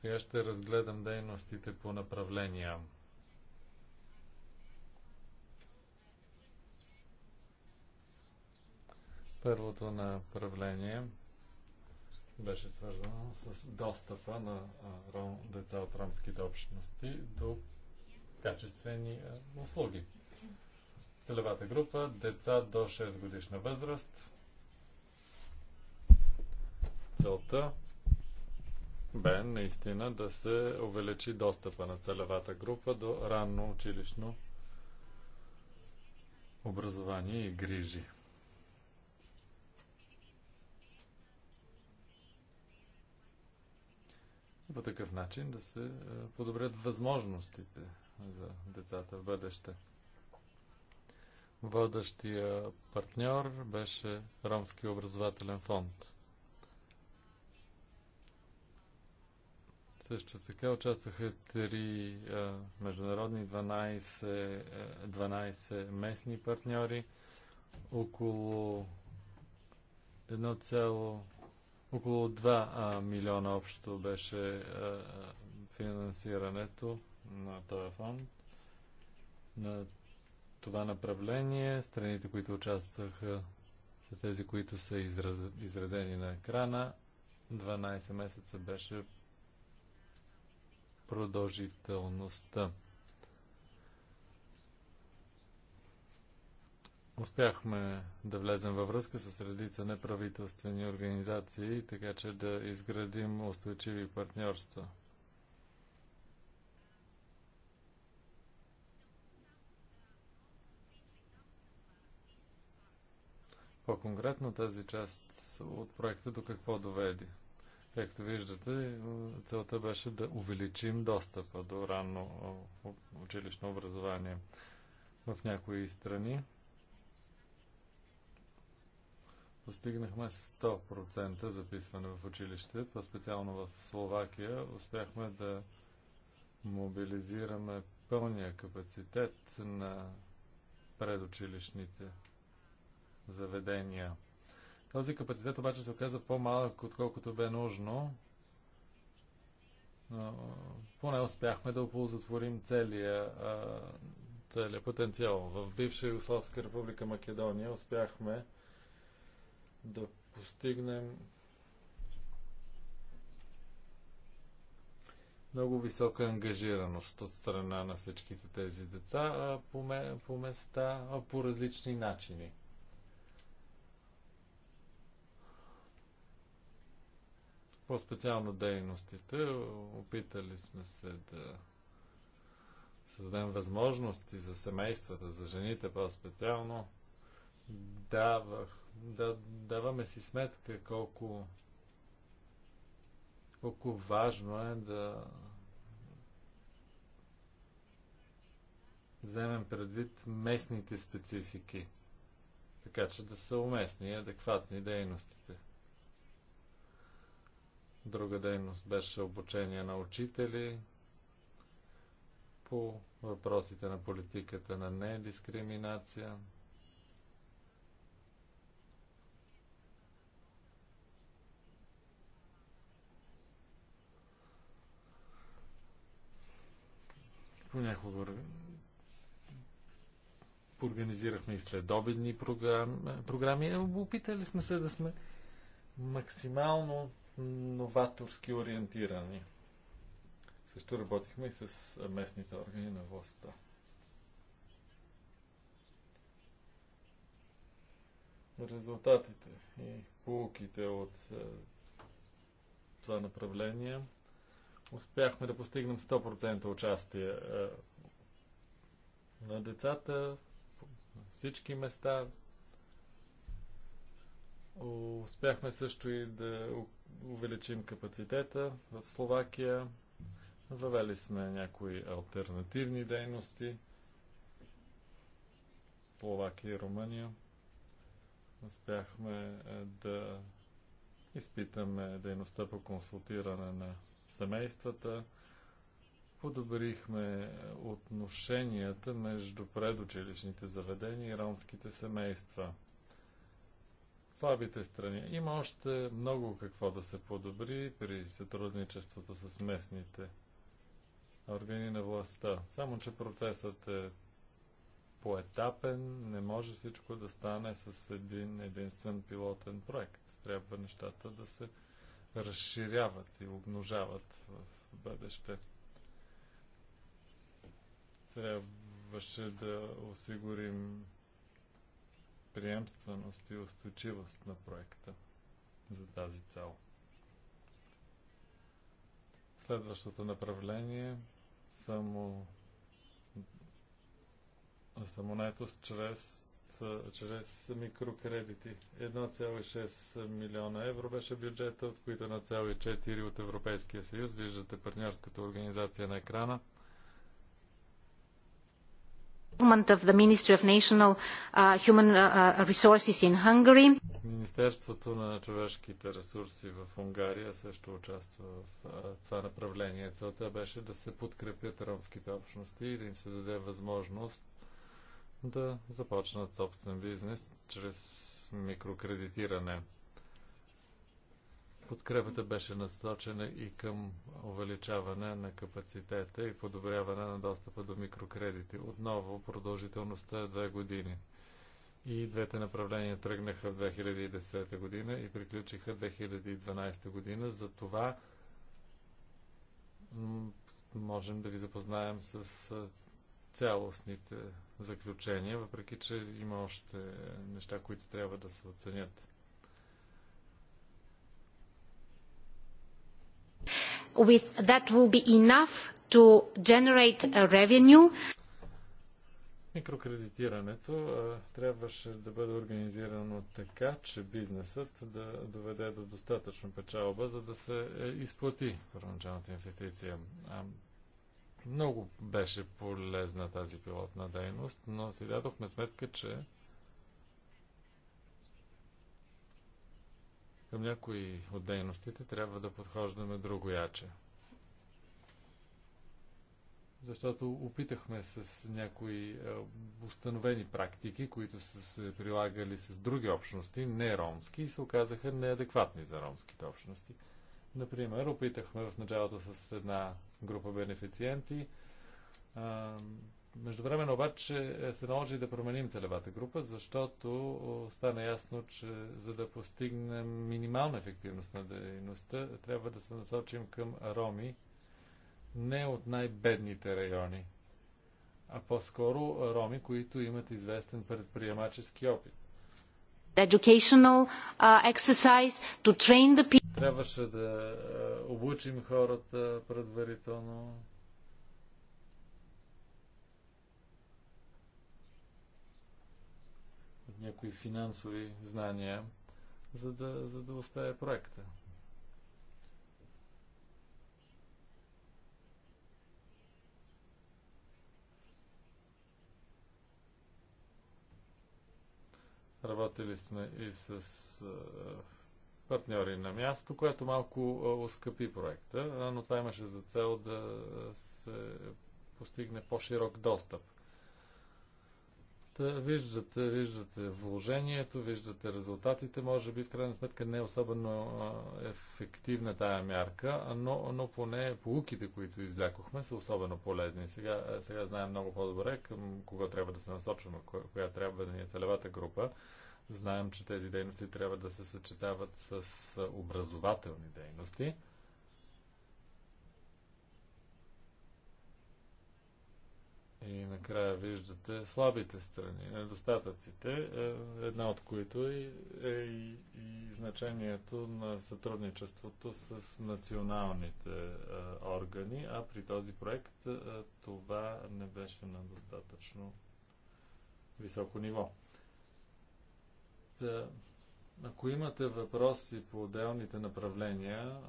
Сега ще разгледам дейностите по направления. Първото направление беше свързано с достъпа на деца от ромските общности до качествени услуги. Целевата група деца до 6 годишна възраст. Целта бе наистина да се увеличи достъпа на целевата група до ранно училищно образование и грижи. По такъв начин да се е, подобрят възможностите за децата в бъдеще. Водещия партньор беше Ромски образователен фонд – Също така участваха 3 международни, 12, 12 местни партньори, около 1, около 2 а, милиона общо беше а, финансирането на този фонд, на това направление. Страните, които участваха, са тези, които са изредени на екрана. 12 месеца беше продължителността. Успяхме да влезем във връзка с редица неправителствени организации, така че да изградим устойчиви партньорства. По-конкретно тази част от проекта до какво доведе? Както виждате, целта беше да увеличим достъпа до ранно училищно образование в някои страни. Постигнахме 100% записване в училище, по-специално в Словакия. Успяхме да мобилизираме пълния капацитет на предучилищните заведения – този капацитет обаче се оказа по-малък, отколкото бе нужно. поне успяхме да оползотворим целия, целият потенциал. В бивша Югославска република Македония успяхме да постигнем много висока ангажираност от страна на всичките тези деца по, по места, по различни начини. По-специално дейностите. Опитали сме се да създадем възможности за семействата, за жените по-специално. Давах, да, даваме си сметка колко, колко важно е да вземем предвид местните специфики, така че да са уместни и адекватни дейностите. Друга дейност беше обучение на учители по въпросите на политиката на недискриминация. Понякога организирахме и следобедни програми. Е, опитали сме се да сме максимално новаторски ориентирани. Също работихме и с местните органи на властта. Резултатите и полуките от е, това направление успяхме да постигнем 100% участие е, на децата на всички места. Успяхме също и да увеличим капацитета в Словакия. Въвели сме някои альтернативни дейности. Словакия и Румъния. Успяхме е, да изпитаме дейността по консултиране на семействата. Подобрихме е, отношенията между предучилищните заведения и ромските семейства слабите страни. Има още много какво да се подобри при сътрудничеството с местните органи на властта. Само, че процесът е поетапен, не може всичко да стане с един единствен пилотен проект. Трябва нещата да се разширяват и умножават в бъдеще. Трябваше да осигурим приемственост и устойчивост на проекта за тази цел. Следващото направление само самонетост чрез, чрез микрокредити. 1,6 милиона евро беше бюджета, от които 1,4 от Европейския съюз. Виждате партньорската организация на екрана of the Ministry of National uh, Human uh, uh, Resources in Hungary. Министерството на човешките ресурси в Унгария също участва в това направление. Целта беше да се подкрепят ромските общности и да им се даде възможност да започнат собствен бизнес чрез микрокредитиране. Подкрепата беше насочена и към увеличаване на капацитета и подобряване на достъпа до микрокредити. Отново продължителността е две години. И двете направления тръгнаха в 2010 година и приключиха 2012 година. За това можем да ви запознаем с цялостните заключения, въпреки че има още неща, които трябва да се оценят. that will be enough to generate a revenue. Микрокредитирането а, трябваше да бъде организирано така, че бизнесът да доведе до достатъчно печалба, за да се е, изплати първоначалната инвестиция. А, много беше полезна тази пилотна дейност, но си дадохме сметка, че Към някои от дейностите трябва да подхождаме друго яче. Защото опитахме с някои е, установени практики, които са се прилагали с други общности, не ромски, и се оказаха неадекватни за ромските общности. Например, опитахме в началото с една група бенефициенти Междувременно обаче е, се наложи да променим целевата група, защото стана ясно, че за да постигнем минимална ефективност на дейността, трябва да се насочим към роми, не от най-бедните райони, а по-скоро роми, които имат известен предприемачески опит. Educational uh, exercise to train the people. Трябваше да е, обучим хората предварително някои финансови знания, за да, за да успее проекта. Работили сме и с партньори на място, което малко оскъпи проекта, но това имаше за цел да се постигне по-широк достъп. Та, виждате, виждате вложението, виждате резултатите. Може би в крайна сметка не е особено ефективна тая мярка, но, но поне полуките, които излякохме, са особено полезни. Сега, сега знаем много по-добре към кого трябва да се насочваме, коя, коя трябва да ни е целевата група. Знаем, че тези дейности трябва да се съчетават с образователни дейности. И накрая виждате слабите страни, недостатъците, е, една от които е, е, и, и значението на сътрудничеството с националните е, органи, а при този проект това не беше на достатъчно високо ниво. Да, ако имате въпроси по отделните направления,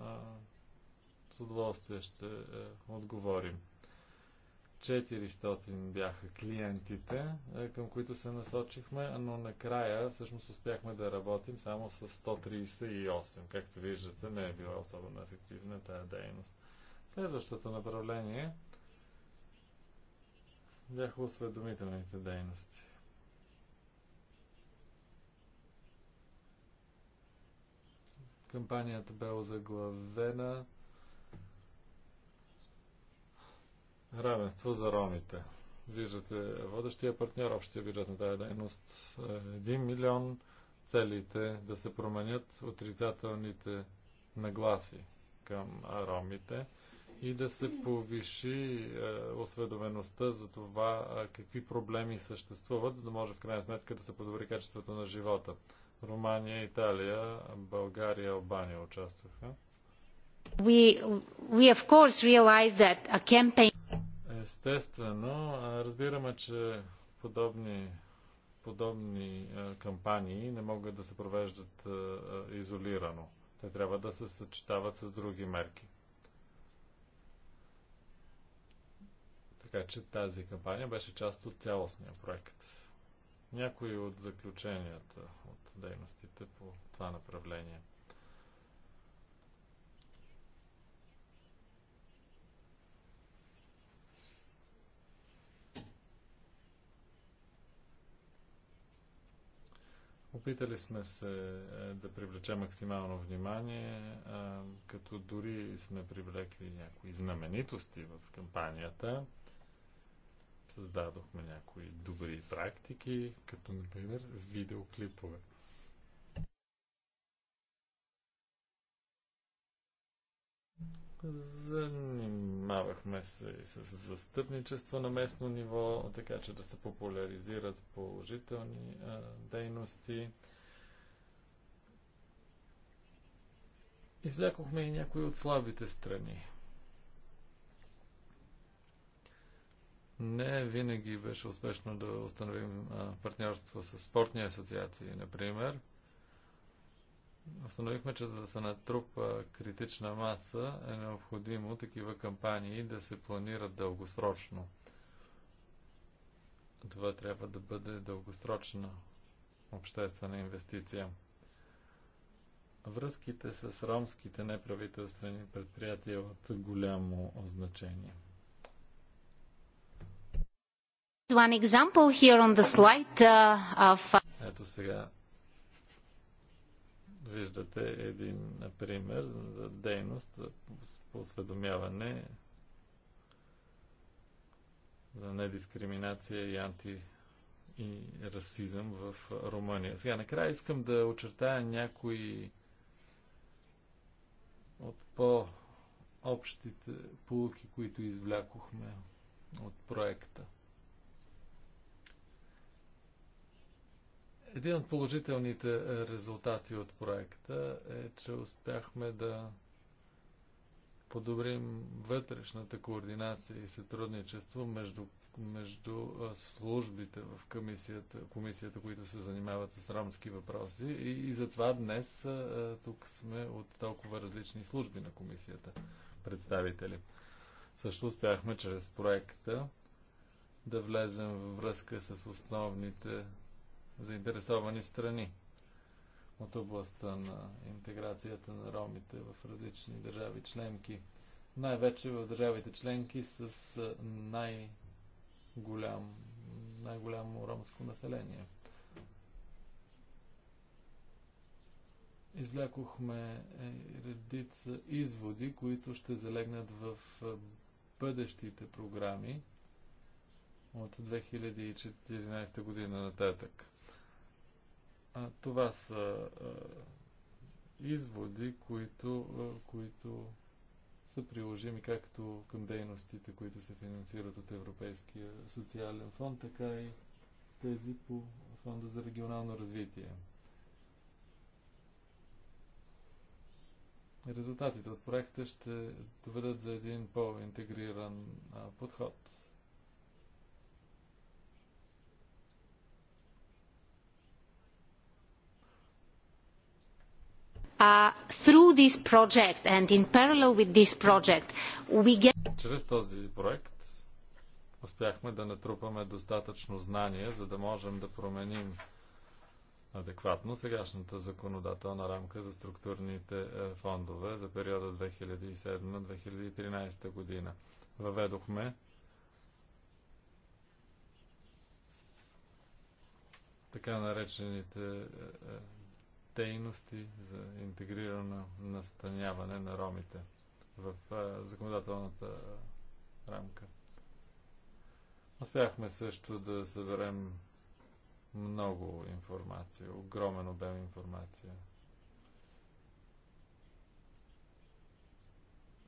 с удоволствие ще отговорим. 400 бяха клиентите, е, към които се насочихме, но накрая всъщност успяхме да работим само с 138. Както виждате, не е била особено ефективна тая дейност. Следващото направление бяха осведомителните дейности. Кампанията бе озаглавена равенство за ромите. Виждате, водещия партньор, общия бюджет на тази дейност 1 е милион целите да се променят отрицателните нагласи към ромите и да се повиши е, осведомеността за това е, какви проблеми съществуват, за да може в крайна сметка да се подобри качеството на живота. Румания, Италия, България, Албания участваха. We, we of course realize that a campaign Естествено, разбираме, че подобни, подобни кампании не могат да се провеждат изолирано. Те трябва да се съчетават с други мерки. Така че тази кампания беше част от цялостния проект. Някои от заключенията от дейностите по това направление – Опитали сме се е, да привлечем максимално внимание, е, като дори сме привлекли някои знаменитости в кампанията. Създадохме някои добри практики, като например видеоклипове. Занимавахме се и с застъпничество на местно ниво, така че да се популяризират положителни а, дейности. Излякохме и някои от слабите страни. Не винаги беше успешно да установим а, партньорство с спортни асоциации, например – установихме, че за да се натрупа критична маса е необходимо такива кампании да се планират дългосрочно. Това трябва да бъде дългосрочна обществена инвестиция. Връзките с ромските неправителствени предприятия е от голямо значение. One example here on the slide uh, of... Uh, Ето сега виждате един пример за дейност по осведомяване за недискриминация и анти и расизъм в Румъния. Сега накрая искам да очертая някои от по-общите полуки, които извлякохме от проекта. Един от положителните е, резултати от проекта е, че успяхме да подобрим вътрешната координация и сътрудничество между, между е, службите в комисията, комисията, които се занимават с ромски въпроси. И, и затова днес е, тук сме от толкова различни служби на комисията, представители. Също успяхме чрез проекта да влезем в връзка с основните заинтересовани страни от областта на интеграцията на ромите в различни държави членки. Най-вече в държавите членки с най-голям, най-голямо ромско население. Извлякохме е, редица изводи, които ще залегнат в бъдещите програми от 2014 година нататък. А, това са а, изводи, които, а, които са приложими както към дейностите, които се финансират от Европейския социален фонд, така и тези по Фонда за регионално развитие. Резултатите от проекта ще доведат за един по-интегриран подход Uh, Чрез този проект успяхме да натрупаме достатъчно знание, за да можем да променим адекватно сегашната законодателна рамка за структурните е, фондове за периода 2007-2013 година. Въведохме така наречените е, е, дейности за интегрирано настаняване на ромите в законодателната рамка. Успяхме също да съберем много информация, огромен обем информация.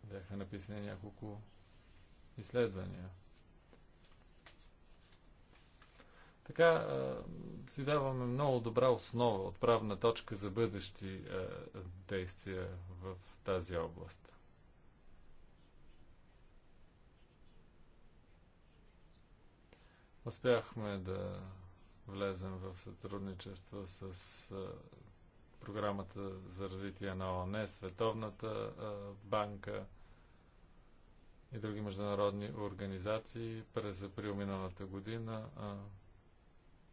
Бяха написани няколко изследвания – Така си даваме много добра основа, отправна точка за бъдещи действия в тази област. Успяхме да влезем в сътрудничество с а, програмата за развитие на ОНЕ, Световната а, банка и други международни организации. През април миналата година а,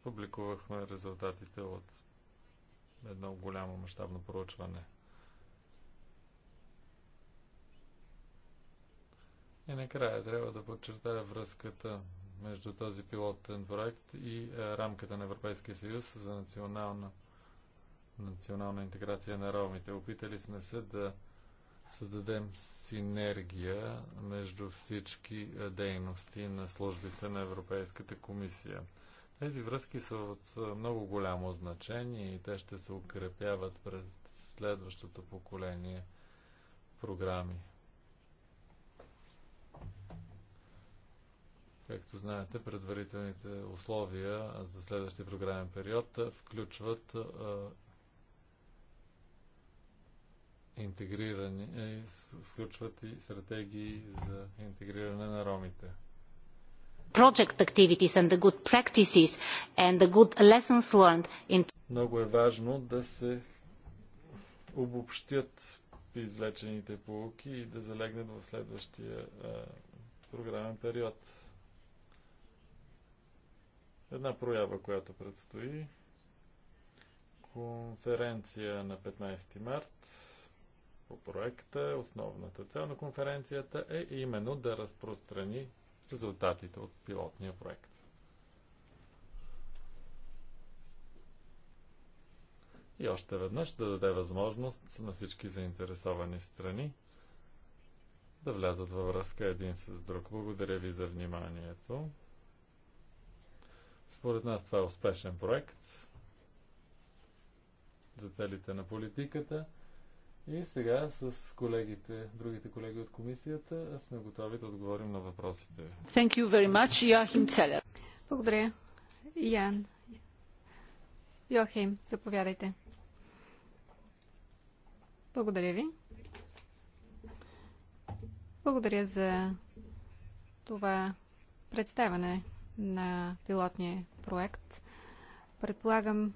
публикувахме резултатите от едно голямо мащабно проучване. И накрая трябва да подчертая връзката между този пилотен проект и е, рамката на Европейския съюз за национална, национална интеграция на ромите. Опитали сме се да създадем синергия между всички е, дейности на службите на Европейската комисия. Тези връзки са от много голямо значение и те ще се укрепяват през следващото поколение програми. Както знаете, предварителните условия за следващия програмен период включват интегриране, включват и стратегии за интегриране на ромите project activities and the good practices and the good lessons learned in Много е важно да се обобщят извлечените полуки и да залегнат в следващия а, програмен период. Една проява, която предстои. Конференция на 15 март по проекта. Основната цел на конференцията е именно да разпространи резултатите от пилотния проект. И още веднъж да даде възможност на всички заинтересовани страни да влязат във връзка един с друг. Благодаря ви за вниманието. Според нас това е успешен проект за целите на политиката. И сега с колегите, другите колеги от комисията сме готови да отговорим на въпросите. Thank you very much, Joachim Целер. Благодаря. Ян. Йохим, заповядайте. Благодаря ви. Благодаря за това представяне на пилотния проект. Предполагам,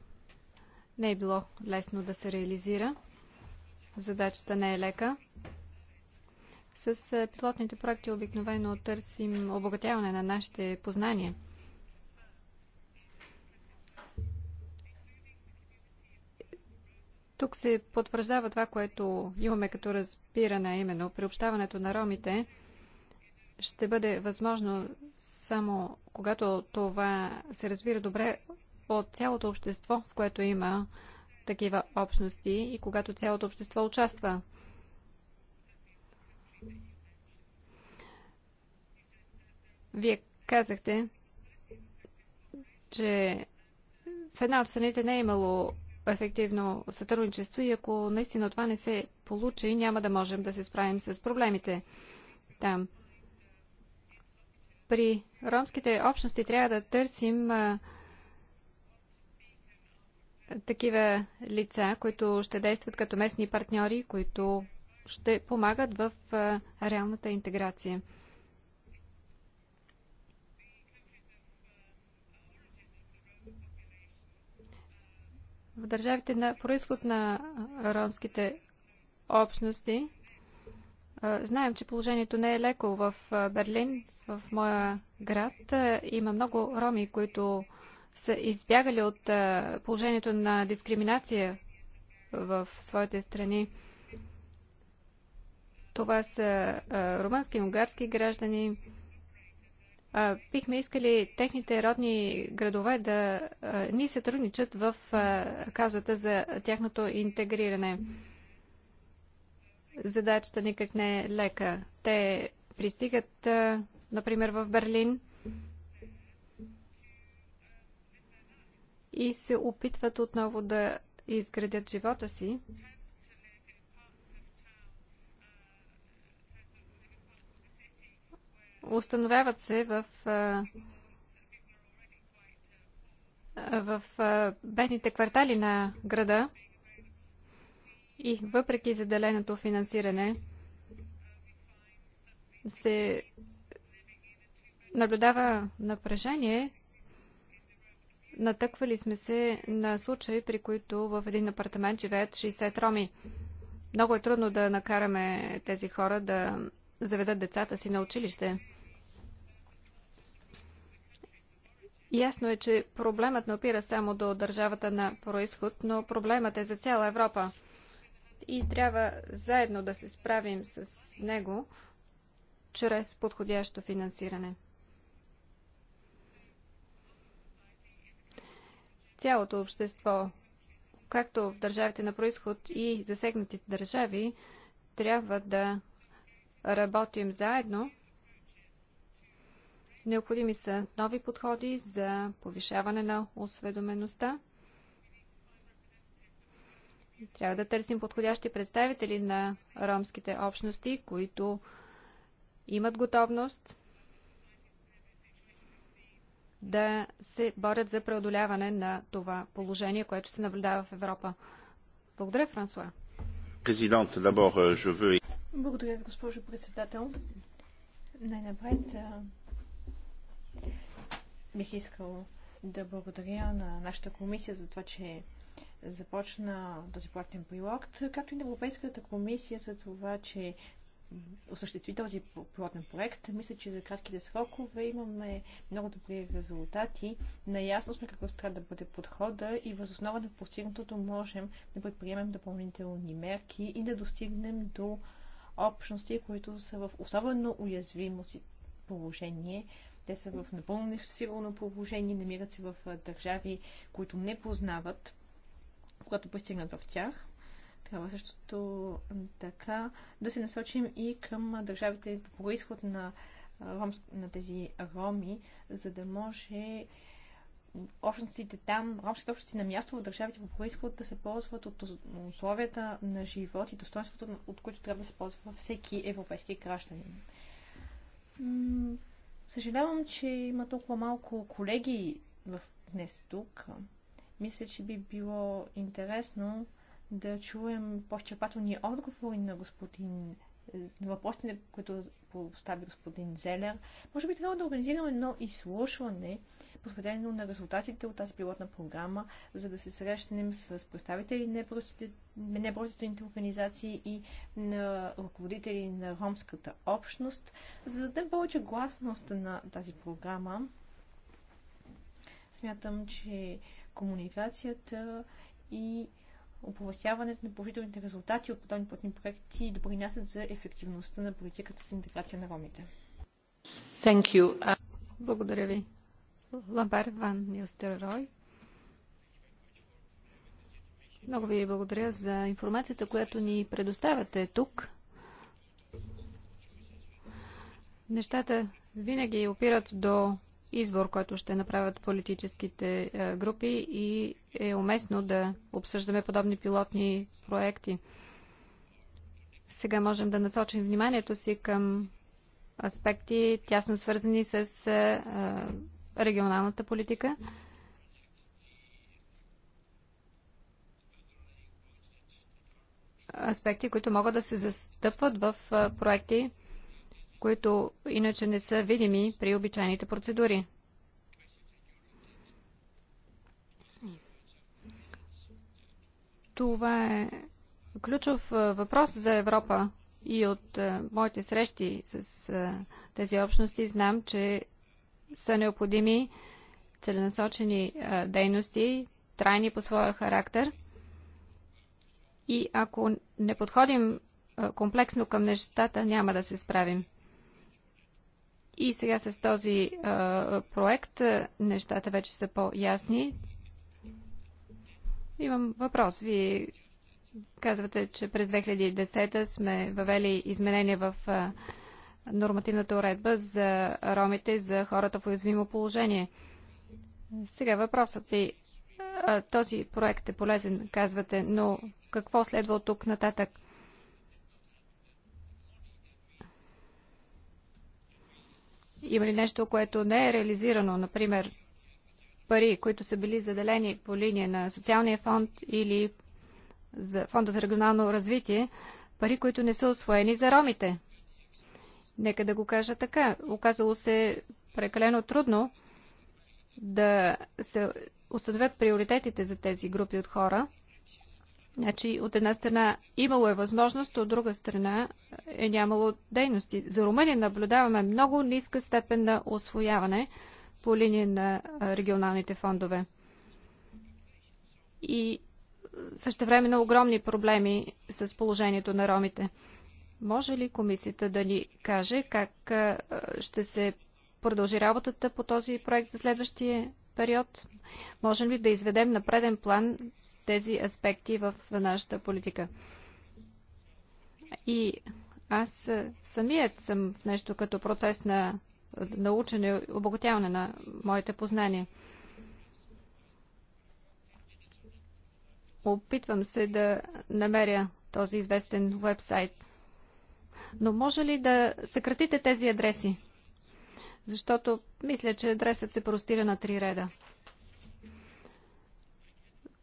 не е било лесно да се реализира. Задачата не е лека. С е, пилотните проекти обикновено търсим обогатяване на нашите познания. Тук се потвърждава това, което имаме като разбиране, именно приобщаването на ромите ще бъде възможно само когато това се разбира добре от цялото общество, в което има такива общности и когато цялото общество участва. Вие казахте, че в една от страните не е имало ефективно сътрудничество и ако наистина това не се получи, няма да можем да се справим с проблемите там. При ромските общности трябва да търсим такива лица, които ще действат като местни партньори, които ще помагат в реалната интеграция. В държавите на происход на ромските общности знаем, че положението не е леко в Берлин, в моя град. Има много роми, които са избягали от положението на дискриминация в своите страни. Това са румънски и унгарски граждани. Бихме искали техните родни градове да ни сътрудничат в казата за тяхното интегриране. Задачата никак не е лека. Те пристигат, например, в Берлин – и се опитват отново да изградят живота си. Установяват се в, в бедните квартали на града и въпреки заделеното финансиране се наблюдава напрежение Натъквали сме се на случаи, при които в един апартамент живеят 60 роми. Много е трудно да накараме тези хора да заведат децата си на училище. Ясно е, че проблемът не опира само до държавата на происход, но проблемът е за цяла Европа. И трябва заедно да се справим с него чрез подходящо финансиране. цялото общество, както в държавите на происход и засегнатите държави, трябва да работим заедно. Необходими са нови подходи за повишаване на осведомеността. Трябва да търсим подходящи представители на ромските общности, които имат готовност да се борят за преодоляване на това положение, което се наблюдава в Европа. Благодаря, Франсуа. Euh, благодаря ви, госпожо председател. Най-напред бих искал да благодаря на нашата комисия за това, че започна този платен прилог. както и на Европейската комисия за това, че осъществи този плотен проект. Мисля, че за кратките срокове имаме много добри резултати. Наясно сме какво трябва да бъде подхода и възоснова на постигнатото можем да предприемем допълнителни мерки и да достигнем до общности, които са в особено уязвимо положение. Те са в напълно несигурно положение, намират се в държави, които не познават, когато пристигнат в тях. Трябва същото така да се насочим и към държавите по происход на, ром, на тези роми, за да може общностите там, ромските общности на място в държавите по происход да се ползват от условията на живот и достоинството, от които трябва да се ползва всеки европейски гражданин. Съжалявам, че има толкова малко колеги в днес тук. Мисля, че би било интересно да чуем по-изчерпателни отговори на господин е, на въпросите, които постави господин Зелер. Може би трябва да организираме едно изслушване, посветено на резултатите от тази пилотна програма, за да се срещнем с представители на непростителните организации и на ръководители на ромската общност, за да дадем повече гласност на тази програма. Смятам, че комуникацията и оповестяването на положителните резултати от подобни пътни проекти допринасят за ефективността на политиката за интеграция на ромите. Thank you. Благодаря ви. Ламбар Ван Рой. Много ви благодаря за информацията, която ни предоставяте тук. Нещата винаги опират до избор, който ще направят политическите е, групи и е уместно да обсъждаме подобни пилотни проекти. Сега можем да насочим вниманието си към аспекти, тясно свързани с е, е, регионалната политика. Аспекти, които могат да се застъпват в проекти, които иначе не са видими при обичайните процедури. Това е ключов въпрос за Европа и от моите срещи с тези общности знам, че са необходими целенасочени дейности, трайни по своя характер. И ако не подходим комплексно към нещата, няма да се справим. И сега с този а, проект нещата вече са по-ясни. Имам въпрос. Вие казвате, че през 2010 сме въвели изменения в а, нормативната уредба за ромите и за хората в уязвимо положение. Сега въпросът ви този проект е полезен, казвате, но какво следва от тук нататък? Има ли нещо, което не е реализирано, например пари, които са били заделени по линия на социалния фонд или за фонда за регионално развитие, пари, които не са освоени за ромите? Нека да го кажа така. Оказало се прекалено трудно да се установят приоритетите за тези групи от хора – Значи, от една страна имало е възможност, от друга страна е нямало дейности. За Румъния наблюдаваме много ниска степен на освояване по линия на регионалните фондове. И също време на огромни проблеми с положението на ромите. Може ли комисията да ни каже как ще се продължи работата по този проект за следващия период? Можем ли да изведем на преден план тези аспекти в нашата политика. И аз самият съм в нещо като процес на научене и обогатяване на моите познания. Опитвам се да намеря този известен вебсайт. Но може ли да съкратите тези адреси? Защото мисля, че адресът се простира на три реда.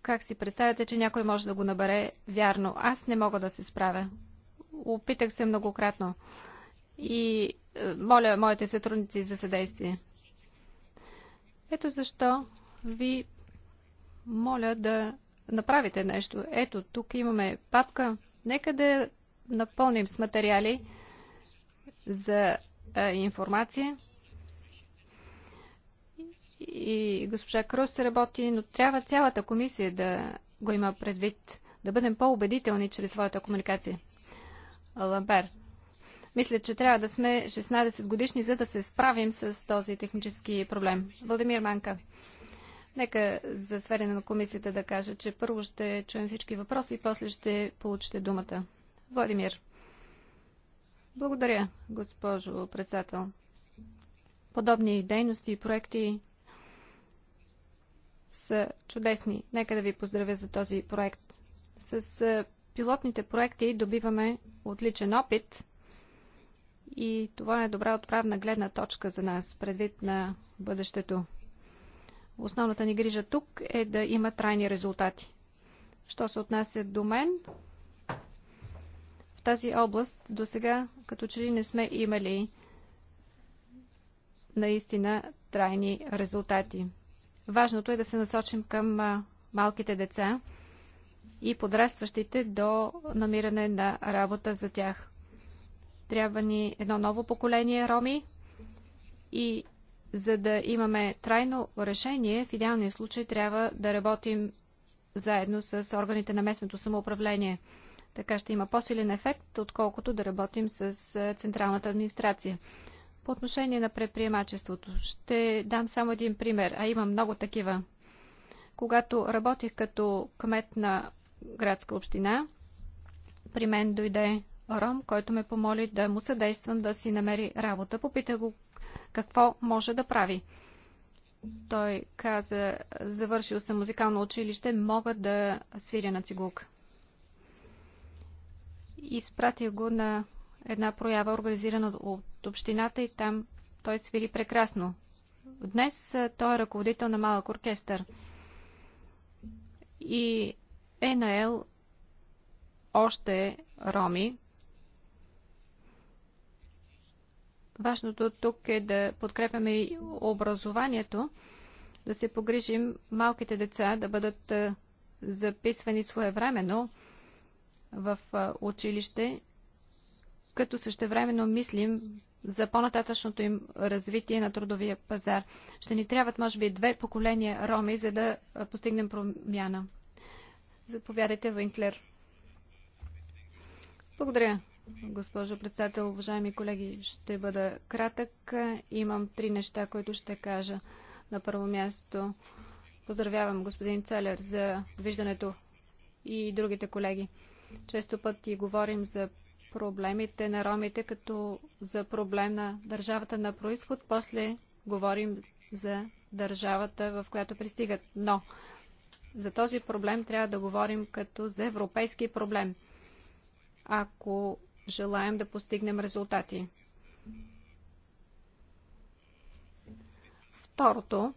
Как си представяте, че някой може да го набере вярно? Аз не мога да се справя. Опитах се многократно. И е, моля моите сътрудници за съдействие. Ето защо ви моля да направите нещо. Ето, тук имаме папка. Нека да напълним с материали за е, информация и госпожа Крус работи, но трябва цялата комисия да го има предвид, да бъдем по-убедителни чрез своята комуникация. Ламбер. Мисля, че трябва да сме 16 годишни, за да се справим с този технически проблем. Владимир Манка. Нека за сведение на комисията да кажа, че първо ще чуем всички въпроси и после ще получите думата. Владимир. Благодаря, госпожо председател. Подобни дейности и проекти са чудесни. Нека да ви поздравя за този проект. С пилотните проекти добиваме отличен опит и това е добра отправна гледна точка за нас, предвид на бъдещето. Основната ни грижа тук е да има трайни резултати. Що се отнася до мен, в тази област до сега като че ли не сме имали наистина трайни резултати. Важното е да се насочим към малките деца и подрастващите до намиране на работа за тях. Трябва ни едно ново поколение роми и за да имаме трайно решение, в идеалния случай трябва да работим заедно с органите на местното самоуправление. Така ще има по-силен ефект, отколкото да работим с централната администрация. По отношение на предприемачеството, ще дам само един пример, а има много такива. Когато работих като кмет на градска община, при мен дойде Ром, който ме помоли да му съдействам да си намери работа. Попитах го какво може да прави. Той каза, завършил съм музикално училище, мога да свиря на цигулка. Изпратих го на една проява, организирана от общината и там той свири прекрасно. Днес той е ръководител на малък оркестър и е наел още роми. Важното тук е да подкрепяме и образованието, да се погрижим малките деца да бъдат записвани своевременно в училище като същевременно мислим за по-нататъчното им развитие на трудовия пазар. Ще ни трябват, може би, две поколения роми, за да постигнем промяна. Заповядайте, Винклер. Благодаря, госпожо председател. Уважаеми колеги, ще бъда кратък. Имам три неща, които ще кажа. На първо място поздравявам господин Целер за виждането и другите колеги. Често пъти говорим за проблемите на ромите като за проблем на държавата на происход, после говорим за държавата, в която пристигат. Но за този проблем трябва да говорим като за европейски проблем, ако желаем да постигнем резултати. Второто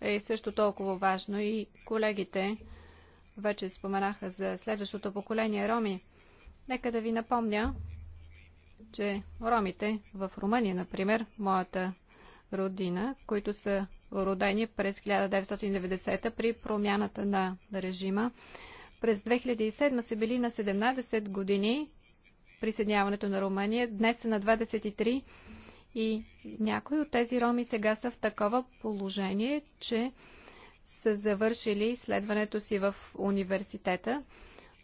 е също толкова важно и колегите вече споменаха за следващото поколение роми – Нека да ви напомня, че ромите в Румъния, например, моята родина, които са родени през 1990 при промяната на режима, през 2007 са били на 17 години присъединяването на Румъния, днес са на 23 и някои от тези роми сега са в такова положение, че са завършили изследването си в университета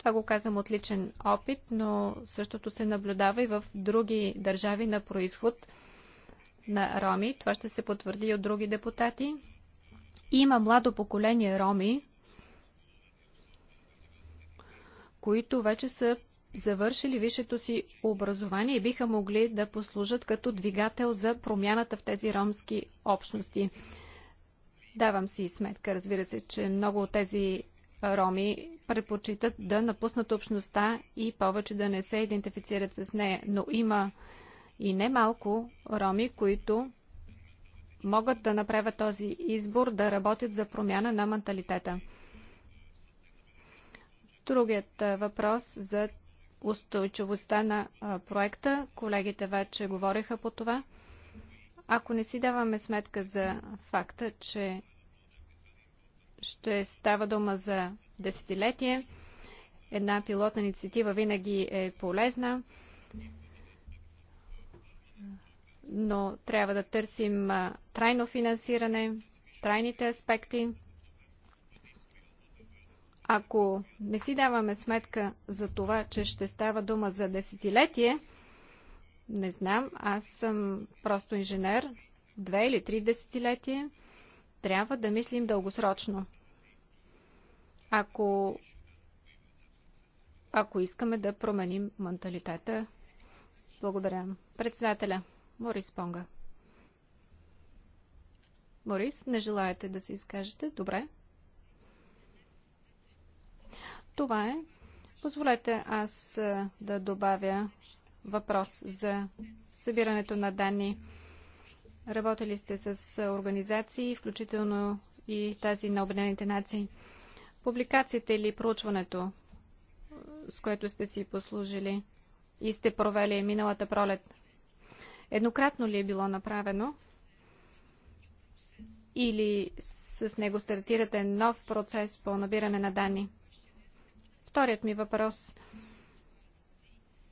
това го казвам от личен опит, но същото се наблюдава и в други държави на происход на роми. Това ще се потвърди и от други депутати. Има младо поколение роми, които вече са завършили висшето си образование и биха могли да послужат като двигател за промяната в тези ромски общности. Давам си сметка, разбира се, че много от тези роми предпочитат да напуснат общността и повече да не се идентифицират с нея. Но има и немалко роми, които могат да направят този избор да работят за промяна на менталитета. Другият въпрос за устойчивостта на проекта. Колегите вече говориха по това. Ако не си даваме сметка за факта, че ще става дума за десетилетие. Една пилотна инициатива винаги е полезна, но трябва да търсим трайно финансиране, трайните аспекти. Ако не си даваме сметка за това, че ще става дума за десетилетие, не знам, аз съм просто инженер, две или три десетилетия, трябва да мислим дългосрочно. Ако, ако искаме да променим менталитета, благодаря. Председателя, Морис Понга. Морис, не желаете да се изкажете? Добре. Това е. Позволете аз да добавя въпрос за събирането на данни. Работили сте с организации, включително и тази на Обединените нации. Публикацията или проучването, с което сте си послужили и сте провели миналата пролет? Еднократно ли е било направено? Или с него стартирате нов процес по набиране на данни? Вторият ми въпрос.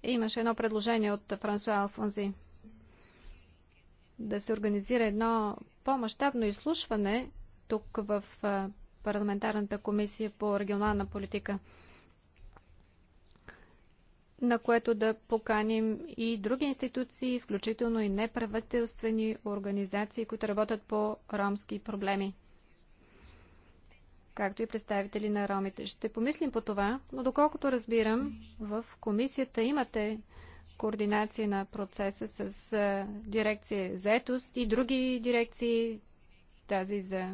Имаше едно предложение от Франсуа Алфонзи да се организира едно по-масштабно изслушване тук в парламентарната комисия по регионална политика, на което да поканим и други институции, включително и неправителствени организации, които работят по ромски проблеми, както и представители на ромите. Ще помислим по това, но доколкото разбирам, в комисията имате координация на процеса с дирекция заетост и други дирекции, тази за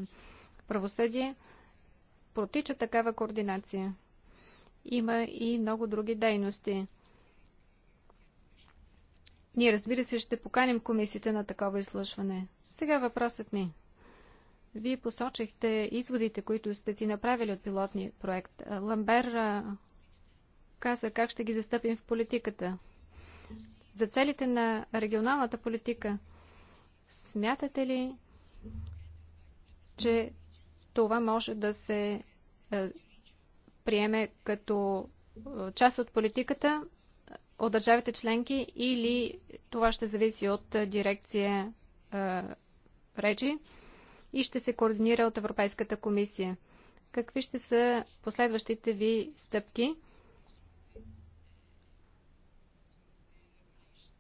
правосъдие протича такава координация. Има и много други дейности. Ние, разбира се, ще поканим комисията на такова изслушване. Сега въпросът ми. Вие посочихте изводите, които сте си направили от пилотния проект. Ламбер каза как ще ги застъпим в политиката. За целите на регионалната политика, смятате ли, че това може да се е, приеме като е, част от политиката от държавите членки или това ще зависи от е, дирекция Речи и ще се координира от Европейската комисия. Какви ще са последващите ви стъпки?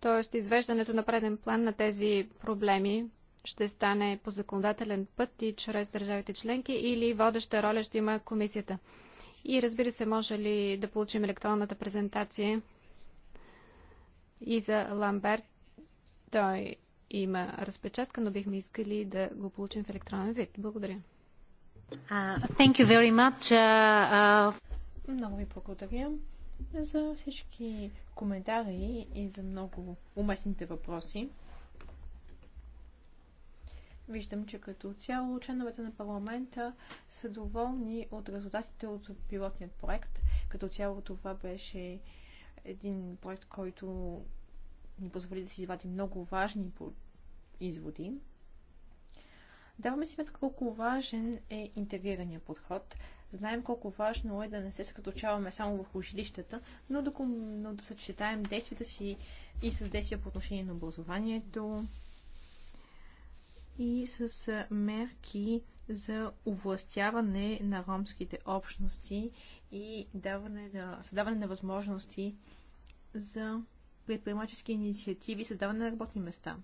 Тоест, извеждането на преден план на тези проблеми ще стане по законодателен път и чрез държавите членки или водеща роля ще има комисията? И разбира се, може ли да получим електронната презентация и за Ламберт? Той има разпечатка, но бихме искали да го получим в електронен вид. Благодаря. Uh, thank you very much. Uh, uh... Много ви благодаря за всички коментари и за много уместните въпроси. Виждам, че като цяло членовете на парламента са доволни от резултатите от пилотният проект. Като цяло това беше един проект, който ни позволи да си извадим много важни изводи. Даваме си сметка колко важен е интегрирания подход. Знаем колко важно е да не се скаточаваме само върху жилищата, но да, но да съчетаем действията си и с действия по отношение на образованието, и с мерки за овластяване на ромските общности и даване на, създаване на възможности за предприемачески инициативи, създаване на работни места.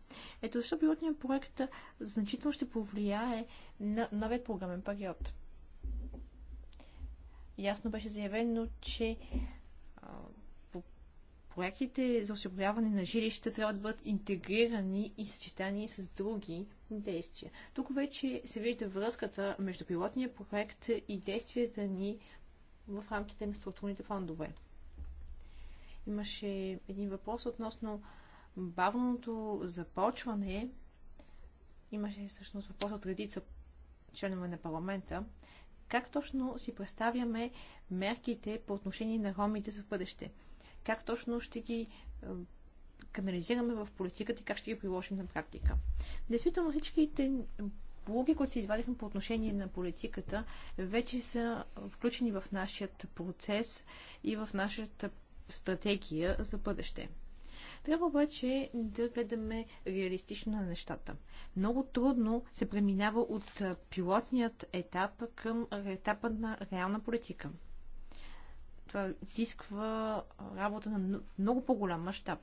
Ето защо пилотният проект значително ще повлияе на новият програмен период. Ясно беше заявено, че проектите за осигуряване на жилища трябва да бъдат интегрирани и съчетани с други действия. Тук вече се вижда връзката между пилотния проект и действията ни в рамките на структурните фондове. Имаше един въпрос относно бавното започване. Имаше всъщност въпрос от редица членове на парламента. Как точно си представяме мерките по отношение на ромите за бъдеще? как точно ще ги канализираме в политиката и как ще ги приложим на практика. Действително всичките блоги, които се извадихме по отношение на политиката, вече са включени в нашия процес и в нашата стратегия за бъдеще. Трябва обаче да гледаме реалистично на нещата. Много трудно се преминава от пилотният етап към етапа на реална политика това изисква работа на много по-голям мащаб.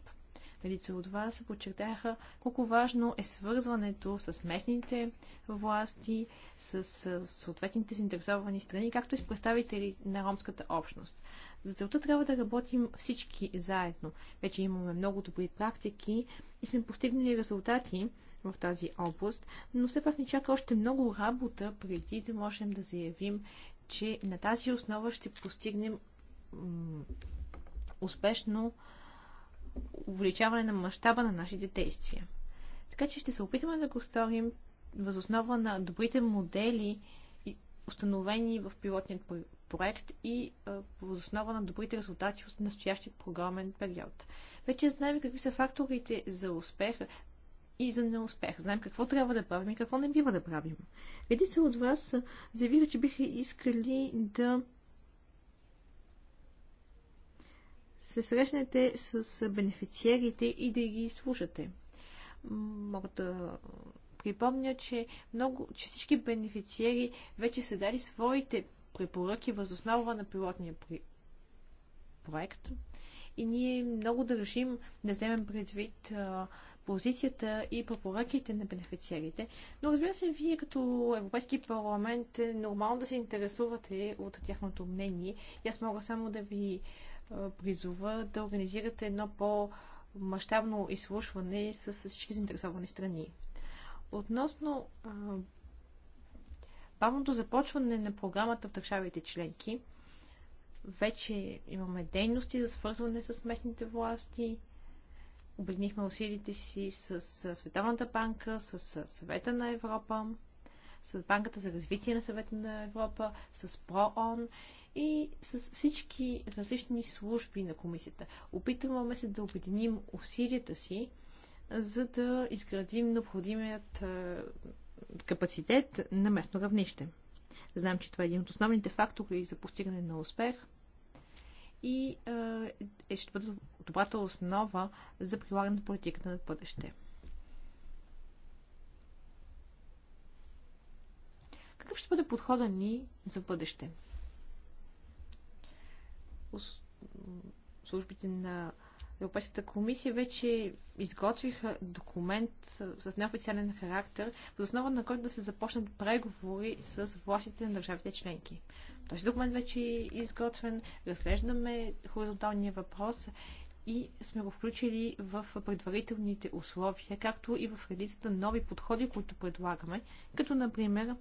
Редица от вас подчертаха колко важно е свързването с местните власти, с съответните заинтересовани страни, както и с представители на ромската общност. За целта трябва да работим всички заедно. Вече имаме много добри практики и сме постигнали резултати в тази област, но все пак ни чака още много работа преди да можем да заявим, че на тази основа ще постигнем успешно увеличаване на мащаба на нашите действия. Така че ще се опитаме да го сторим възоснова на добрите модели, установени в пилотният проект и възоснова на добрите резултати от настоящия програмен период. Вече знаем какви са факторите за успех и за неуспех. Знаем какво трябва да правим и какво не бива да правим. Едица от вас заявиха, че биха искали да се срещнете с бенефициерите и да ги слушате. Мога да припомня, че, много, че всички бенефициери вече са дали своите препоръки възоснова на пилотния при... проект. И ние много държим да вземем предвид позицията и препоръките на бенефициарите. Но разбира се, вие като Европейски парламент е нормално да се интересувате от тяхното мнение. И аз мога само да ви призова да организирате едно по-масштабно изслушване с всички заинтересовани страни. Относно а, бавното започване на програмата в държавите членки, вече имаме дейности за свързване с местните власти, обединихме усилите си с, Световната банка, с, с Съвета на Европа, с Банката за развитие на Съвета на Европа, с ПРООН и с всички различни служби на комисията. Опитваме се да обединим усилията си, за да изградим необходимият капацитет на местно равнище. Знам, че това е един от основните фактори за постигане на успех и е, ще бъде добрата основа за прилагане на политиката на бъдеще. Какъв ще бъде подхода ни за бъдеще? службите на Европейската комисия вече изготвиха документ с неофициален характер, въз основа на който да се започнат преговори с властите на държавите членки. Този документ вече е изготвен, разглеждаме хоризонталния въпрос и сме го включили в предварителните условия, както и в редицата нови подходи, които предлагаме, като например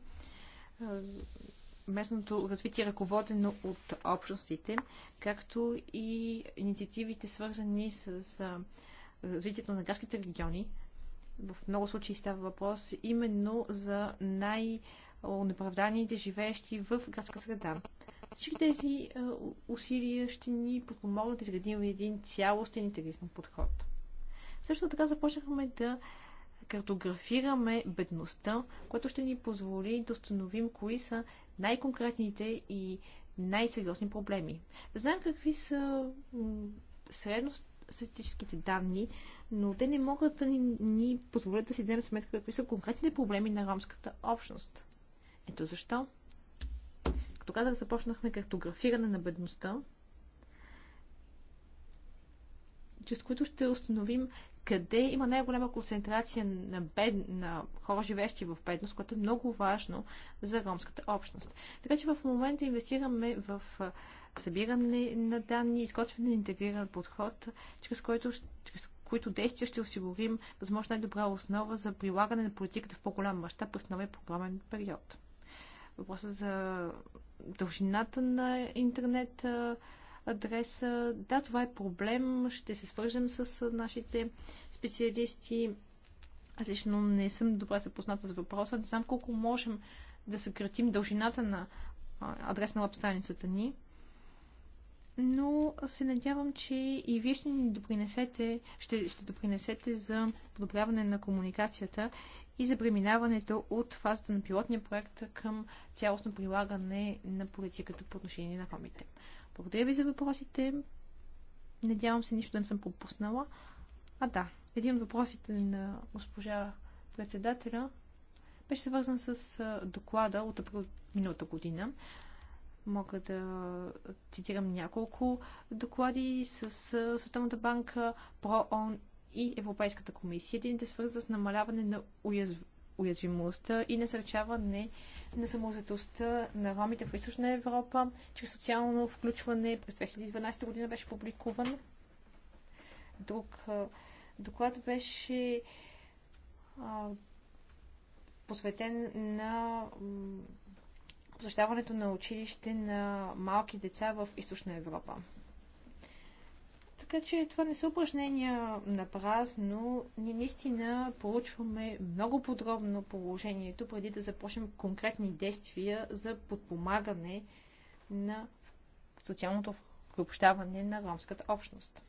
местното развитие, ръководено от общностите, както и инициативите, свързани с а, развитието на градските региони. В много случаи става въпрос именно за най-неправданите живеещи в градска среда. Всички тези а, усилия ще ни подпомогнат да изградим един цялостен интегриран подход. Също така започнахме да картографираме бедността, което ще ни позволи да установим кои са най-конкретните и най-сериозни проблеми. Знаем какви са средностатистическите данни, но те не могат да ни, ни позволят да си дадем сметка какви са конкретните проблеми на ромската общност. Ето защо. Като казах, започнахме картографиране на бедността, чрез които ще установим къде има най-голяма концентрация на, бед, на хора, живеещи в бедност, което е много важно за ромската общност. Така че в момента инвестираме в събиране на данни, изготвяне на интегриран подход, чрез който чрез които действия ще осигурим възможно най-добра основа за прилагане на политиката в по-голям мащаб през новия програмен период. Въпросът за дължината на интернет адреса. Да, това е проблем. Ще се свържем с нашите специалисти. Аз лично не съм добре запозната с въпроса. Не знам колко можем да съкратим дължината на адрес на лапстаницата ни. Но се надявам, че и вие ще ни допринесете, ще, ще допринесете за подобряване на комуникацията и за преминаването от фазата на пилотния проект към цялостно прилагане на политиката по отношение на ромите. Благодаря ви за въпросите. Надявам се нищо да не съм пропуснала. А да, един от въпросите на госпожа председателя беше свързан с доклада от април миналата година. Мога да цитирам няколко доклади с Световната банка, ПроОН и Европейската комисия. Един е свързан с намаляване на уязв уязвимостта и насърчаване на самозатостта на ромите в Източна Европа чрез социално включване. През 2012 година беше публикуван. Друг доклад беше а, посветен на посещаването на училище на малки деца в Източна Европа. Така че това не са упражнения на празно. Ние наистина получваме много подробно положението, преди да започнем конкретни действия за подпомагане на социалното приобщаване на ромската общност.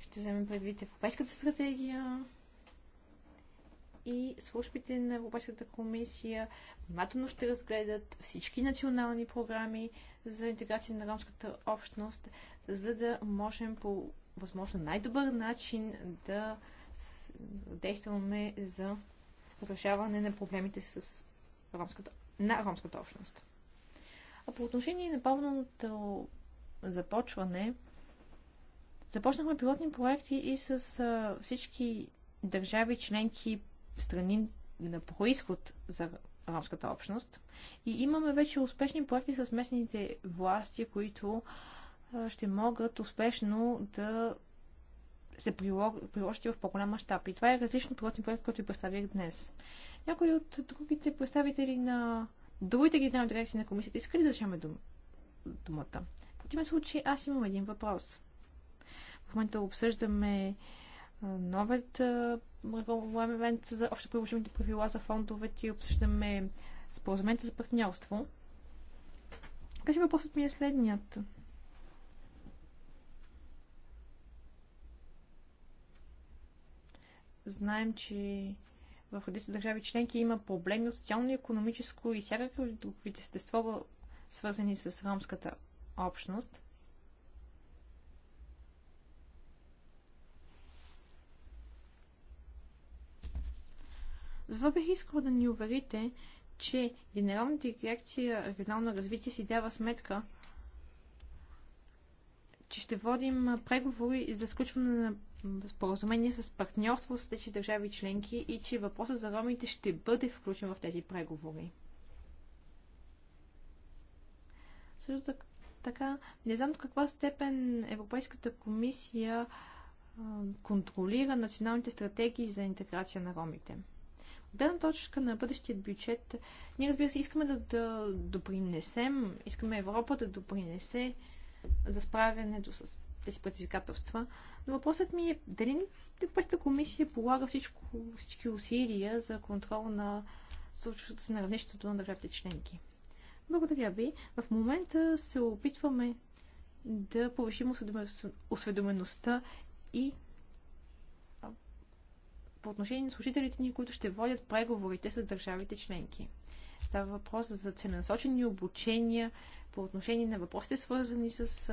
Ще вземем предвид Европейската стратегия, и службите на Европейската комисия внимателно ще разгледат всички национални програми за интеграция на ромската общност, за да можем по възможно най-добър начин да действаме за разрешаване на проблемите с ромската, на ромската общност. А по отношение на пълното започване, започнахме пилотни проекти и с а, всички държави членки страни на происход за ромската общност. И имаме вече успешни проекти с местните власти, които ще могат успешно да се приложат в по-голям мащаб. И това е различно пилотни проект, който ви представих днес. Някои от другите представители на другите генерални дирекции на комисията искат ли да вземе дум... думата? В противен случай аз имам един въпрос. В момента обсъждаме новата момент за общо приложимите правила за фондовете и обсъждаме споразумението за партньорство. Кажи въпросът ми е следният. Знаем, че в редица държави членки има проблеми от социално-економическо и всякакви естество, свързани с ромската общност. Затова бих искала да ни уверите, че Генералната дирекция регионално развитие си дава сметка, че ще водим преговори за сключване на споразумение с партньорство с тези държави членки и че въпросът за ромите ще бъде включен в тези преговори. Също така, не знам до каква степен Европейската комисия контролира националните стратегии за интеграция на ромите гледна точка на бъдещият бюджет, ние разбира се искаме да, да допринесем, искаме Европа да допринесе за справянето с тези предизвикателства. Но въпросът ми е дали Европейската комисия полага всичко, всички усилия за контрол на случващото се на равнището на държавите членки. Благодаря ви. В момента се опитваме да повишим осведомеността и по отношение на служителите ни, които ще водят преговорите с държавите членки. Става въпрос за целенасочени обучения по отношение на въпросите, свързани с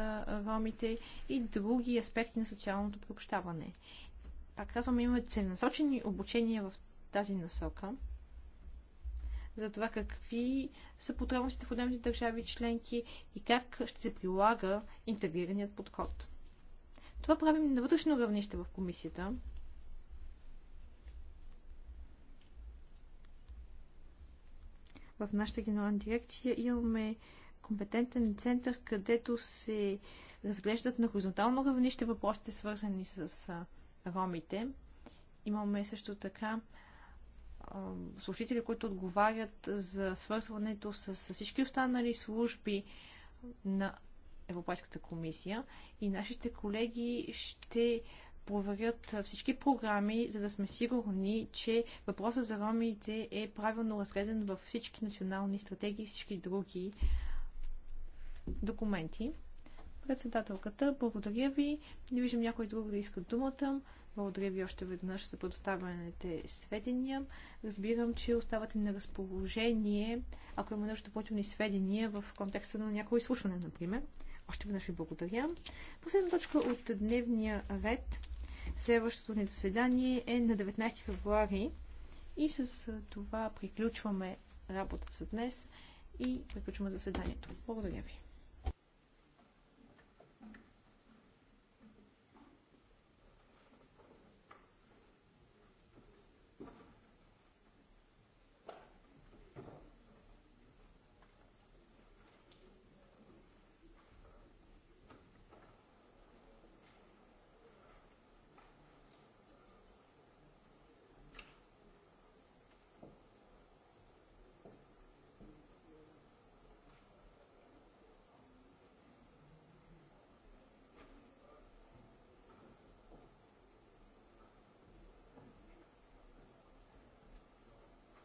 ромите и други аспекти на социалното приобщаване. Пак казвам, имаме целенасочени обучения в тази насока за това какви са потребностите в отделните държави членки и как ще се прилага интегрираният подход. Това правим на вътрешно равнище в комисията в нашата генерална дирекция имаме компетентен център, където се разглеждат на хоризонтално равнище въпросите, свързани с ромите. Имаме също така служители, които отговарят за свързването с, с всички останали служби на Европейската комисия и нашите колеги ще проверят всички програми, за да сме сигурни, че въпросът за ромите е правилно разгледан във всички национални стратегии и всички други документи. Председателката, благодаря ви. Не виждам някой друг да иска думата. Благодаря ви още веднъж за предоставените сведения. Разбирам, че оставате на разположение, ако има нужда допълнителни сведения в контекста на някое изслушване, например. Още веднъж ви благодаря. Последна точка от дневния ред Следващото ни заседание е на 19 февруари. И с това приключваме работата за днес и приключваме заседанието. Благодаря ви.